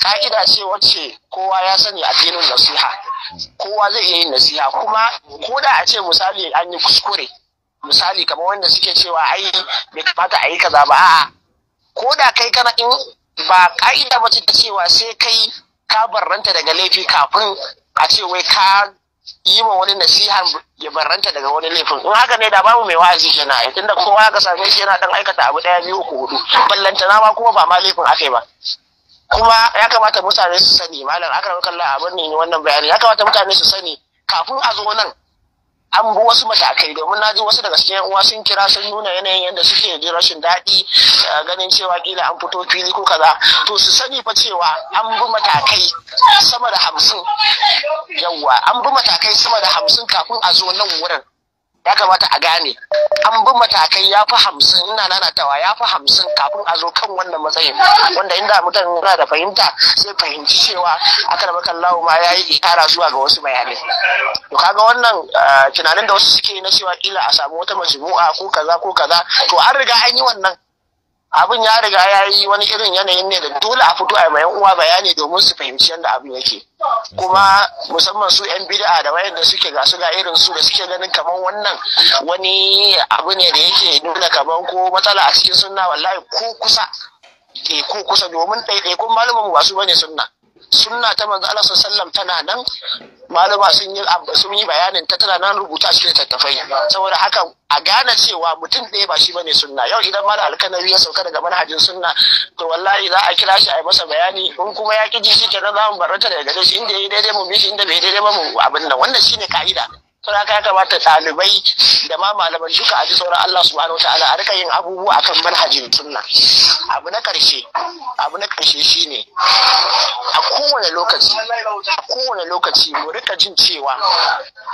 ka'ida ce wacce kowa ya sani addinin nasiha kowa zai iya yin nasiha kuma ko da a ce misali an yi kuskure misali kamar wanda suke cewa ai bai kamata a yi kaza ba a'a ko da kai kana in ba ka'ida ba ce ta cewa sai kai ka barranta daga laifi kafin a ce wai ka yi wa wani nasiha ya barranta daga wani laifin in haka ne da babu mai wa'azi kenan ai tunda kowa ka same shi yana dan aikata abu daya biyu ko hudu na ma kuma ba ma laifin akai ba kuma ya kamata mutane su sani malam akram kallon abin ne wannan bayani ya kamata mutane su sani kafin a zo nan an bi wasu matakai domin na ji wasu daga cikin uwa sun kira sun nuna yanayin yadda suke ji rashin daɗi eh, ganin cewa kila an fito fili ko kaza to su sani fa cewa an bi matakai sama da hamsin yawwa an bi matakai sama da hamsin kafin a zo nan wurin ya kamata a gane an bi matakai ya fi hamsin ina nanatawa ya fi hamsin kafin a zo kan wannan matsayin wanda inda mutum yana da fahimta sai fahimci cewa aka kan bakan ma ya yi ikara zuwa ga wasu bayanai to kaga wannan eh, tunanin da wasu suke na cewa kila a samu wata majmu'a ko kaza ko kaza to an riga an yi wannan abin ya riga ya yi wani irin yanayin ne da dole a fito a mayan uwa bayani domin su fahimci yadda abin yake kuma musamman su 'yan bid'a da da suke ga su ga irin su da suke ganin kaman wannan wani abu ne da yake nuna kamar ko matsala a cikin sunna wallahi ko kusa ke eh ko kusa domin ɗaiɗaikun malamin ba su bane sunna sunna ta manzo Allah sallam tana nan malama sun yi sun yi bayanin ta tana nan rubuta shi tattafai saboda haka a gane cewa mutum ɗaya ba shi bane sunna yau idan mara alkanawi ya sauka daga manhajin sunna to wallahi za a kira shi a yi masa bayani in kuma ya ƙi ji shi kenan za mu barata daga gare shi inda ya daidai mu bi shi inda bai daidai ba mu abin nan wannan shine ka'ida Sura ka kamata ɗalibai da ma malaman duka a ji sauran Allah subhanahu ta'ala a rika yin abubuwa akan manhajin sunna. Abu na ƙarshe, abu na shine a kowane lokaci, a kowane lokaci mu rika jin cewa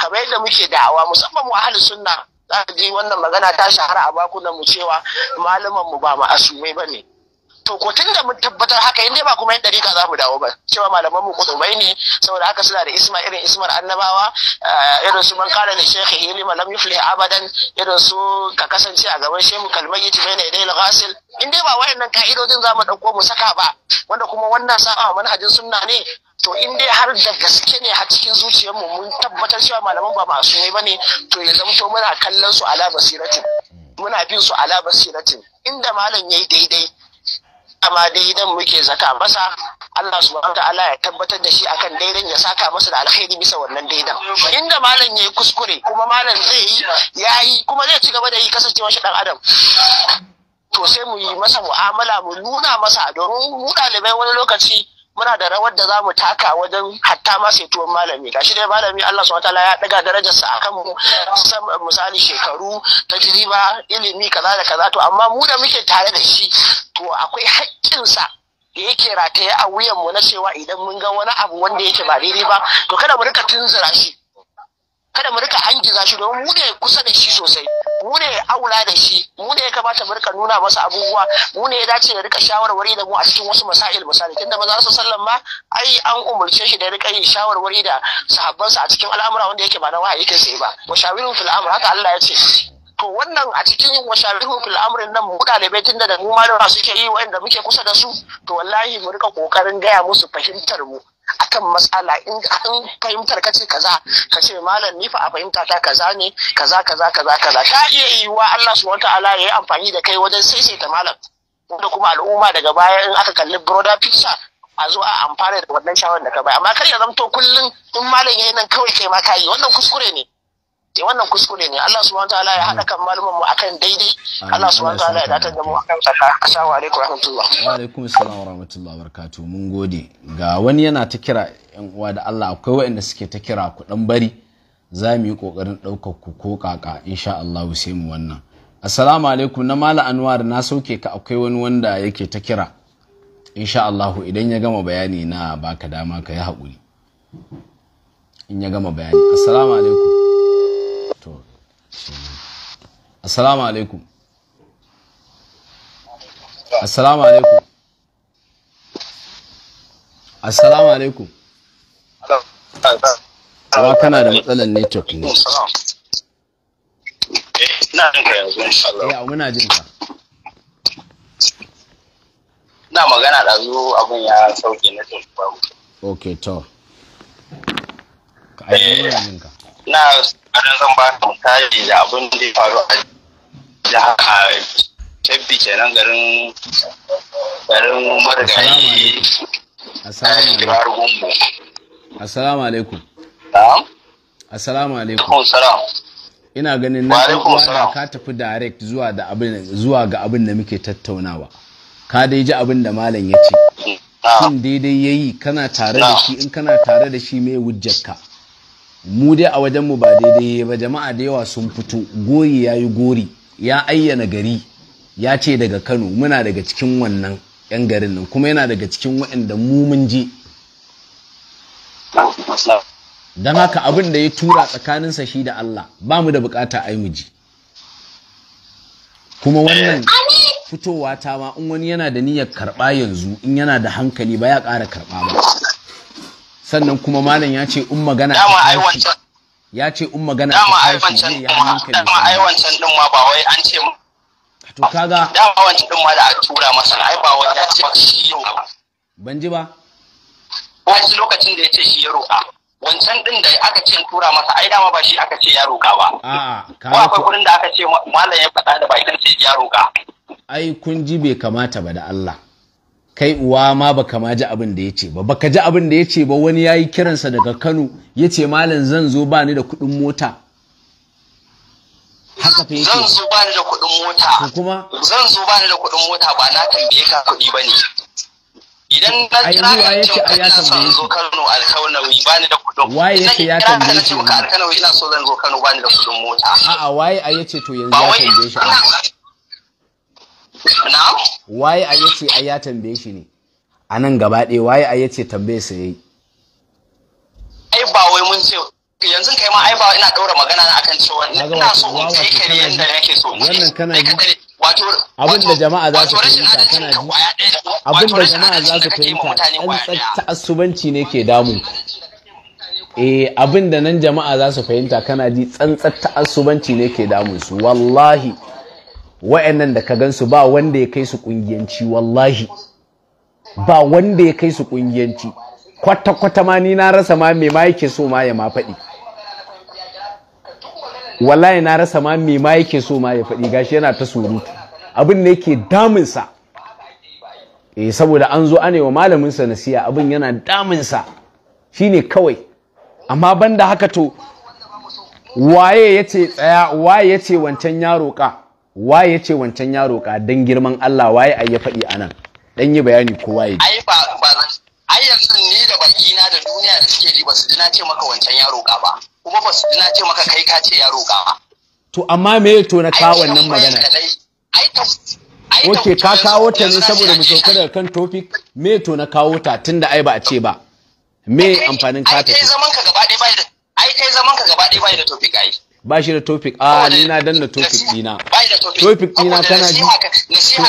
kamar yadda muke da'awa musamman mu ahlus sunna za ji wannan magana ta shahara a bakunan mu cewa malaman mu ba ma'asumai bane. to ko tun da mun tabbatar haka in dai ba kuma yan dariƙa za mu dawo ba cewa malaman mu kudubai ne saboda haka suna da isma irin ismar annabawa eh, irin su man kana da shekhi ilima lam yuflih abadan irin su ka kasance a gaban shehu kalmai yaji bai na dai, al in dai ba wayannan ka'idodin za mu ɗauko mu saka ba wanda kuma wannan sa'a manhajin sunna ne to in dai har da gaske ne a cikin zuciyarmu mun tabbatar cewa malaman ba masu ne ba ne, to ya zamto muna kallon su ala basiratin muna bin su ala basiratin inda malam ya yi daidai amma dai idan muke zaka masa Allah subhanahu ta'ala ya tabbatar da shi akan daidan ya saka masa da alkhairi bisa wannan daidan inda malam yayi kuskure kuma malam zai yi yayi kuma zai ci gaba da yi kasancewar shi dan adam to sai mu yi masa mu'amala mu nuna masa domin mu dalibai wani lokaci muna da rawar da za mu taka wajen hatta ma tuwon malami gashi dai malami Allah subhanahu wataala ya daga darajarsa akan mu misali shekaru tajriba ilimi kaza da kaza to amma mu da muke tare da shi to akwai sa da yake rataye a wuyan mu na cewa idan mun ga wani abu wanda yake ba daidai ba to kada mu rika tunzura shi kada mu rika hangiza shi don mu ne kusa da shi sosai mu ne aula da shi mu ne ya kamata mu rika nuna masa abubuwa mu ne ya dace ya rika shawarwari da mu a cikin wasu masail misali tunda maza su sallan ma ai an umurce shi da ya rika yin shawarwari da sahabbansa a cikin al'amura wanda yake ba na wahayi kai sai ba wa fil amr haka Allah ya ce to wannan a cikin washabihu fil amr nan mu dalibai tunda da mu ma da suke yi wanda muke kusa da su to wallahi mu rika kokarin gaya musu fahimtar mu akan matsala in an fahimtar kace kaza ka ce malam ni fa a fahimta ta kaza ne kaza kaza kaza kaza ta iya yiwuwa Allah subhanahu wataala ya yi amfani da kai wajen ta malam wanda kuma al'umma daga baya in aka kalli broda pizza a zo a amfana da wannan shawarar da ka bai amma kar ya zamto kullum in malam yayin nan kawai kai ma ka yi wannan kuskure ne ke eh, wannan kuskure ne Allah subhanahu wataala ya haɗa kan malaman mu akan daidai Allah subhanahu wataala ya datar da mu akan saka assalamu alaikum warahmatullahi
wa alaikum assalam wa wabarakatuh mun gode ga wani yana ta kira yan uwa da Allah akwai waɗanda suke ta kira ku dan bari za mu yi ƙoƙarin ɗaukar ku ko kaka insha Allah sai mu wannan assalamu alaikum na mala anwar na sauke ka akwai wani wanda yake ta kira insha Allah idan ya gama bayani na baka dama ka yi haƙuri in ya gama bayani assalamu alaikum assalamu alaikum assalamu alaikum assalamu alaikum Wa kana da matsalar network ne eh,
ina jin ka yanzu eh muna jin ka ina magana da zo abin ya sauke na network ba
okay to ka ayyuka jin ka
na ana zan ba ta misali da abin da ya faru a jihar tabbi kenan garin garin
marigayi Assalamu alaikum.
Assalamu alaikum. Assalamu alaikum. salam. Ina ganin na uwa ka tafi direct zuwa da abin zuwa ga abin da muke tattaunawa. Ka dai ji abin da malam ya ce. Shin daidai yayi kana tare da shi in kana tare da shi me ka. mu dai a wajenmu ba daidai ba jama'a da yawa sun fito goyi ya yi gori ya ayyana gari ya ce daga kano muna daga cikin wannan 'yan garin nan kuma yana daga cikin waɗanda mu mun je don haka abin da ya tura tsakaninsa shi da Allah ba mu da bukata ai mu ji kuma wannan fitowa ta ma in wani yana da niyyar karɓa yanzu in yana da hankali ba ya ƙara karɓa ba sannan kuma malam ya ce in magana kashi ya ce in magana kashi zai ya hankali dama ai wancan
din ma ba wai an ce to kaga dama wancan din ma da aka tura masa ai ba wai ya ce shi ba ban ji ba wani lokacin da ya ce shi ya roƙa wancan din da aka ce tura masa ai dama ba shi aka ce ya roƙa ba ko akwai gurin da aka ce malam ya faɗa da bakin sai ya
roƙa ai kun ji bai kamata ba da Allah kai uwa ma baka ma ji abin da ya ce ba baka ji abin da ya ce ba wani ya yi kiransa daga kano ya ce malam zan zo ba ni da kudin mota
haka fa yake zan zo ba ni da kudin mota kuma zan zo ba ni da kuɗin mota ba na tambaye ka kudi ba ne idan na kira ka
ce
ka ina son
zo
Kano alkaunawi ba ni da
kuɗin waye yake ya tambaye shi ka
alkaunawi ina so zan zo Kano ba ni da kudin mota
a'a waye ai yace to yanzu ya tambaye shi waye a yace ai ya tambaye shi ne a nan gaba ɗaya waye a yace tambaye su yayi
ai ba wai mun ce yanzu kai ma ai ba ina daura magana na akan cewa ina so in
kai kare yanda yake so wannan kana wato abin da jama'a za su fahimta kana ji abin da jama'a za su fahimta an asubanci ne ke damu eh abin da nan jama'a za su fahimta kana ji tsantsar ta'assubanci ne ke damun su wallahi wa'annan da ka gansu ba wanda ya kai su kungiyanci wallahi ba wanda ya kai su kungiyanci kwata kwata ma ni na rasa ma me ma yake so ma ya ma faɗi wallahi na rasa ma me ma yake so ma ya faɗi gashi yana ta surutu abin da yake daminsa, eh saboda an zo ane wa malamin sa nasiya abin yana daminsa shine kawai amma banda haka to waye yace tsaya waye yace wancan yaro ka waye ya ce wancan ya roƙa don girman Allah waye ayi ya faɗi a nan dan yi bayani kowa waye ai ba ba
ai yanzu ni da baki na da duniya da suke ji ba su na ce maka wancan ya roƙa ba kuma ba su na ce maka kai ka ce ya roƙa ba
to amma me to na kawo wannan magana ai Oke ka kawo ta ne saboda mu sauka daga kan topic me to na kawo ta tunda ai ba a ce ba me amfanin ka ta ai kai zaman
ka gaba ɗaya bai da topic ai
ba shi da topic ah, a ni na danna topic dina topic dina kana ji
a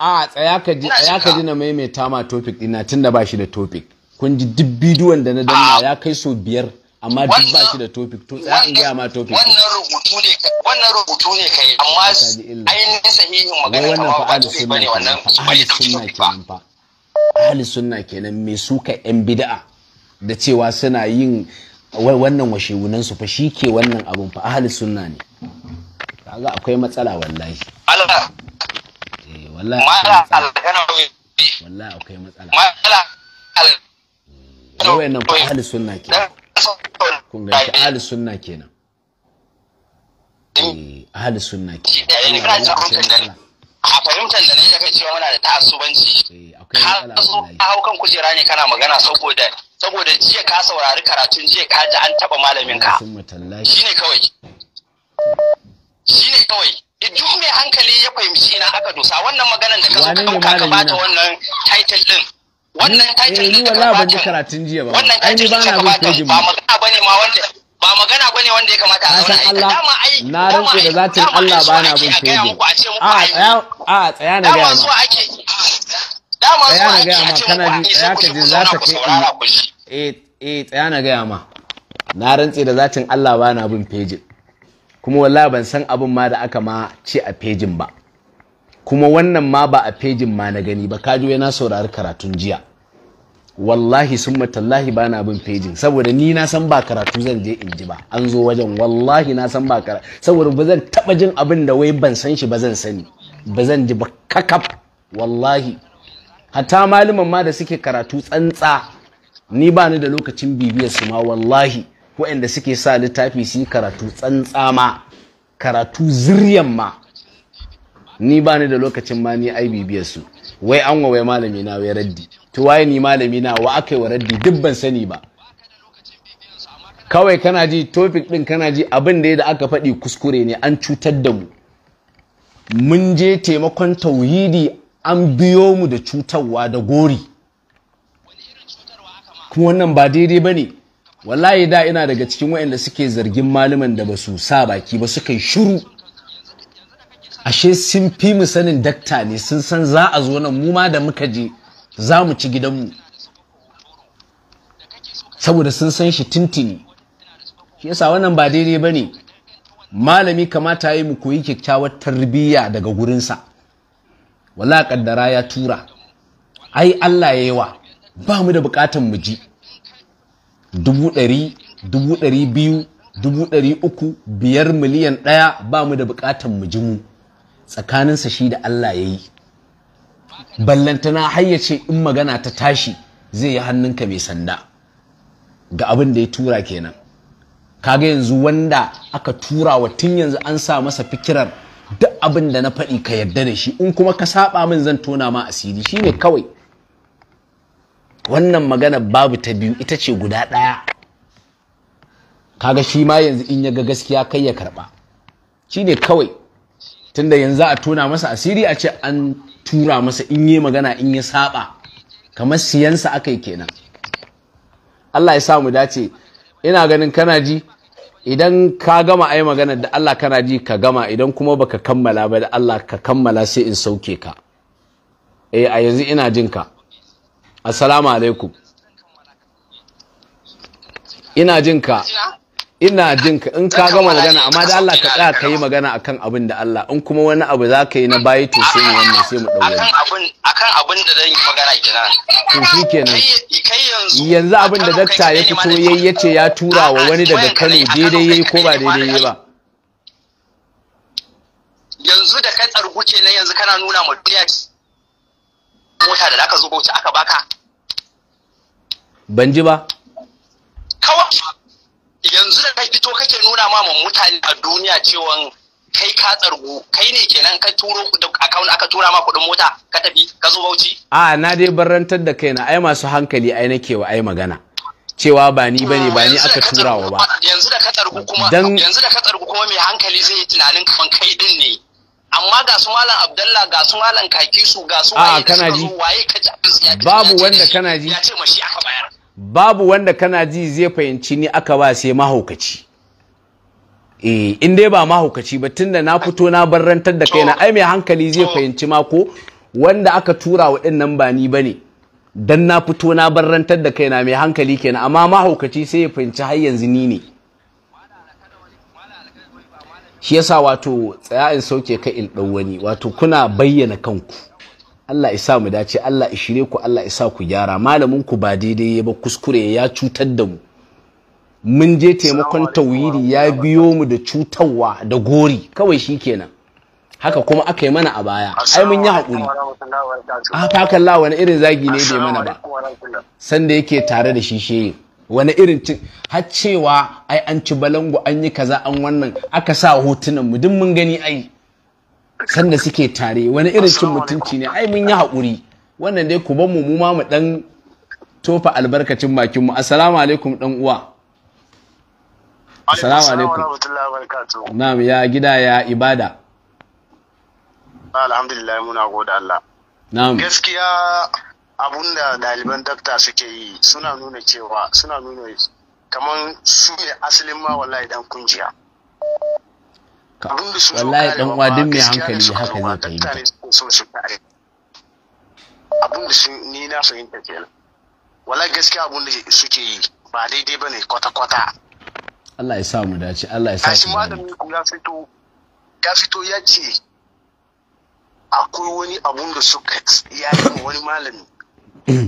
ah, tsaya ka ji tsaya ka ji na maimaita ma topic dina tunda ba shi da topic kun ji duk bidiyon da na danna ah. ya kai so biyar amma duk ba shi da topic to tsaya in ga ma topic wannan rubutu ne
wannan rubutu ne kai
amma
ainihin sahihin magana wannan fa
ahli
sunna ne wannan ahli sunna kenan fa
ahli sunna kenan me suka yan bid'a da cewa suna yin wannan washegunan su fa shi ke wannan abun fa ahli sunna ne kaga akwai matsala wallahi Allah eh wallahi wallahi akwai matsala matsala eh, nan fa ahli sunna ke kun ga ahli sunna kenan eh ahli sunna ke
a fahimtar da ne ya kai cewa muna da tasubanci eh, ka zo ka hau kan kujera ne kana magana saboda saboda jiya ka saurari karatun jiya ka ji an taba malamin ka shine kawai shine kawai mai hankali ya fahimci na aka dosa, wannan maganar da ka zo ka ka bata wannan title din
wannan title din eh, ka bata
wannan title din ka bata ba magana bane ma wanda ba magana bane wanda ya kamata a zauna Allah dama ai na rantsa da zatin Allah ba na bin shege a tsaya a tsaya na ga ma dama tsaya na ga ma kana ji tsaya ka ji za ta kai eh eh tsaya na ga ma na rantse da zatin Allah ba na bin fejin kuma wallahi ban san abin ma da aka ma ce a fejin ba kuma wannan ma ba a fejin ma na gani ba kaji na saurari karatun jiya wallahi sun matallahi ba na bin fejin saboda ni na san ba karatu zan je in ji ba an zo wajen wallahi na san ba karatu saboda ba zan taba jin abin da wai ban san shi ba zan sani ba zan ji ba kakaf wallahi hata malaman ma da suke karatu tsantsa ni ba ni da lokacin bibiyar su ma wallahi waɗanda suke sa littafi su yi karatu tsantsa ma karatu ziryan ma ni ba ni da lokacin ma ni ai bibiyar su wai an wa wai malami na wai raddi to waye ni malami na wa aka yi wa raddi duk ban sani ba kawai kana ji topic din kana ji abin da da aka faɗi kuskure ne an cutar da mu mun je taimakon tauhidi an biyo mu da cutarwa da gori kuma wannan ba daidai ba ne wallahi da ina daga cikin wayanda suke zargin malaman da ba su sa baki ba suka shiru shuru ashe sun fi mu sanin dakta ne sun san za a zo nan mu ma da muka je za mu ci gidanmu saboda sun san shi tintini shi yasa wannan ba daidai ba ne malami kamata ya yi mu koyi kyakkyawar tarbiyya daga gurinsa wala kaddara ya tura ai Allah ya yawa ba mu da bukatan mu ji dubu ɗari dubu ɗari biyu dubu ɗari uku biyar miliyan ɗaya ba mu da bukatan mu ji mu tsakaninsa shi da Allah ya yi ballantana har ya ce in magana ta tashi zai yi hannunka mai sanda ga abin da ya tura kenan kaga yanzu wanda aka tura wa tun yanzu an sa masa fikirar duk abin da na faɗi ka yarda da shi in kuma ka saba min zan tona ma asiri shi ne kawai wannan magana babu ta biyu ita ce guda ɗaya kaga shi ma yanzu in ya ga gaskiya kai ya karɓa Shi ne kawai tunda yanzu a tona masa asiri a ce an tura masa in yi magana in ya saba kamar siyansa aka yi kenan Allah ya sa mu dace ina ganin kana ji idan ka gama ai magana da Allah kana ji ka gama idan kuma baka kammala ba da Allah ka kammala sai in sauke ka eh a yanzu ina jin ka assalamu alaikum ina jin ka ina jin ka in ka gama magana amma da Allah ka tsaya ka yi magana akan abin da Allah in kuma wani abu za ka yi na bayi to sai mu wannan sai mu dauke akan
abin akan abin da zan yi magana kenan
to shi kenan yanzu abin da dakta ya fito yayi yace ya tura wa wani daga Kano daidai yayi ko ba daidai yayi ba
yanzu da kai tsarguce ne yanzu kana nuna mu duniya mota da zaka zuba wuce aka baka ban ji ba kawai yanzu da kai fito kake nuna ma mutane a duniya cewa kai ka tsargu kai ne kenan ka turo da account aka tura ma kuɗin mota ka tafi ka zo bauchi
a na dai barantar da kaina ai masu hankali ai nake wa ai magana cewa ba ni bane ba ni aka turawa ba yanzu da
ka tsargu kuma yanzu da ka tsargu kuma mai hankali zai yi tunanin kaman kai din ne amma ga su malam abdalla ga su malam kakisu ga su waye kana ji
babu wanda kana ji ya ce
mashi aka bayar
babu wanda kana ji zai fahimci ni aka ba sai mahaukaci eh in dai ba mahaukaci ba tunda na fito na barrantar da kaina ai mai hankali zai fahimci ma ko wanda aka tura wa nan ba ni bane dan na fito na barrantar da kaina mai hankali kenan amma mahaukaci sai ya fahimci har yanzu ni ne shi yasa wato tsaya in sauke ka il wani wato kuna bayyana kanku Allah ya mu dace Allah ya shirye ku Allah ya ku gyara malamin ku ba daidai ya ba kuskure ya cutar da mu mun je taimakon tawiri ya biyo mu da cutarwa da gori kawai shi kenan. haka kuma aka yi mana a baya ai mun yi haƙuri
A haka Allah wani irin zagi ne bai mana ba
sanda yake tare da shi sheye wani irin cin har cewa ai an ci balangu an yi kaza an wannan aka sa hotunan mu duk mun gani ai sanda suke tare wani irin cin mutunci ne ai mun yi haƙuri wannan dai ku ban mu mu ma mu dan tofa albarkacin bakin mu assalamu alaikum dan uwa assalamu
alaikum na'am
ya gida ya ibada
alhamdulillah muna gode Allah na'am gaskiya abunda ɗaliban dakta suke yi suna nuna cewa suna nuna kaman su ne asalin ma wallahi dan kunjiya
haka wallahi dan uwa duk mai hankali haka zai yi
abin da ni na fahimta kenan wallahi gaskiya abin da suke yi ba daidai bane kwata kwata
Allah ya sa mu dace Allah ya sa mu dace
ya fito ya fito ya ce akwai wani abun da suka ya yi wani malami
(clears throat)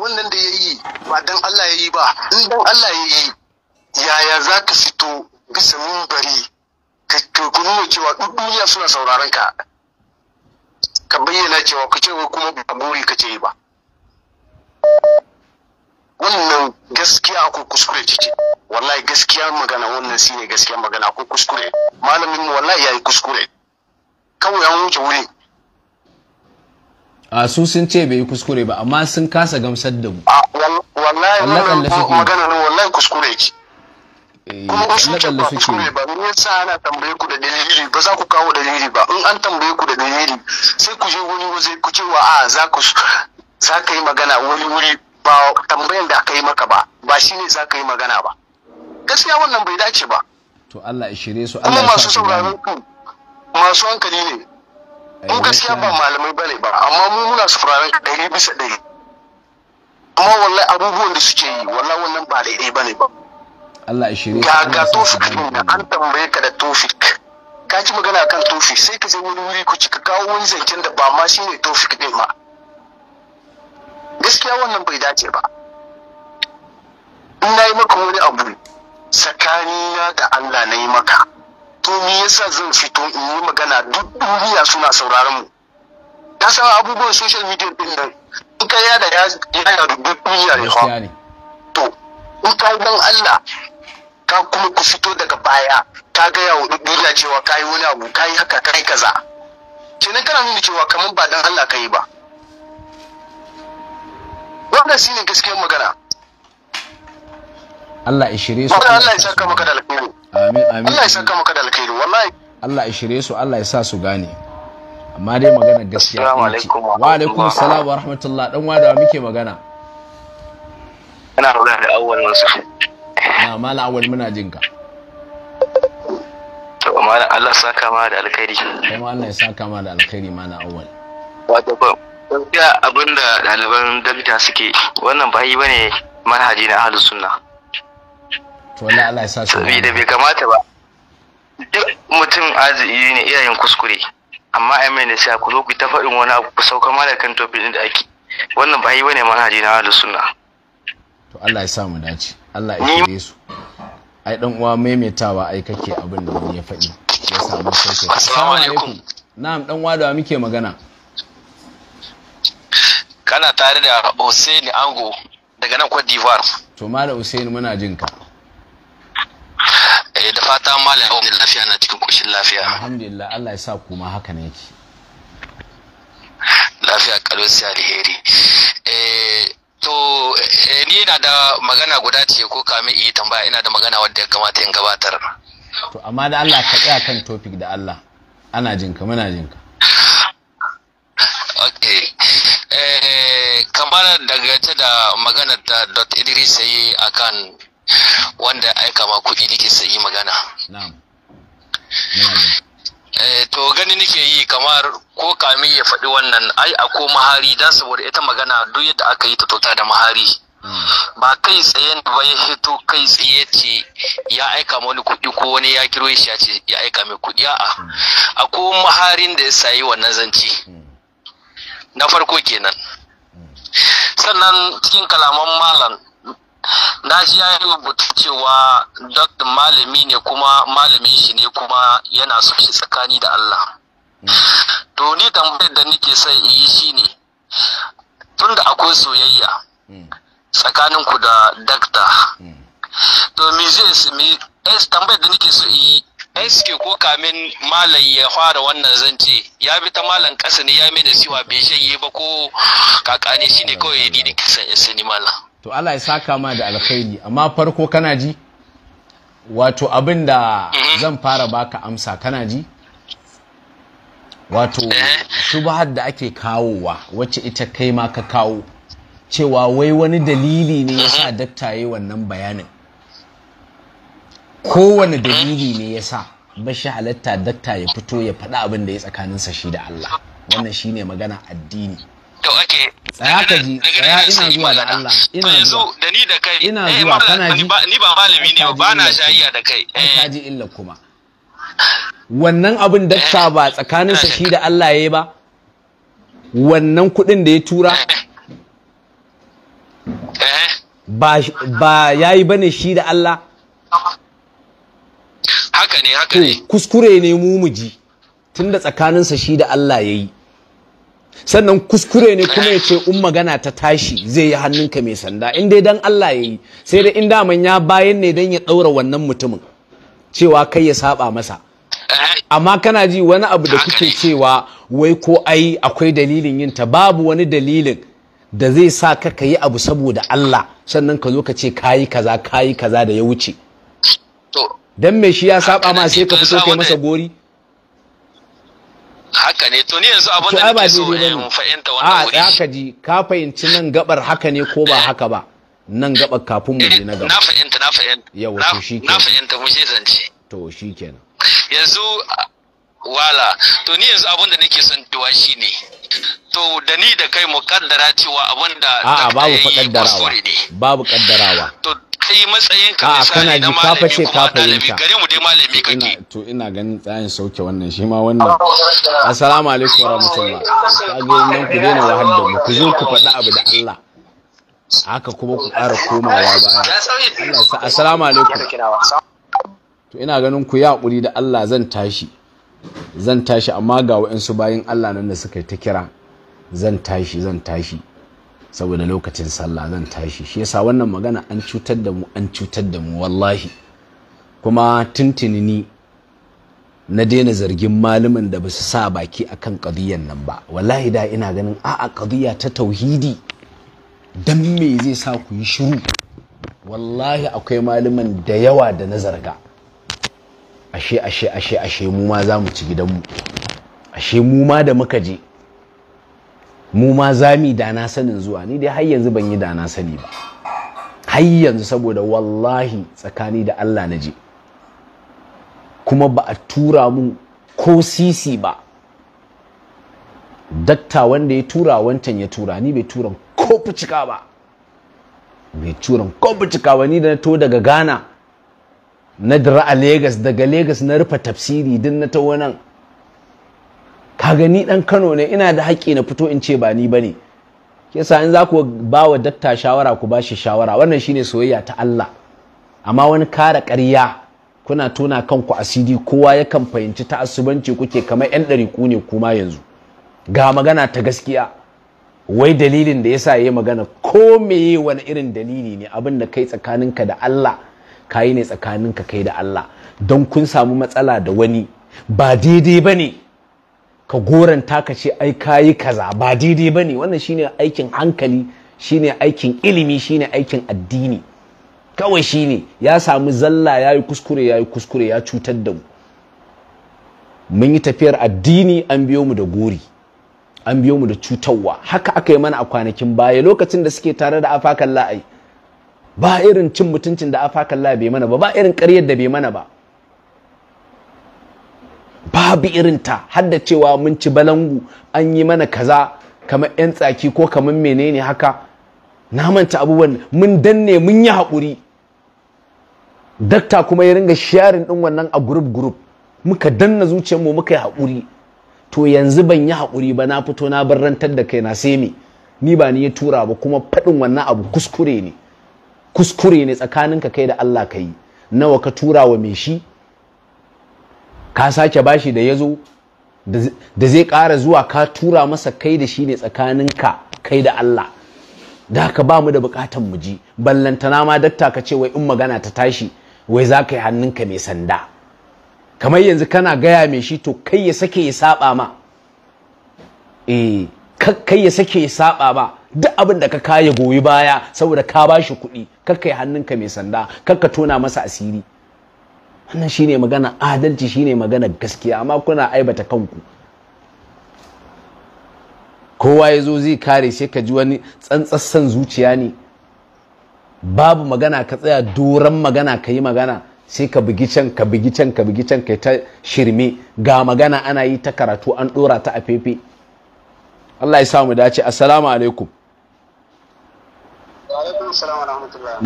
wannan da ya yi
ba dan Allah ya yi ba in dan Allah ya yi yaya za ka fito bisa mun bari ka nuna cewa duniya suna sauraron ka ka bayyana cewa ku ce kuma ba buri ka ce ba wannan gaskiya ko kuskure ciki wallahi gaskiya magana wannan shi ne gaskiya magana ko kuskure malamin mu wallahi yayi kuskure kawai an wuce wuri
a su sun ce bai yi kuskure ba amma sun kasa gamsar da mu
wallahi magana wallahi kuskure ki
Kuma sun ce ba kuskure
ba me yasa ana tambaye ku da dalili ba za ku kawo dalili ba in an tambaye ku da dalili sai ku je wani waje ku ce wa a za ku za ka yi magana wani wuri ba tambayan da aka yi maka ba ba ne za ka yi magana ba gaskiya wannan bai dace ba
to Allah ya shirye su Allah
ya masu sauraron
ku masu hankali ne eh, mu gaskiya ba malamai bane ba amma mu muna sauraron ɗari bisa ɗari amma wallahi abubuwan da suke yi wallahi wannan ba daidai bane ba
Allah ya shirye ka
ga tofik din an tambaye ka da tofik ka ci magana kan tofik sai ka je wani wuri ku cika kawo wani zancen da ba ma shine tofik din ma gaskiya wannan bai dace ba in na yi maka wani abu tsakanina da Allah na yi maka to me yasa zan fito in yi magana duk duniya suna sauraron mu ka san abubuwan social media din nan in ka yada ya yada duk duniya ne to in ka dan Allah ka kuma ku fito daga baya ka ga gaya wa duniya cewa ka yi wani abu ka yi haka ka yi kaza kenan kana nuna cewa kamar ba dan Allah ka yi ba wannan shi ne gaskiyar magana
Allah ya shirye su Allah ya saka maka da alkhairi amin
amin Allah ya saka maka da
alkhairi wallahi
Allah ya shirye su Allah ya sa su gane amma dai magana gaskiya ce wa alaikum assalam wa rahmatullah dan wada muke magana
ina rubuta
da awwal wasu
na mala awal muna jin ka
to Allah saka ma da alkhairi kuma
Allah ya saka ma da alkhairi mala awal wato
ba gaskiya abinda ɗaliban dabita suke wannan ba yi bane manhaji na ahlus sunna
to Allah Allah ya sa
saboda bai kamata ba duk mutum arziki ne iyayen kuskure amma ai mai sai ku zo ku ta faɗin wani abu ku sauka ma da kan topic da ake wannan ba yi bane manhaji na ahlus sunna
to Allah ya sa mu dace Allah ya shirye su ai dan uwa maimaitawa ai kake abin da wani ya faɗi ya samu sauke assalamu alaikum na'am dan uwa da muke magana
kana tare da Hussein Ango daga nan Cote d'Ivoire
to malam Hussein muna jin ka
eh da fata malam ya lafiya na cikin koshin lafiya
alhamdulillah Allah ya sa kuma haka ne yake
lafiya kalwasi alheri eh To eh, ni yana da magana guda ce ko kami yi tambaya ina da magana wadda ya kamata in gabatar.
To amma da Allah ka tsaya kan topic da Allah. Ana jinka muna jinka.
Ok. Eh, kamar daga ce da magana da Dr. Idris a kan wanda aika ma kuɗi nake sayi magana. Na'am. Na'am. Eh, to gani nake yi kamar ko kami ya faɗi wannan ai a ko mahari dan saboda ita magana duk yadda aka yi ta tota da mahari ba kai tsaye ba ya hito kai tsaye ce ya aika ma wani kuɗi ko wani ya kiro shi ya ce ya aika mai kuɗi a'a a ko maharin da ya sayi wannan zance na farko kenan hmm. sannan cikin kalaman malam na ji ya yi rubuta cewa dr malami ne kuma malamin shi ne kuma yana so shi tsakani da Allah hmm. to ni tambayar da nake son in yi shi ne tunda akwai soyayya hmm. tsakanin ku da dakta hmm. to me zai me eh, tambayar da nake so in yi suke ko kamin malam ya fara wannan zance ya bi ta malam kasa ne ya mai da siwa bai shanye ba ko kakane shi ne kawai ya didi kisan ya sani malam
to Allah ya saka ma da alkhairi amma farko kana ji wato abin da mm-hmm. zan fara baka amsa kana ji wato eh. shubahar da ake kawowa wacce ita kai ma ka kawo cewa wai wani dalili ne ya sa mm-hmm. dakta yi wannan bayanin kowane dalili ne ya sa bashi halatta dakta ya fito ya faɗa abin da ya tsakaninsa shi da Allah wannan shine magana addini to ake tsaya ka ina zuwa da Allah ina zuwa da ni da kai eh, kana ji ni ba malami ne ba na da kai eh. wannan abin eh. dakta ba tsakanin shi da Allah yayi ba wannan kuɗin da ya tura ba yayi bane shi da Allah haka ne haka ne kuskure ne mu muji tunda tsakaninsa shi da Allah yayi sannan kuskure ne kuma ya ce in magana ta tashi zai yi hannunka mai sanda in dai dan Allah ya yi sai dai in daman ya bayan ne dan ya ɗaura wannan mutumin cewa kai ya saba masa amma kana ji wani abu da kuke cewa wai ko ai akwai dalilin yin ta babu wani dalilin da zai sa ka ka yi abu saboda Allah sannan ka zo ka ce kayi kaza kayi kaza da ya wuce dan me shi ya saba ma sai ka fito kai masa gori
haka ne to ni yanzu abin da nake so in fahimta
wannan ah, wuri a ka ji ka fahimci nan gabar haka ne ko ba haka ba nan gabar kafin mu eh, je na gaba na fahimta
na fahimta yawa to shikenan na fahimta mu je zance
to shikenan
yanzu wala to ni yanzu abin da nake son duwa shi ne to da ni da
kai mukaddara cewa abin da a babu kaddarawa babu kaddarawa to kai matsayin ka misali na malami kuma dalibi gare mu dai malami kake to ina ganin tsayin sauke wannan shi ma wannan assalamu alaikum warahmatullahi kage nan ku daina wahal da mu ku zo ku faɗi abu da Allah haka kuma ku ƙara komawa
baya assalamu alaikum
to ina ganin ku ya haƙuri da Allah zan tashi zan tashi amma ga waɗansu bayan Allah nan da suka yi ta kira zan tashi zan tashi saboda lokacin sallah zan tashi shi yasa wannan magana an cutar da mu an cutar da mu wallahi kuma tuntuni ni na daina zargin malamin da ba su sa baki akan kadiyan nan ba wallahi da ina ganin a'a kadiya ta tauhidi dan me zai sa ku yi shiru wallahi akwai malaman da yawa da na zarga ashe ashe ashe ashe mu ma za mu ci gidanmu ashe mu ma da muka je mu ma za mu da na sanin zuwa ni dai har yanzu ban yi da na sani ba har yanzu saboda wallahi tsakani da Allah na je kuma ba a tura mu ko sisi ba dakta wanda ya tura wancan ya tura ni bai tura ko ba bai tura ko ba ni da na to daga Ghana na dira a Legas daga Legas na rufe tafsiri din na taho nan ka ɗan dan Kano ne ina da haƙƙi na fito in ce ba ni ba bane kisa in za ku ba wa dakta shawara ku ba shi shawara wannan shine soyayya ta Allah amma wani kara ƙarya kuna tona kanku asidi, kowa yakan fahimci ta asubanci kuke kamar yan ɗariku ne kuma yanzu ga magana ta gaskiya wai dalilin da yasa yi magana ko yi wani irin dalili ne abin da kai tsakaninka da Allah kayi ne tsakanin ka kai da Allah don kun samu matsala da wani ba daidai ba ne ka goranta ka ce ai kayi kaza ba daidai ba ne wannan shine aikin hankali shine aikin ilimi shine aikin addini kawai shine ya samu zalla ya yi kuskure ya yi kuskure ya cutar da mu mun yi tafiyar addini an biyo mu da gori an biyo mu da cutarwa haka aka yi mana a kwanakin baya lokacin da suke tare da afakan la'ai ba irin cin mutuncin da afakalla bai mana ba ba irin ƙaryar da bai mana ba babu irin ta har cewa mun ci balangu an yi mana kaza kamar 'yan tsaki ko kamar menene haka na manta abubuwan mun danne mun yi haƙuri dakta kuma ya ringa sharing ɗin wannan a group group muka danna zuciyarmu muka yi haƙuri to yanzu ban yi haƙuri ba na fito na barrantar da kai na sai me ni ba ni ya tura ba kuma faɗin wannan abu kuskure ne kuskure ne tsakaninka kai da Allah ka nawa ka tura wa mai shi ka sake bashi da ya zo da zai ƙara zuwa ka tura masa kai da shi ne tsakaninka kai da Allah da ka ba mu da buƙatan mu ji ballantana ma datta ka ce wai in magana ta tashi wai za ka yi hannunka mai sanda kamar yanzu kana gaya mai shi to kai ya sake ya saba ma eh kakkai ya sake ya saba ba duk abin da ka kaya goyi baya saboda ka ba shi kuɗi kakkai hannunka mai sanda kakka tona masa asiri wannan shine magana adalci shine magana gaskiya amma kuna aibata kanku kowa ya zo zai kare sai ka ji wani tsantsassan zuciya ne babu magana ka tsaya doron magana ka yi magana sai ka bugi can ka bugi can ka bugi can ka ta shirme ga magana ana yi ta karatu an ɗora ta a fefe Allah ya samu dace assalamu alaikum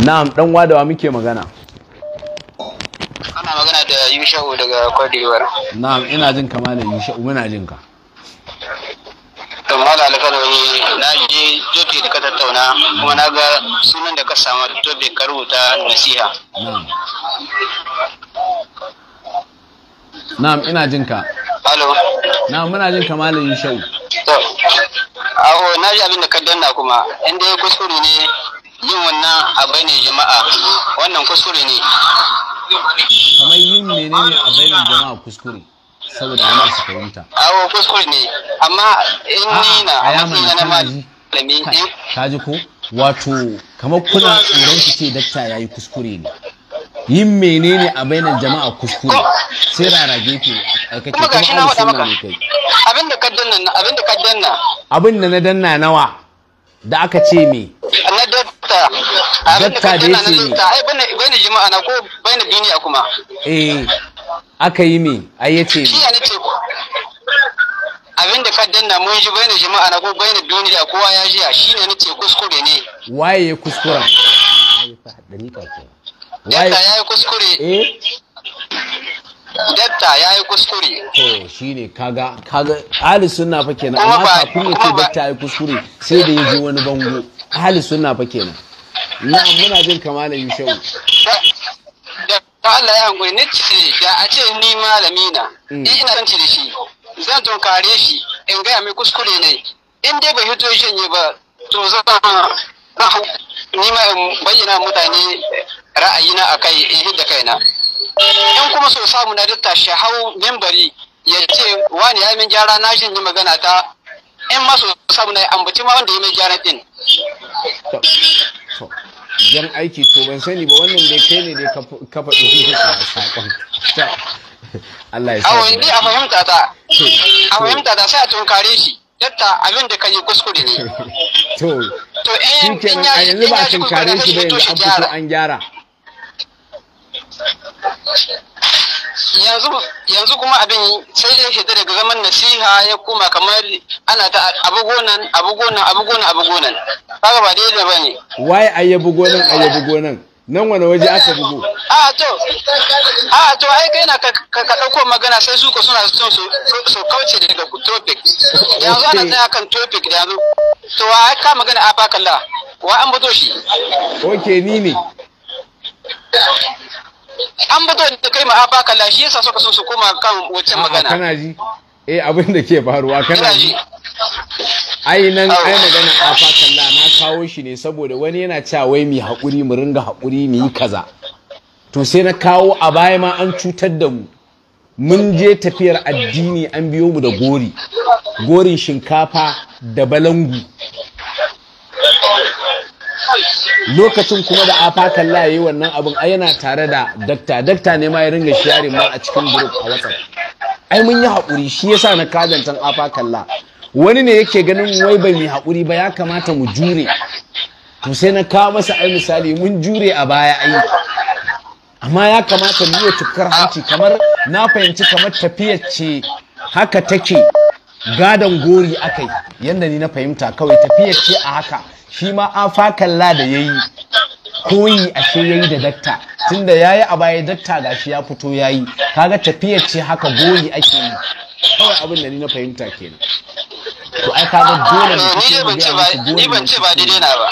na'am dan wadawa muke magana
ana magana da yusha'u daga kwadewar
na'am ina jin kama da yusha'u muna jin ka
to mala alkalami na je da ka tattauna kuma na ga sunan da ka samu topic ka
rubuta nasiha
na'am ina jin ka Halo. Na muna jin kamalin shau.
To.
Awo na ji abin da ka danna kuma in dai kuskure ne yin wannan abai ne jama'a wannan kuskure ne.
Kamar yin ne abai ne jama'a kuskure. Saboda ana su fahimta.
Awo kuskure ne amma in ni na a matsayin na
malami. Eh? Ka ji ko? Wato kamar kuna tsoron ki ce dakta yayi kuskure ne. yin menene a bainar jama'a kuskure sai rarage ke kake kuma gashi na faɗa maka
Abinda ka danna
Abinda na danna nawa da aka ce me na datta abin da ka danna na
datta ai bainar jama'a na ko bainar duniya kuma
eh aka yi me ai yace me
abinda ka danna mun ji bayanin jama'a na ko bayanin
duniya kowa ya jiya shine nace kuskure ne
waye kuskuren
dakta ya yi kuskure eh dakta ya yi kuskure to
ne kaga kaga ahli sunna fa kenan amma kafin ya yi kuskure da bango ahli
ni ce a ce ni malami
mm. ina
son da shi zan tunkare shi in gaya mai kuskure ne in dai bai hito shanye ba to zan hau ni ma in bayyana mutane ra'ayina a kai in hidda kaina in kuma so samu na dutta shi hau membari ya ce wani ya min gyara na shi magana ta in ma so samu na ambaci ma wanda ya mai gyara din
yan aiki to ban sani ba wannan da kai ne da ka faɗi hukunta sakon Allah ya sa. a fahimta
ta. A fahimta ta sai a tunkare shi. dakta abin da ka yi kuskure ne
(laughs) to eh, in yi yanzu ba kare shi ba yanzu an fito an gyara
yanzu yanzu kuma abin sai ya shiga daga zaman nasiha ya koma kamar ana ta abu gonan abu gonan abu gonan abu gonan kaga ba daidai bane
waye ayyabu gonan ayyabu gonan nan wani waje aka bugu.
a to a to ai kai na ka dauko magana sai su ko suna son su kauce daga topic yanzu ana tsaya kan topic yanzu to wa ka magana a baka la wa an bato shi
oke ni ne
an bato da kai ma a baka la shi yasa suka so su koma kan wacce magana kana
ji eh abin da ke faruwa kana ji ai nan ai magana a na kawo shi ne saboda wani yana cewa wai mu hakuri mu ringa hakuri mu yi kaza to sai na kawo a baya ma an cutar da mu mun je tafiyar addini an biyo mu da gori gorin shinkafa da balangu lokacin kuma da afa kalla yayi wannan abin ai yana tare da dakta dakta ne ma ya ringa sharing ma a cikin group a WhatsApp ai mun yi haƙuri shi yasa na kazantan afa kalla wani ne yake ganin wai bai mai haƙuri ba ya kamata mu jure to sai na kawo masa ai misali mun jure a baya ai amma ya kamata mu yi tukar hanci kamar na fahimci kamar tafiyar ce haka take gadon gori akai yadda ni na fahimta kawai tafiyar ce a haka shi ma afakan la da yayi koyi ashe yayi da datta tunda yayi a baya datta gashi ya fito yayi kaga tafiyar ce haka gori ake yi kawai abin da ni na fahimta kenan to ai kaga dole ne ni ban ce ba ni ban ce ba daidai na ba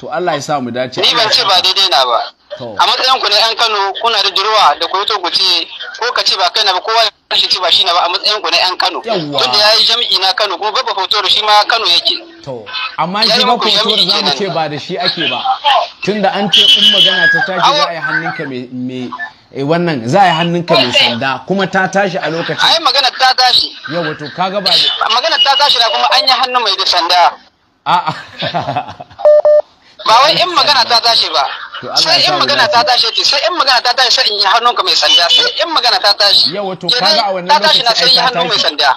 to Allah ya sa mu dace ni ban ce
ba daidai na ba
a
matsayin ku ne yan Kano kuna da durwa da ku to ku ce ko ka ce ba kai na ba kowa ya ce ba shi na ba a matsayin ku ne yan Kano tun da yayi jami'i na Kano kuma babba hoto shi ma Kano yake
To, amma shi ba ku fito da zamu ce ba da shi ake ba. tun da an ce in magana ta tashi za a yi hannunka mai eh, wannan za a yi hannunka mai sanda kuma ta tashi a lokacin. ta gashi yawa to gaba ba
magana ta tashi na kuma an yi hannu mai da sanda a'a ba wai in magana ta tashi ba sai in magana ta tashi ce sai in magana ta tashi sai in yi hannunka mai sanda sai in magana ta tashi yawa to ga a wannan lokacin ta tashi na sai in yi hannu mai sanda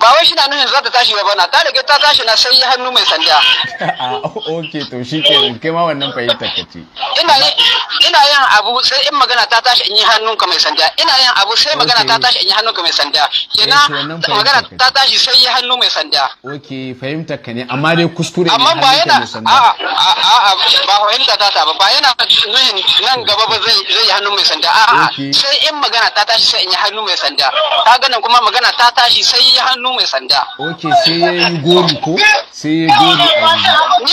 ba wai shi na nufin za ta tashi ba na ta rage ta tashi na sai hannu mai sanda
a (laughs) ah, ok to shi ke kai ma wannan fahimta ka ce
ina yin abu sai in magana ta tashi in yi hannun ka mai sanda ina yin abu sai magana ta tashi in yi hannun ka mai sanda eh, kenan magana ta tashi sai yi hannu mai sanda
ok fahimta ka ne amma dai kuskure amma ba yana a
a ba fahimta ta ta ba ba yana nufin nan gaba ba zai yi hannu mai sanda a a sai in magana ta tashi sai in yi hannu mai sanda ta ganin kuma magana ta tashi sai yi hannu mai sanda
ok sai ya yi gori
ko sai ya gori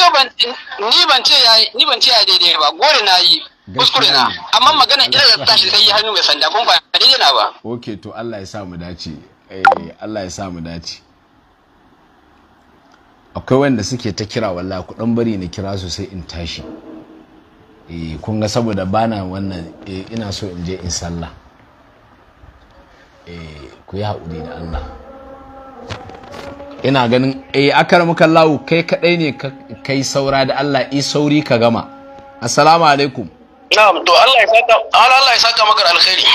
a ban ni ban ce ya daidai ba gori na yi kuskure na amma magana ina da tashi sai yi hannu mai sanda kun ba daidai na ba
ok to Allah ya sa mu dace eh Allah ya sa mu dace akwai wanda suke ta kira wallahi ku dan bari na kira su sai in tashi eh kun ga saboda bana wannan eh, ina so in je in sallah eh ku yi haƙuri da Allah ina ganin eh akarmuka Allah kai kadai ne kai saura da Allah i sauri ka gama assalamu alaikum
na'am to Allah ya saka Allah ya saka maka alkhairi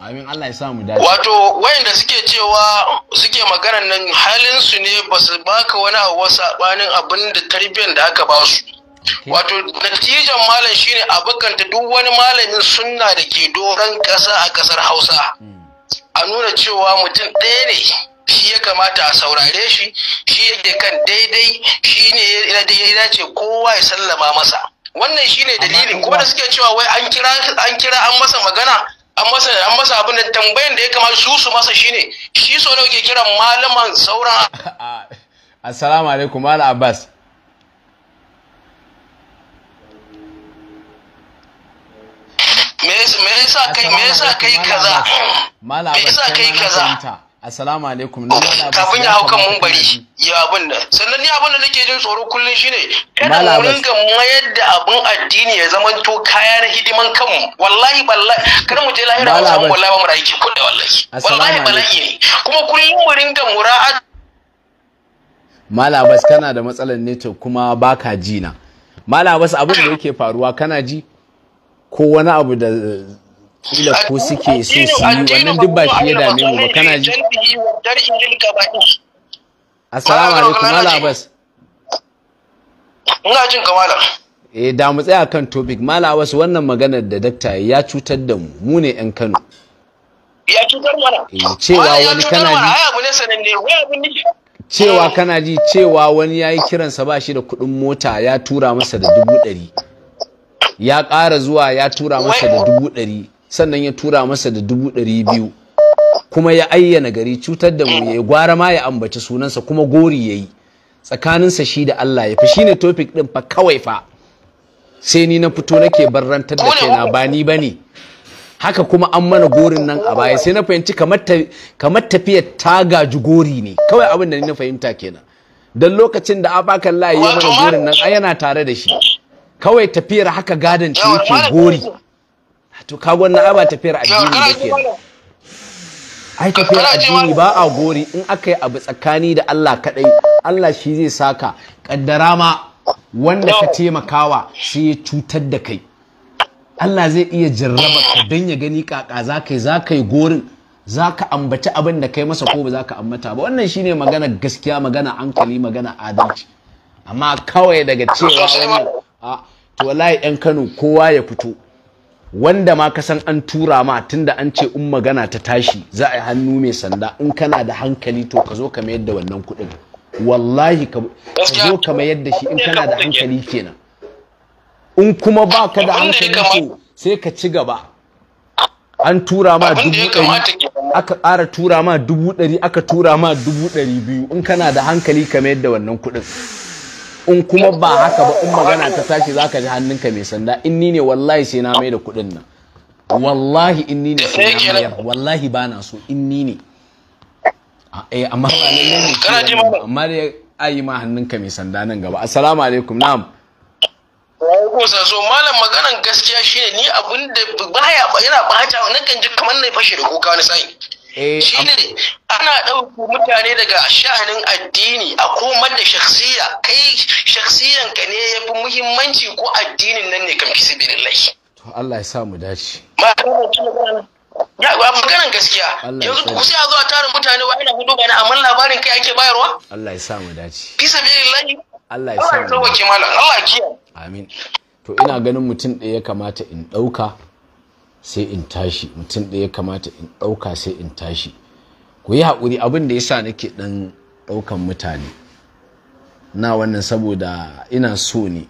amin Allah ya sa mu dace wato wayanda suke cewa suke maganar nan halin su ne ba su baka wani abu sabanin abin da tarbiyyar da aka ba su wato natijan malam shine abukanta duk wani malamin sunna da ke doron kasa a kasar Hausa hmm. a nuna cewa mutum ɗaya ne shi ya kamata a saurare shi shi yake kan daidai shi ne ya dace kowa ya sallama masa wannan shi ne dalilin kuma da suke cewa wai an kira an kira an masa magana an masa an masa abin da tambayan da ya kamata su su masa shine shi so nawa ke kiran malaman sauran
(laughs) assalamu alaikum mala abbas
me yasa kai me yasa kai kaza me yasa kai kaza
assalamu alaikum kafin ya hau kan mumbari
ya abin da sannan ni abin da nake jin tsoro kullum shine kada mu ringa mayar da abin addini ya zama to kaya na hidiman kanmu wallahi wallahi kada mu je lahira mu samu wallahi ba mu da aiki kullum
wallahi wallahi bala'i
ne kuma kullum mu ringa mura'at
Malabas kana da matsalar network kuma baka ji na Malabas abin da yake faruwa kana ji ko wani abu da kila ko suke so su yi wannan duk ba shi ya dame mu ba kana ji assalamu alaikum mala abbas
ina jin kamala
eh da mu tsaya kan topic mala abbas wannan maganar da dakta ya cutar da mu mu ne yan Kano
ya cutar mana eh,
cewa wani kana
ji
cewa kana ji cewa wani yayi kiransa ba shi da kuɗin mota ya tura masa da dubu ɗari ya ƙara zuwa ya tura masa da dubu ɗari sannan ya tura masa da dubu ɗari biyu kuma ya ayyana gari cutar da mu ya gwara ma ya ambaci sunansa kuma gori ya yi tsakaninsa shi da Allah ya fi ne topic ɗin fa kawai fa sai ni na fito nake barrantar da kaina ba ni ba ne haka kuma an mana gorin nan a baya sai na fahimci kamar tafiyar ta gaji gori ne kawai abin da ni na fahimta kenan don lokacin da abakan layi ya mana gorin nan a yana tare da shi kawai tafiyar haka gadon ta yake gori to ka wannan ai ba tafiyar addini ba ke ai tafiyar addini ba a gori in aka yi abu tsakani da Allah kadai Allah shi zai saka kaddara ma wanda ka taimakawa sai ya cutar da kai Allah zai iya jarraba ka don ya gani kaka za ka yi za ka yi gorin za ka ambaci abin da kai masa ko ba za ka ambata ba wannan shine magana gaskiya magana hankali magana adalci amma kawai daga cewa a to wallahi yan Kano kowa ya fito wanda ma ka san an tura ma tunda an ce in magana ta tashi za a yi hannu mai sanda in kana da hankali to ka zo ka mayar da wannan kuɗin wallahi ka zo ka mayar da shi in kana da hankali kenan in kuma ba ka da hankali to sai ka ci gaba an tura ma dubu ɗari aka ƙara tura ma dubu ɗari aka tura ma dubu ɗari biyu in kana da hankali ka mayar da wannan kuɗin in kuma ba haka ba in magana ta tashi za ka ji hannunka mai sanda in ni ne wallahi sai na mai da kuɗin nan wallahi in ni ne sai na mayar wallahi ba na so in ni ne ah, eh amma ba ne ne amma dai ayi ma hannunka mai sanda nan gaba assalamu alaikum na'am
kusa so malam maganan gaskiya shine ni abin da baya yana bata na kan ji kamar na fashe da kuka wani sai
Eh, shine
ana ɗauko mutane daga sha'anin addini a komar da shaksiya kai shaksiyan ka ne ya fi muhimmanci ko addinin nan ne kan fi sabilillahi
to Allah ya sa mu dace
ya ba maganan gaskiya yanzu ku sai a zo a tara mutane wa ina hudu bane amma labarin kai ake bayarwa
Allah ya sa mu dace
fi sabilillahi
Allah ya sa mu dace
Allah ya kiyaye
amin to ina ganin mutum ɗaya ya kamata in ɗauka sai in tashi mutum ɗaya ya kamata in ɗauka sai in tashi ku yi haƙuri abin da ya sa nake ɗan ɗaukan mutane na wannan saboda ina so ne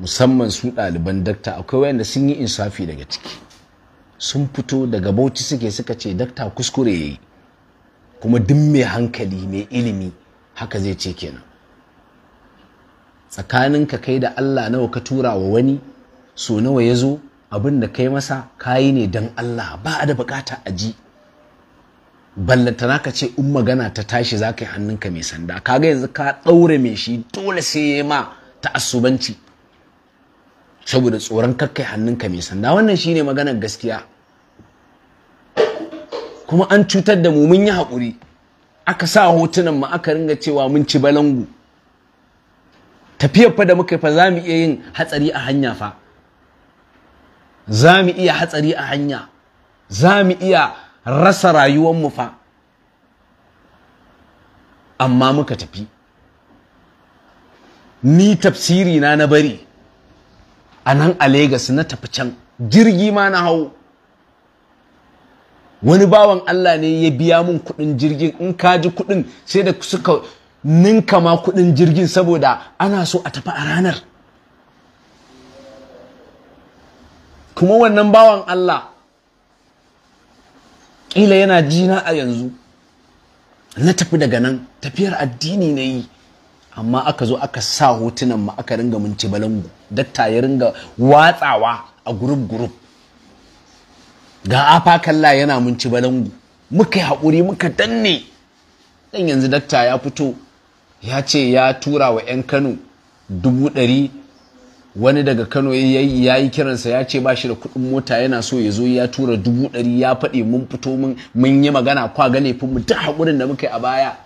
musamman su ɗaliban dakta akwai wayanda sun yi insafi daga ciki sun fito daga bauchi suke suka ce dakta kuskure ya yi kuma duk mai hankali mai ilimi haka zai ce kenan Tsakanin ka kai da allah nawa ka tura wa wani so nawa ya zo abin da kai masa kayi ne don Allah ba a da bukata a ji ballantana ka ce in magana ta tashi za ka yi hannunka mai sanda kaga yanzu ka ɗaure mai shi dole sai ya ma ta ta'assubanci saboda tsoron kakkai hannunka mai sanda wannan shine maganar gaskiya kuma an cutar da mu mun yi haƙuri aka sa hotunan mu aka ringa cewa mun ci balangu tafiyar fa da muka fa za mu iya yin hatsari a hanya fa za mu iya hatsari a hanya za mu iya rasa mu fa amma muka tafi ni tafsiri na na bari a nan a Legas na tafi can jirgi ma na hau wani bawan Allah ne ya biya mun kudin jirgin in ka ji kudin sai da suka ninka ma kudin jirgin saboda ana so a tafi a ranar kuma wannan bawan Allah ƙila yana jina a yanzu na tafi daga nan tafiyar addini na yi amma aka zo aka sa hotunan ma aka ringa mun balangu datta ya ringa watsawa a gurup gurup ga afa kalla yana mun balangu muka yi haƙuri muka danne dan yanzu datta ya fito ya ce ya tura wa 'yan kano dubu ɗari wani daga kano ya yi kiransa ya ce ba shi da kuɗin mota yana so ya zo ya tura dubu ɗari ya faɗi mun fito mun yi magana kwa fi mu ta haƙurin da muka yi a baya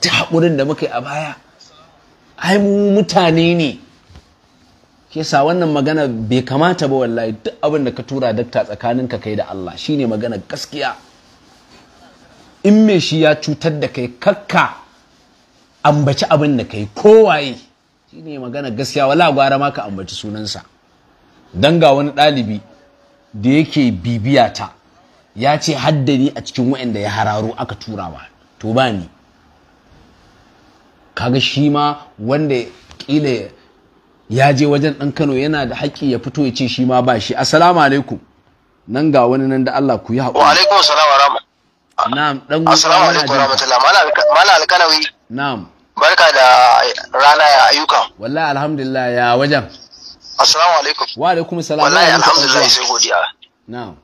Ta haƙurin da muka yi a baya ai mu mutane ne ke sa wannan magana bai kamata ba wallahi duk abin da ka tura dakta tsakanin ka kai da Allah shine magana gaskiya in me shi ya cutar da kai kakka ambaci abin da kai kowaye ne magana gaskiya wala gwara ma ka ambaci sunansa dan ga wani ɗalibi da yake bibiya ta ya ce haddani a cikin waɗanda ya hararo aka turawa to ba ni kaga shi ma wanda kila ya je wajen ɗan Kano yana da haƙƙi ya fito ya ce shi ma ba shi assalamu alaikum nan ga wani nan da Allah ku yi haƙuri wa alaikum assalam wa na'am dan assalamu alaikum
rahmatullahi na'am Barka da rana ya ayyuka.
Wallahi alhamdulillah ya wajen.
Assalamu alaikum.
Wa alaikum salam. Wallahi alhamdulillah sai
godiya. Na'am.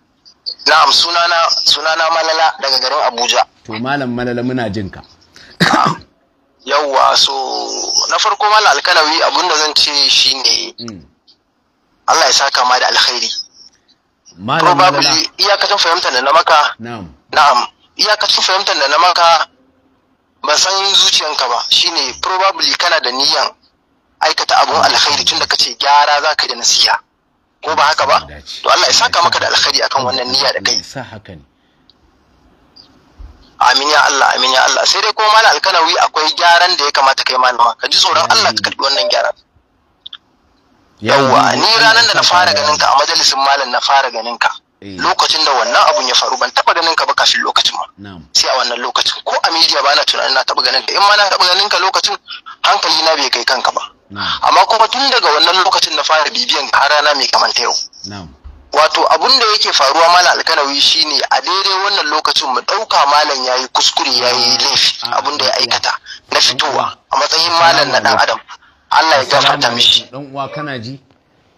Na'am sunana sunana Malala daga garin Abuja.
To malam Malala muna jin ka. (coughs)
Yawwa so na farko malam alkalawi abinda zan ce shine mm. Allah ya saka ma da alkhairi.
Malam Malala. Probably
iyakacin fahimtar da na maka. Na'am. Na'am. Iyakacin fahimtar da na maka ban san zuciyanka ba shine probably kana da niyan aikata abun alkhairi tunda kace gyara zaka da nasiha ko ba haka ba to Allah ya saka maka da alkhairi akan wannan niyya da kai
sa haka ne
amin ya Allah amin ya Allah sai dai kuma malam alkanawi akwai gyaran da ya kamata kai malama ka ji tsoron Allah ka karbi wannan gyaran
yawwa ni ranar da na fara ganin ka
a majalisin malam na fara ganin ka Eh. lokacin da wannan abun ya faru ban taba ganin ka ba kafin lokacin ba, sai a wannan lokacin ko a media ba na tunanin na taba ganin ka in ma na taba ganin ka lokacin hankali na bai kai kanka ba amma kuma tun daga wannan lokacin na fara bibiyan ka rana mai kamanta yau wato abun da yake faruwa mana alkanawi shine a daidai wannan lokacin mu dauka malam yayi kuskure yayi laifi ah, abun da ya aikata na fitowa a matsayin malam na dan adam Allah ya gafarta mishi
dan uwa kana ji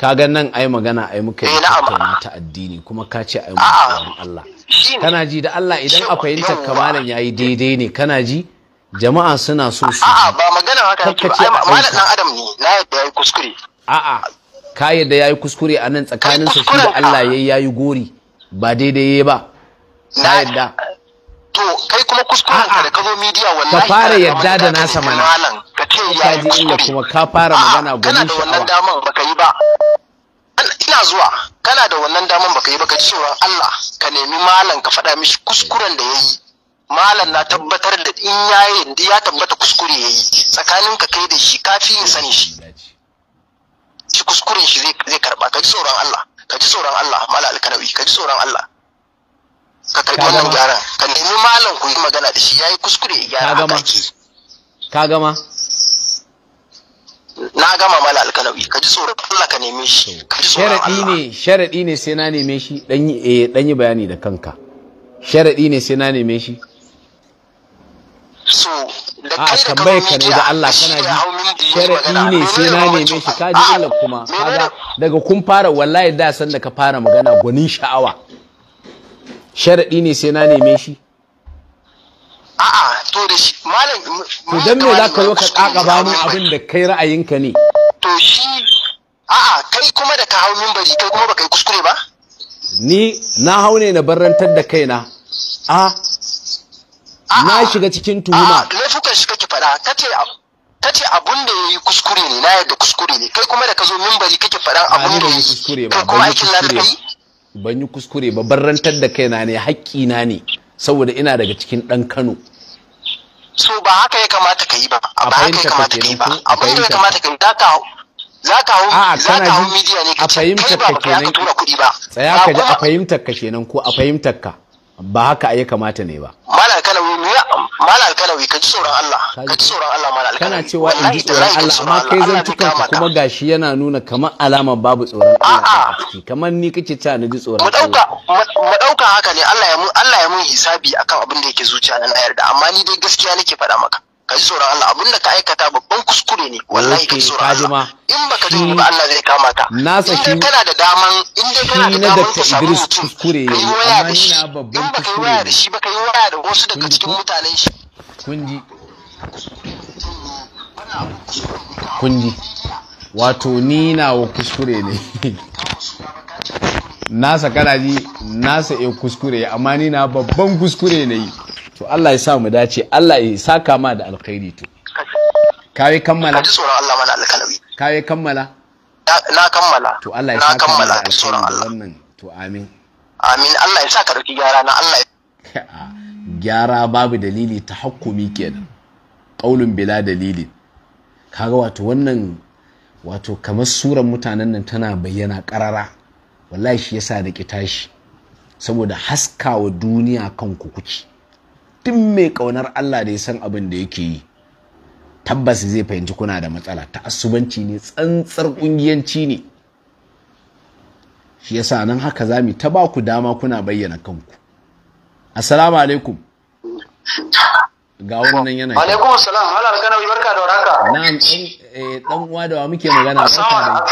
kaga nan ai magana ai muka yi eh, tattauna ta addini kuma ka ce ai muka Allah kana ji da Allah idan a fahimtar kamalan yayi daidai ne kana ji jama'a suna so su a'a
ba
magana haka yake ba malam dan adam ne na yadda yayi kuskure
a'a ka yadda yayi kuskure a nan tsakanin su da Allah yayi yayi gori ba daidai yayi ba ka yadda
to kai kuma kuskuren ka da ka zo media wallahi ka fara yadda da nasa mana ka ce yayi kuskure kuma ka fara magana gurin shi kana da wannan daman baka yi ba ina zuwa kana da wannan daman baka yi baka cewa Allah ka nemi malam ka faɗa mishi kuskuren da ya yi. malam na tabbatar da in ya yayi ya tabbata kuskure ya yi. tsakanin ka kai da shi kafi ya sani shi shi kuskuren shi zai karba ka ji tsoron Allah ka ji tsoron Allah malam alkanawi ka ji tsoron Allah ka karbi wannan gyaran ka nemi malam ku yi magana da shi ya yi kuskure ya gyara ka gama na gama mala alkalawi ka ji tsoron Allah ka neme shi
sharadi ne sharadi ne sai na neme shi dan yi dan eh, yi bayani da kanka sharadi ne sai na neme shi
so da
ah, ka tambaye ka ne da Allah kana ji sharadi ne sai na neme shi ka ji Allah kuma kaga daga kun fara wallahi da san da ka fara magana gwanin sha'awa sharadi ne sai na neme shi a'a to da shi malam to dan me zaka zo ka ba min abin da kai ra'ayinka ne
to shi a'a kai kuma da ka hau minbari kai kuma baka yi kuskure ba
ni na hau ne na barrantar da kaina
a na shiga cikin tuhuma
laifukan shi kake fada kace kace abun da yayi kuskure ne na yadda kuskure ne kai kuma da ka zo minbari kake faɗan abun
da yayi kuskure ba ban yi kuskure ba ban yi kuskure ba barrantar da kaina ne haƙƙina ne saboda ina daga cikin ɗan Kano.
So ba haka ya kamata ka
yi ba, ba haka ya kamata ka yi ba, abin da ya kamata
ka yi ba, ka za ka
hau za hau midiya ne ka ce kai ba ka tura kuɗi ba. Tsaya ka ji a fahimtar ka kenan ko a fahimtar ka. ba haka ya kamata ne ba mala
alkalawi mala alkalawi ka ji tsoron Allah ka ji tsoron Allah
mala alkalawi kana cewa in ji tsoron Allah amma kai zan tuka kuma gashi yana nuna kamar alama babu tsoron Allah a ciki kamar ni kace ta na ji tsoron Allah
mu dauka haka ne Allah ya mun Allah ya mun hisabi akan abin da yake zuciya na yarda amma ni dai gaskiya nake faɗa maka ka ji tsoron Allah abinda ka
aikata babban kuskure ne
wallahi
ka ji tsoron Allah in baka ji ba Allah zai kama ka na saki in kana da daman in dai kana da daman ka samu mutum kuskure ne amma
ina babban kuskure
ne da shi baka yi waya da wasu daga cikin mutanen shi kunji kunji wato ni na wa kuskure ne (laughs) nasa karaji nasa e kuskure amma ni na babban kuskure ne yi to Allah ya sa mu dace Allah ya saka ma da alkhairi to kawai kammala ka ji
tsoron Allah mana alkalawi
kawai kammala
na kammala to Allah ya saka kammala da alkhairi
wannan to amin
amin Allah ya saka dauki gyara na Allah ya
gyara babu dalili ta hukumi kenan ƙaunin bila dalili kaga wato wannan wato kamar suran mutanen nan tana bayyana ƙarara, wallahi shi yasa da ki tashi saboda haskawa duniya kan ku kuke duk mai ƙaunar Allah da ya san abin da yake yi tabbas zai fahimci kuna da matsala ta'assubanci ne tsantsar ƙungiyanci ne shi yasa nan haka za mu ta ba ku dama kuna bayyana kanku assalamu alaikum ga wannan yana alaikum
assalam halar kana bi
barka da warhaka na'am
eh dan uwa da wa muke magana barka da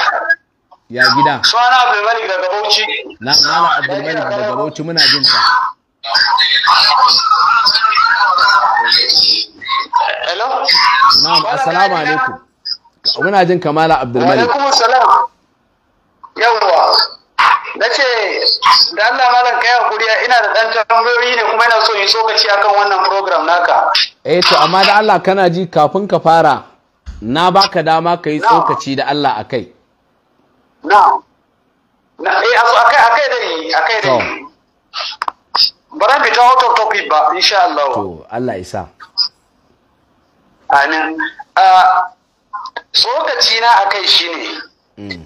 ya gida sunana
abdulmalik
daga bauchi
na'am abdulmalik daga bauchi muna jin ka Hello? Na'am, assalamu alaikum. Muna jin Kamala Abdulmalik. Alaikum
assalam. Yawwa. Nace da Allah malam kai hakuri ina da dan tambayoyi ne kuma ina so in sokaci akan wannan program naka.
Eh to amma da Allah kana ji kafin ka fara na baka dama ka yi tsokaci da Allah akai.
Na'am. Na eh akai akai dai akai dai. bara fita out of topic ba insha Allah to Allah isa amin tsokaci na akai shine mm.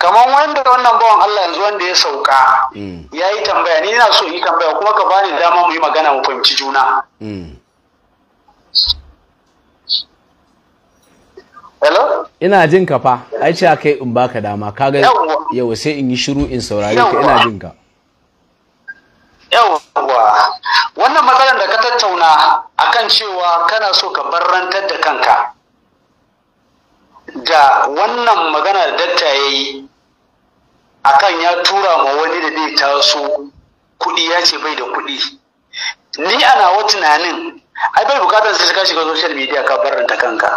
kamar wanda wannan bawan Allah yanzu wanda ya sauka mm. ya yi tambaya ni na so yi tambaya kuma ka bani dama mu yi magana mu fahimci juna
mm.
Hello? Ina jin ka fa, ai ce kai in baka dama, kaga yau sai in yi shiru in saurare ka ina jin ka.
yawwa wannan matsalar da ka tattauna akan cewa kana so ka barrantar da kanka da wannan magana da datta ya yi akan ya tura ma wani da zai taso kuɗi ya ce bai da kuɗi ni ana wa tunanin ai bai bukatar sai ka shiga social media ka barranta kanka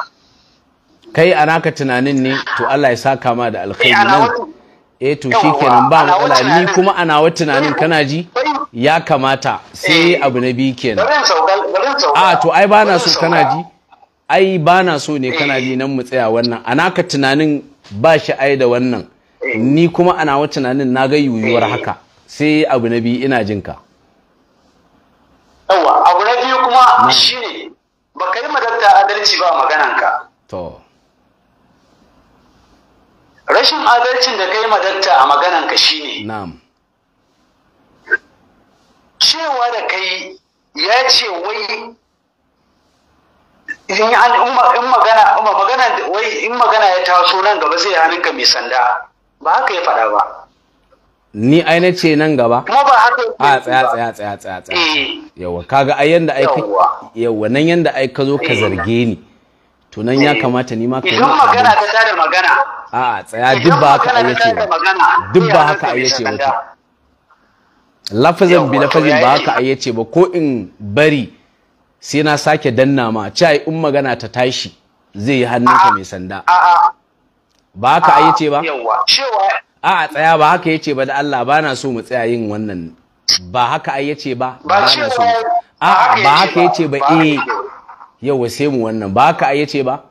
kai a naka tunanin ne to Allah ya saka ma da alkhairi nan eh to kenan ba matsala ni kuma ana wa tunanin kana ji ya kamata sai eh. abu na biyu kenan
a
ah, to ai bana so kana ji ai bana so ne kana eh. ji nan mu tsaya wannan ana ka tunanin ba shi ai da wannan eh. ni kuma ana wa tunanin na ga yiwuwar haka sai abu na biyu ina jin ka
yawa abu na biyu kuma shine ka yi madatta adalci ba maganan ka to rashin adalcin da kai madatta a maganan ka shine na'am cewa da kai ya ce wai in magana magana wai in magana ya taso nan gaba sai hannunka mai sanda ba haka ya faɗa ba
ni ai na ce nan gaba kuma
ba haka a tsaya tsaya tsaya tsaya tsaya eh.
yawa kaga ai yanda ai yawa nan yanda ai ka zo ka eh. zarge ni to nan ya eh. kamata ni ma ka yi magana
ta tada magana
a tsaya duk ba haka a yace ba
duk eh, ba haka a yace ba
lafazin bi lafazin ba haka a yace ba ko in bari sai na sake danna ma cai in magana ta tashi zai yi hannunka mai sanda ba haka a yace ba a a tsaya ba haka yace ba da Allah ba na so mu tsaya yin wannan ba haka a yace ba ba na so a ba haka eh. yace ba eh yau sai mu wannan ba ka ce ba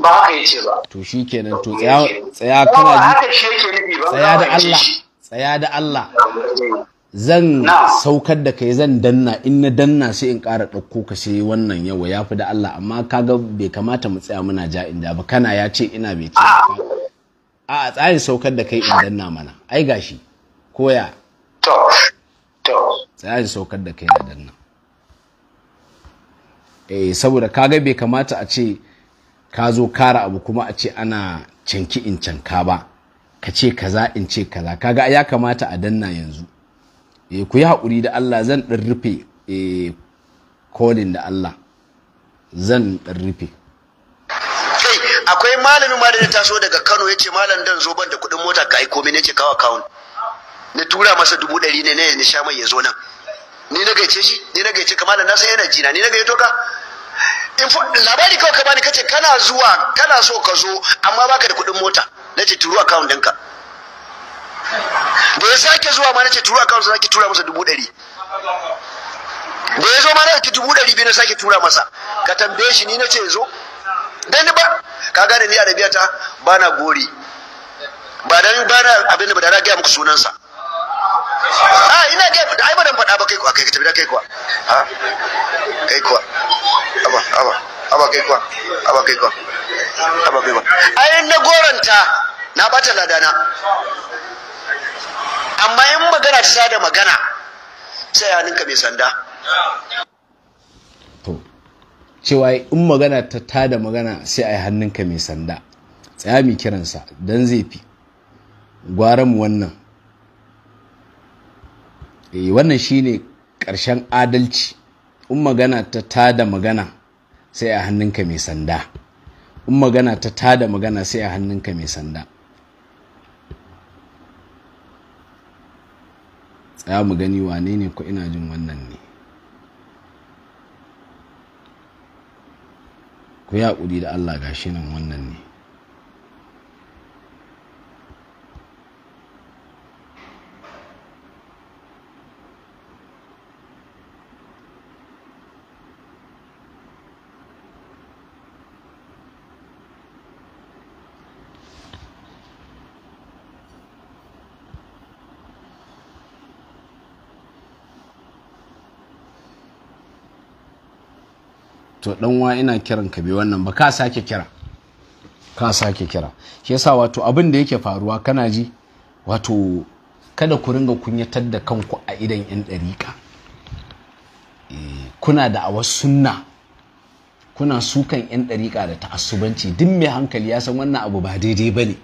ba haka yace ba
to shikenan to tsaya tsaya kana ji
tsaya da Allah
tsaya da Allah zan saukar da kai zan danna in na danna sai in ƙara ɗauko ka sai wannan yawa ya fi da Allah amma kaga bai kamata mu tsaya muna ja inda ba kana ya ce ina bai ce a a tsayin saukar da kai in danna mana ai gashi koya to to tsayin saukar da kai na danna eh saboda kaga bai kamata a ce ka zo kara abu kuma a ce ana canki in canka ba ka ce kaza in ce kaza kaga ya kamata a danna yanzu eh ku yi haƙuri da Allah zan ɗan rufe eh kolin da Allah zan ɗan rufe
akwai malami ma da ya taso daga Kano ya ce malam dan zo ban da kuɗin mota ka aiko mini ce kawa kawun na tura masa dubu ɗari ne na ya sha mai ya zo nan ni na gaice shi ni na gaice kamar na san yana jina ni na gaito ka labari kawai ka bani kace kana zuwa kana so ka zo amma baka da kuɗin mota nace turu account ɗinka da sake zuwa ma nace turu account ki tura masa dubu ɗari da ya zo ma nace dubu ɗari biyu na sake tura masa ka tambaye shi ni nace zo dan ba ka gane ni arabiya ta bana gori ba dan bana abin da ba da gaya muku sunansa a ah, ina ga fada ai badan fada ba kai kuwa kai ka
tafi da kai kuwa ha kai kuwa aba aba aba kai kuwa aba kai kuwa aba kai kuwa
ai na goranta na bata ladana amma in magana ta sada magana sai hannunka mai sanda
to cewa in magana ta tada magana sai a yi hannunka mai sanda tsaya mai kiransa don zai fi gwaran wannan e wannan shine ƙarshen adalci in magana ta tada magana sai a hannunka mai sanda in magana ta tada magana sai a hannunka mai sanda tsaya mu gani wane ne ko ina jin wannan ne ku yi haƙuri da allah gashi nan wannan to dan wa ina kiran ka bai wannan ba ka sake kira ka sake kira shi yasa wato abin da yake faruwa kana ji wato kada ku ringa kunyatar da kanku a idan yan dariƙa eh, kuna da awa sunna kuna sukan yan dariƙa da ta'assubanci duk mai hankali ya san wannan abu ba daidai bane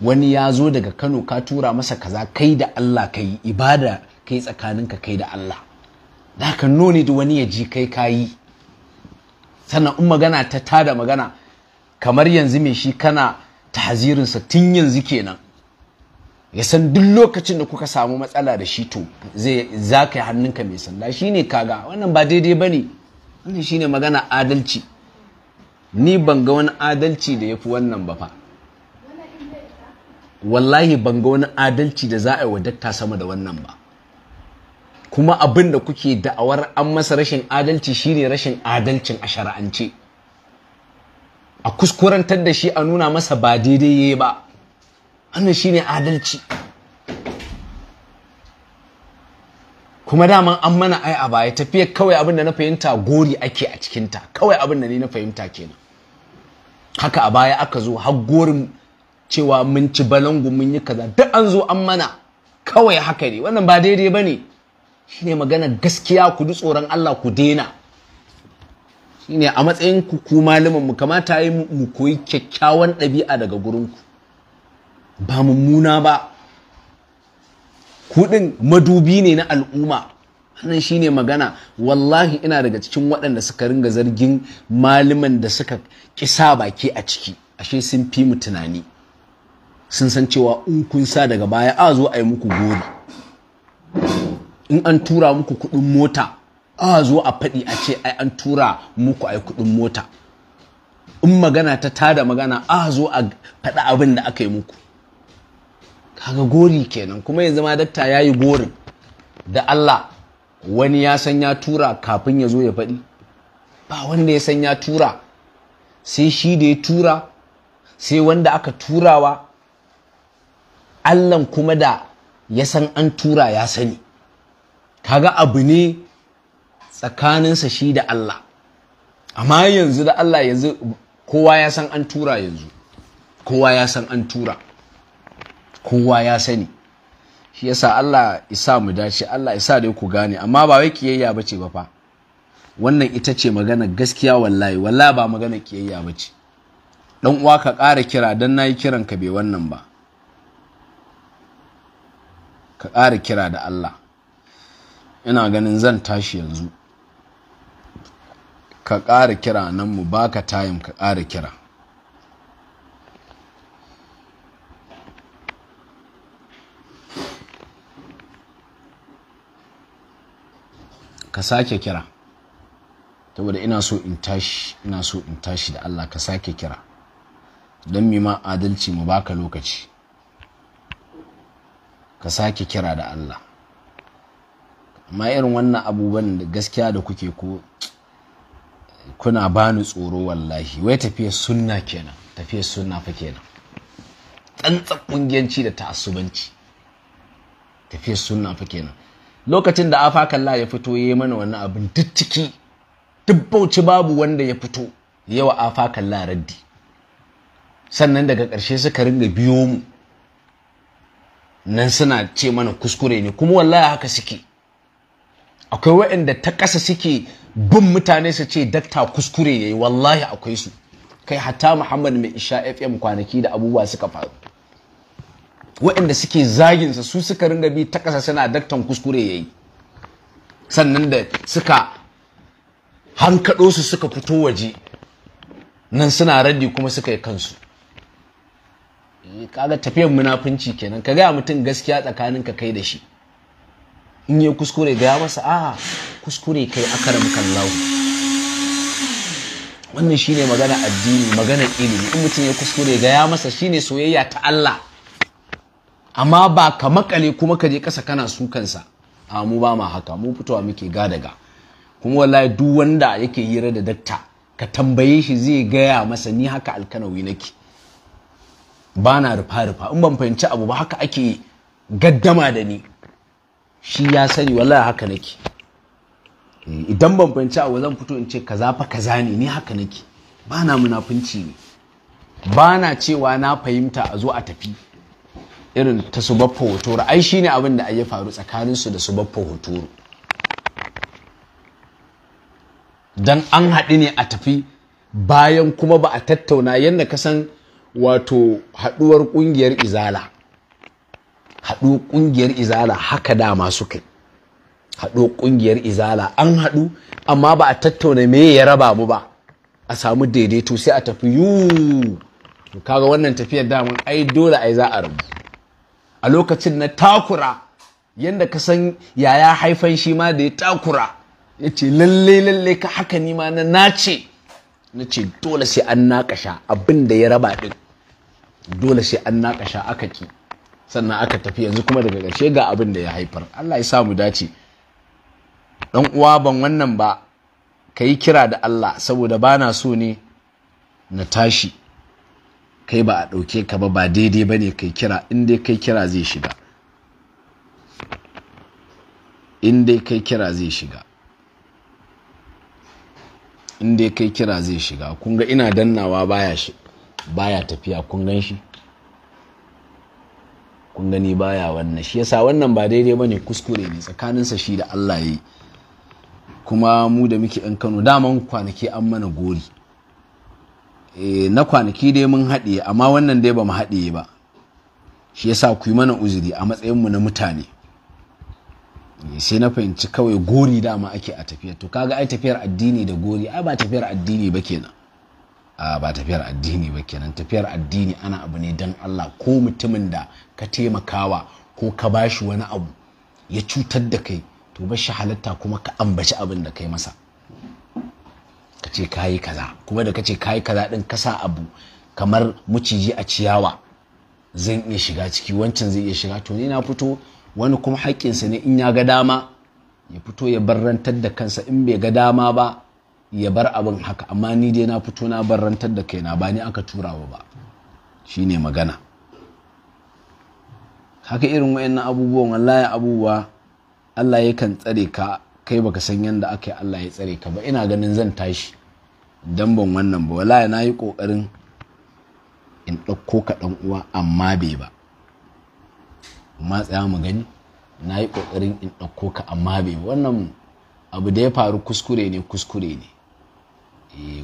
wani ya zo daga Kano ka tura masa kaza kai da Allah kai ibada kai tsakaninka kai da Allah da haka noni da wani ya ji kai kayi sannan in magana ta tada magana kamar yanzu mai shi kana tahzirinsa tun yanzu kenan ya san duk lokacin da kuka samu matsala da shi to zai za ka yi hannunka mai sanda shi ne kaga wannan ba daidai ba ne wannan shi ne magana adalci ni ban ga wani adalci da ya fi wannan ba fa wallahi ban ga wani adalci da za a yi wa wadatta sama da wannan ba kuma abin da kuke da'awar an masa rashin adalci shine rashin adalcin a shara'ance a kuskurantar da shi a nuna masa ba daidai yayi ba wannan shine adalci kuma daman an mana ai a baya tafiya kawai abin da na fahimta gori ake a cikinta kawai abin da ni na fahimta kenan haka a baya aka zo har gorin cewa mun ci balangu mun yi kaza duk an zo an mana kawai haka ne wannan ba daidai ba ne shi ne magana gaskiya ku ji tsoron Allah ku daina ne a matsayin ku ku malaman mu kamata yi mu koyi kyakkyawan ɗabi'a daga gurin ku ba mummuna ba ku madubi ne na al'umma wannan shine magana wallahi ina daga cikin waɗanda suka ringa zargin malaman da suka kisa baki a ciki ashe sun fi mu tunani sun san cewa in kun sa daga baya a zo a yi muku gori in an tura muku kuɗin mota a zo a faɗi a ce ai an tura muku ai kuɗin mota in magana ta tada magana a zo a faɗi abin da aka yi muku kaga gori kenan kuma ya zama dakta ya yi gorin da Allah wani ya san ya tura kafin ya zo ya faɗi ba wanda ya san ya tura sai shi da ya tura sai wanda aka turawa Allah kuma da ya san an tura ya sani kaga abu ne tsakaninsa shi da Allah amma yanzu da Allah yanzu kowa ya san an tura yanzu kowa ya san an tura kowa ya sani shi yasa Allah isa mu dace Allah isa dai ku gane amma ba wai kiyayya bace ba fa wannan ita ce magana gaskiya wallahi wallahi ba magana kiyayya bace dan uwa ka ƙara kira dan nayi kiran ka bai wannan ba ka ƙara kira da Allah ina ganin zan tashi yanzu ka ƙara kira nan mu baka tayim ka ƙara kira ka sake kira saboda ina so in tashi ina so in tashi da Allah ka sake kira don mi ma adalci mu baka lokaci ka sake kira da Allah ma irin wannan abubuwan da gaskiya da kuke ko kuna bani tsoro wallahi wai tafiyar sunna kenan tafiyar sunna fa kenan tsantsan kungiyanci da ta'assubanci tafiyar sunna fa kenan lokacin da afa kalla ya fito yayi mana wannan abin duk ciki duk bauchi babu wanda ya fito yawa afa kalla raddi sannan daga ƙarshe suka ringa biyo mu nan suna ce mana kuskure ne kuma wallahi haka suke akwai waɗanda ta ƙasa suke bin mutane su ce dakta kuskure ya yi, wallahi akwai su kai Hata muhammad mai isha fm kwanaki da abubuwa suka faru waɗanda suke zaginsa su suka ringa bi ta ƙasa suna daktan kuskure ya yi. sannan da suka hankaɗo su suka fito waje nan suna raddi kuma suka yi kansu eh, kaga tafiyar munafunci kenan ka gaya mutum gaskiya tsakanin ka kai da shi in yi kuskure gaya masa a kuskure kai a akaram kallahu wannan shine magana addini magana ilimi in mutum ya kuskure gaya masa shine soyayya ta Allah amma ba ka makale kuma ka je kasa kana sukansa a mu ba ma haka mu fitowa muke gadaga kuma wallahi duk wanda yake hira da dakta ka tambaye shi zai gaya masa ni haka alkanawi nake ba na rufa rufa in ban fahimci abu ba haka ake gaddama da ni shi ya sani wallahi haka nake eh, idan ban fahimci abu zan fito in ce kaza fa kaza ne ni haka nake ba na munafunci ne ba na cewa na fahimta a zo a tafi irin ta su baffa hotoro ai ne abin da ya faru tsakanin su da su baffa hotoro dan an haɗu ne a tafi bayan kuma ba a tattauna yadda ka san wato haɗuwar ƙungiyar izala Haɗu ƙungiyar izala haka dama suka yi haɗu ƙungiyar izala an haɗu amma ba a tattauna me ya raba mu ba a samu daidaito sai a tafi yu kaga wannan tafiyar daman ai dole ai za a rabu a lokacin na takura yanda ka san yaya haifan shi ma da ya takura ya ce lalle lalle ka haka ni ma na nace na ce dole sai an naƙasha abin da ya raba ɗin dole sai an naƙasha aka ki sannan aka tafi yanzu kuma daga ƙarshe ga abin da ya haifar Allah ya mu dace dan uwa ban wannan ba ka yi kira da Allah saboda bana so ne na tashi kai ba a ɗauke ka ba ba daidai ba ne kai kira in dai kai kira zai shiga in dai kai kira zai shiga in dai kai kira zai shiga kun ina dannawa baya shi baya tafiya kun gan shi kun gani baya wannan shi yasa wannan ba daidai bane kuskure ne sa shi da Allah yi kuma mu da muke ɗan Kano daman kwanaki an mana gori e, na kwanaki dai mun haɗe amma wannan dai ba mu haɗe ba shi yasa ku yi mana uzuri a matsayinmu na mutane eh, sai na fahimci kawai gori dama ake a tafiyar to kaga ai tafiyar addini da gori ai ba tafiyar addini ba kenan ba tafiyar addini ba kenan tafiyar addini ana abu ne don Allah ko mutumin da ka taimakawa ko ka bashi wani abu ya cutar da kai to ba shi halatta kuma ka ambaci abin da kai masa ka ce kayi kaza kuma da ka ce kayi kaza din ka sa abu kamar muciji a ciyawa zan iya shiga ciki wancan zai iya shiga to ni na fito wani kuma haƙƙinsa ne in ya ga dama ya fito ya barrantar da kansa in bai ga dama ba ya bar abin haka amma ni dai na fito na rantar da kaina ba ni aka turawa ba Shi ne magana haka irin wayannan abubuwan wallahi abubuwa Allah ya kan tsare ka kai baka san yadda aka yi Allah ya tsare ka ba ina ganin zan tashi dan wannan ba wallahi na yi kokarin in ɗauko ka ɗan uwa amma bai ba amma tsaya mu gani na yi ƙoƙarin in ɗauko ka amma bai wannan abu da ya faru kuskure ne kuskure ne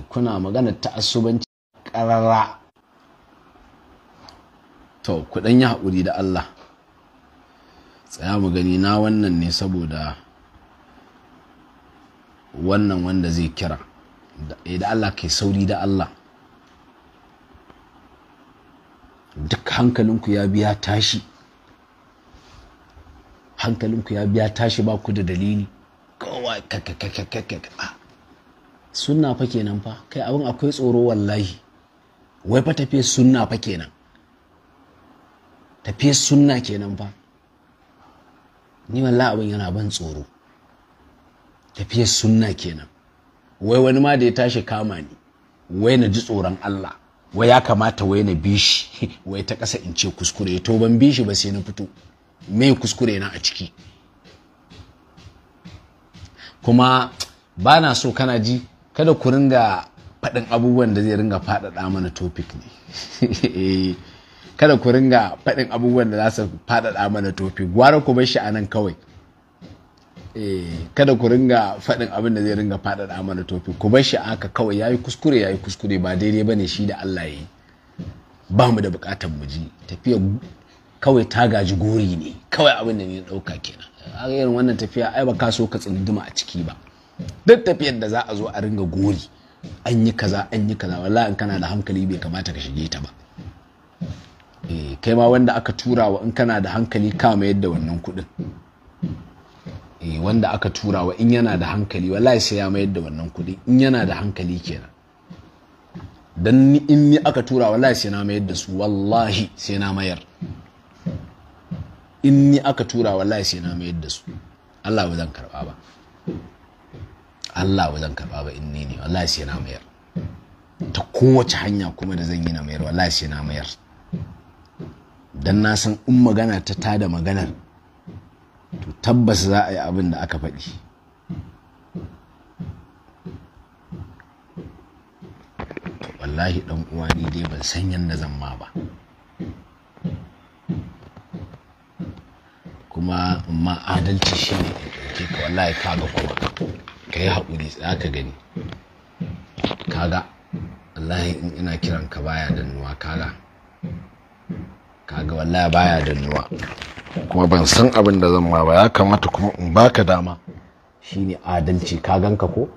kuna magana ta'assubanci ƙarara to kuɗan ya haƙuri da Allah tsaya mu gani na wannan ne saboda wannan wanda zai kira da Allah kai sauri da Allah duk hankalinku ya biya tashi hankalinku ya biya tashi ba ku da dalili kowa sunna fa kenan fa kai abin akwai tsoro wallahi wai fa tafiye sunna fa kenan tafiye sunna kenan fa ni wallahi abin yana ban tsoro tafiye sunna kenan wai wani ma da ya tashi kama ni wai na ji tsoron Allah wai ya kamata wai na bi shi (laughs) wai ta ƙasa in ce kuskure to ban bi shi ba sai na fito mai kuskure na a ciki kuma ba na so kana ji kada ku ringa faɗin abubuwan da zai ringa faɗaɗa mana topic ne (laughs) kada ku ringa faɗin abubuwan da za su faɗaɗa mana topic gwara ku bar shi a nan kawai eh, kada ku ringa faɗin abin da zai ringa faɗaɗa mana topic ku bar shi haka kawai yayi kuskure yayi kuskure ba daidai bane shi da Allah yi ba mu da buƙatar mu ji tafiya kawai ta gaji gori ne kawai abin da ne ɗauka kenan irin wannan tafiya ai ba ka so ka tsunduma a ciki ba duk tafiyar da za a zo a ringa gori an yi kaza an yi kaza wala in kana da hankali bai kamata ka shige ta ba eh kai ma wanda aka tura wa in kana da hankali ka mayar yadda wannan kuɗin eh wanda aka tura wa in yana da hankali wala sai ya mayar da wannan kudi in yana da hankali kenan dan ni in ni aka tura wa sai na mayar da su wallahi sai na mayar in ni aka tura wa sai na mayar da su Allah ba zan karba ba Allah ba zan karba ba in ne ne wallahi sai na mayar ta kowace hanya kuma da zan yi na mayar wallahi sai na mayar dan na san in magana ta tada maganar to tabbas za a yi abin da aka faɗi wallahi dan uwa ni dai ban san yanda zan ma ba kuma ma adalci shi ne ka wallahi ka ga kuma ka yi haƙuri za ka gani kaga wallahi in ina kiran ka baya dannuwa kaga kaga wallahi baya dannuwa kuma ban san abin da zan ma ba ya kamata kuma in baka dama shine adalci ka ka ko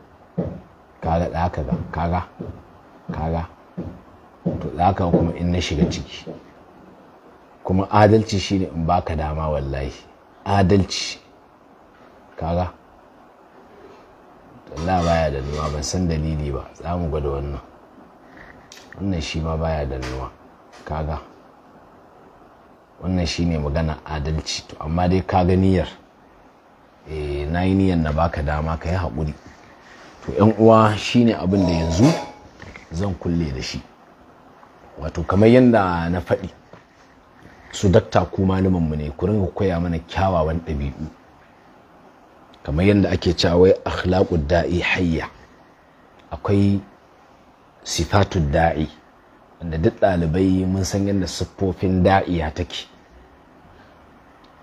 kaga da haka ga kaga kaga to da haka kuma in na shiga ciki kuma adalci shine in baka dama wallahi adalci kaga Allah baya nuwa ban san dalili ba za mu gwada wannan wannan shi ma baya dannuwa kaga wannan shi ne magana adalci to amma dai kaga niyyar eh, na yi niyyar na baka dama ka yi haƙuri to yan uwa shi ne abin da yanzu zan kulle da shi wato kamar yadda na faɗi su dakta ku mu ne ku ringa koya mana kyawawan ɗabi'u kamar yadda ake cewa wai akhlaqud da'i hayya akwai sifatud da'i wanda duk ɗalibai mun san yadda siffofin da'iya take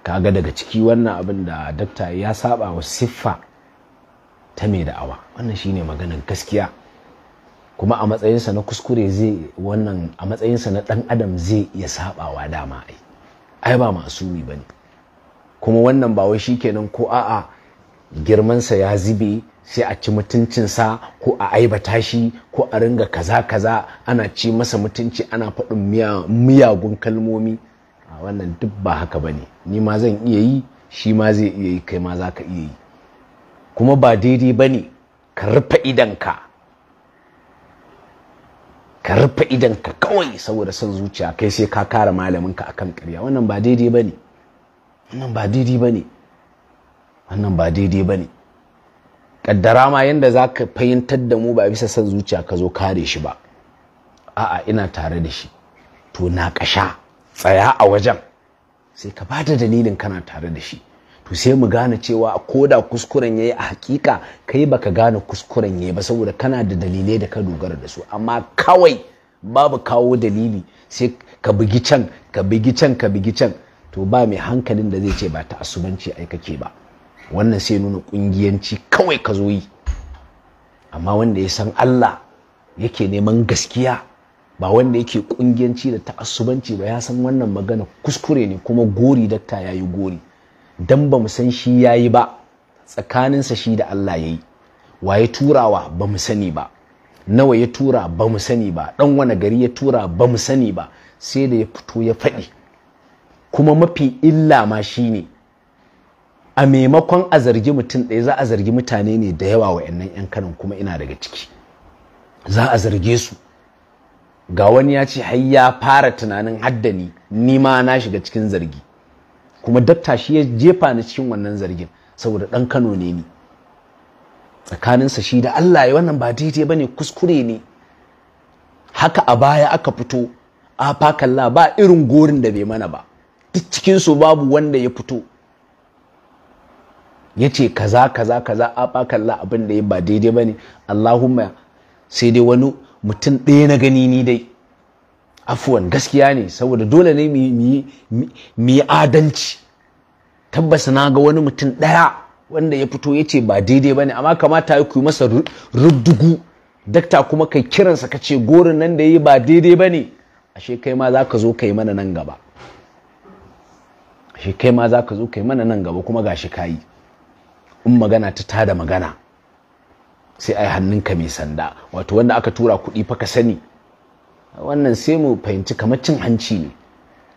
kaga daga ciki wannan abin da dakta ya saba wa siffa ta mai da'awa wannan shine maganar gaskiya kuma a matsayinsa na kuskure zai wannan a matsayinsa na ɗan adam zai iya sabawa dama ai ai ba masu bane kuma wannan ba wai shikenan ko a'a girmansa ya zube sai a ci mutuncinsa ko a aibata shi ko a ringa kaza kaza ana ci masa mutunci ana faɗin miyagun kalmomi a wannan duk ba haka ba ne ni ma zan iya yi shi ma zai iya yi kai ma za ka iya yi kuma ba daidai ba ne ka rufe idanka ka rufe idanka kawai saboda son zuciya kai sai ka kara malaminka akan karya wannan ba daidai ba ne wannan ba daidai ba ne wannan ba daidai ba ne ƙaddara ma yadda za ka fahimtar da mu ba bisa son zuciya ka zo kare shi ba a'a ina tare da shi to na ƙasha tsaya a wajen sai ka ba da dalilin kana tare da shi to sai mu gane cewa ko da kuskuren ya yi a hakika kai ka gane kuskuren ya yi ba saboda kana da dalilai da ka dogara da su amma kawai babu kawo dalili sai ka bugi can ka bugi can ka bugi can to ba mai hankalin da zai ce ba ta asubanci ai kake ba wannan sai nuna kungiyanci kawai ka zo yi amma wanda ya san Allah yake neman gaskiya ba wanda yake kungiyanci da ta'assubanci ba ya san wannan magana kuskure ne kuma gori dakta ya yi gori dan ba mu san shi ya yi ba tsakaninsa shi da Allah ya yi wa ya turawa ba mu sani ba nawa ya tura ba mu sani ba dan wani gari ya tura ba mu sani ba sai da ya fito ya faɗi kuma mafi illa ma shine a maimakon a zargi mutum ɗaya za a zargi mutane ne da yawa wa 'yan kanan kuma ina daga ciki za a zarge su ga wani ya ce har ya fara tunanin haddani ni ma na shiga cikin zargi kuma dabta shi ya jefa ni cikin wannan zargin saboda ɗan kano ne ni tsakaninsa shi da allah ya wannan ba daidai ba ne kuskure ne haka a baya aka fito a fakalla ba irin gorin da bai mana ba duk cikinsu babu wanda ya fito ya ce kaza kaza kaza a la abin da ya ba daidai ba ne allahumma sai dai wani mutum ɗaya na gani ni dai afuwan gaskiya ne saboda dole ne mu yi adalci tabbas na ga wani mutum ɗaya wanda ya fito ya ce ba daidai ba ne amma kamata ya kuyi masa rubdugu dakta kuma kai kiransa ka ce gorin nan da ya yi ba daidai ba ne ashe kai ma za ka zo ka yi mana nan gaba kuma gashi ka yi in magana ta tada magana sai ai hannunka mai sanda wato wanda aka tura kuɗi fa ka sani wannan sai mu fahimci kamar cin hanci ne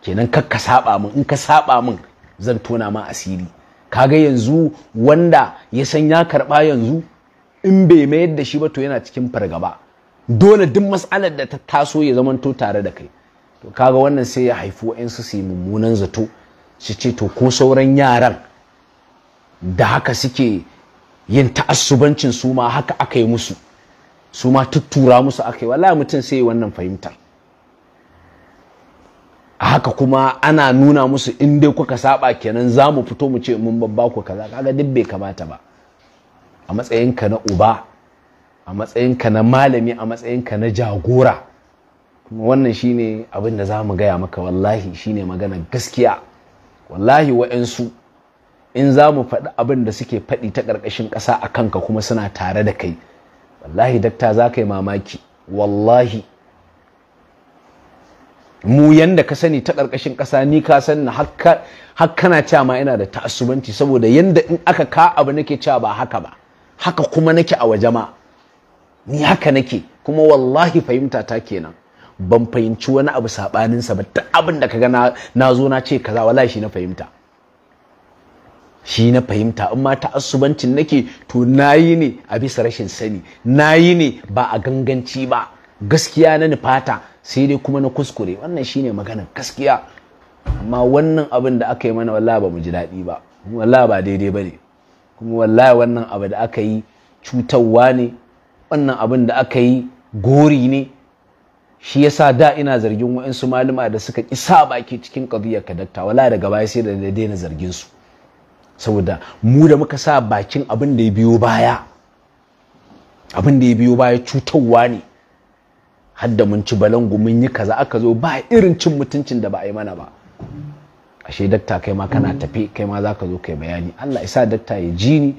kenan kar ka saba min in ka saba min zan tona ma asiri kaga yanzu wanda ya san ya karba yanzu in bai mayar da shi ba to yana cikin fargaba dole duk mas'alar da ta taso ya zamanto tare da kai to kaga wannan sai ya haifi wa'yansu su yi mummunan zato shi ce to ko sauran yaran da haka suke yin ta'assubancin su ma haka aka yi musu su ma tuttura musu aka yi wallahi mutum sai wannan fahimtar a haka kuma ana nuna musu in dai kuka saba kenan za mu fito mu ce mun babba ku kaza kaga duk bai kamata ba a matsayinka na uba a matsayinka na malami a matsayinka na jagora wannan shine abin da za mu gaya maka wallahi shine magana gaskiya wallahi wa'ansu. in za mu faɗi abin da suke faɗi ta ƙarƙashin ƙasa a kanka kuma suna tare da kai wallahi dakta za ka yi mamaki wallahi mu yanda ka sani ta ƙarƙashin ƙasa ni ka san har kana cewa ma ina da ta'assubanci saboda yanda in aka ka abu nake cewa ba haka ba haka kuma nake a waje ma ni haka nake kuma wallahi fahimta ta kenan ban fahimci wani abu saɓaninsa ba ta abin da ka ga na zo na ce kaza wallahi shi na fahimta shi na fahimta in ma ta'assubancin nake to nayi ne a bisa rashin sani nayi ne ba a ganganci ba gaskiya na nufata sai dai kuma na kuskure wannan shine maganar gaskiya amma wannan abin da aka yi mana wallahi ba mu ji daɗi ba wallahi ba daidai ba ne kuma wallahi wannan abu da aka yi cutarwa ne wannan abin da aka yi gori ne shi yasa da ina zargin wa'insu malama da suka ƙi sa baki cikin ƙabiyar ka dakta wala daga baya sai da na zargin su saboda mu da muka sa bakin abin da ya biyo baya abin da ya biyo baya cutarwa ne hadda mun ci balangu mun yi kaza aka zo ba irin cin mutuncin da ba a yi mana ba ashe dakta kai ma kana tafi kai ma za ka zo kai bayani Allah isa dakta ya ji ni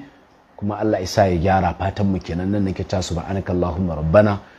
kuma Allah isa ya gyara fatan mu kenan nan nake tasu ba anaka Allahumma rabbana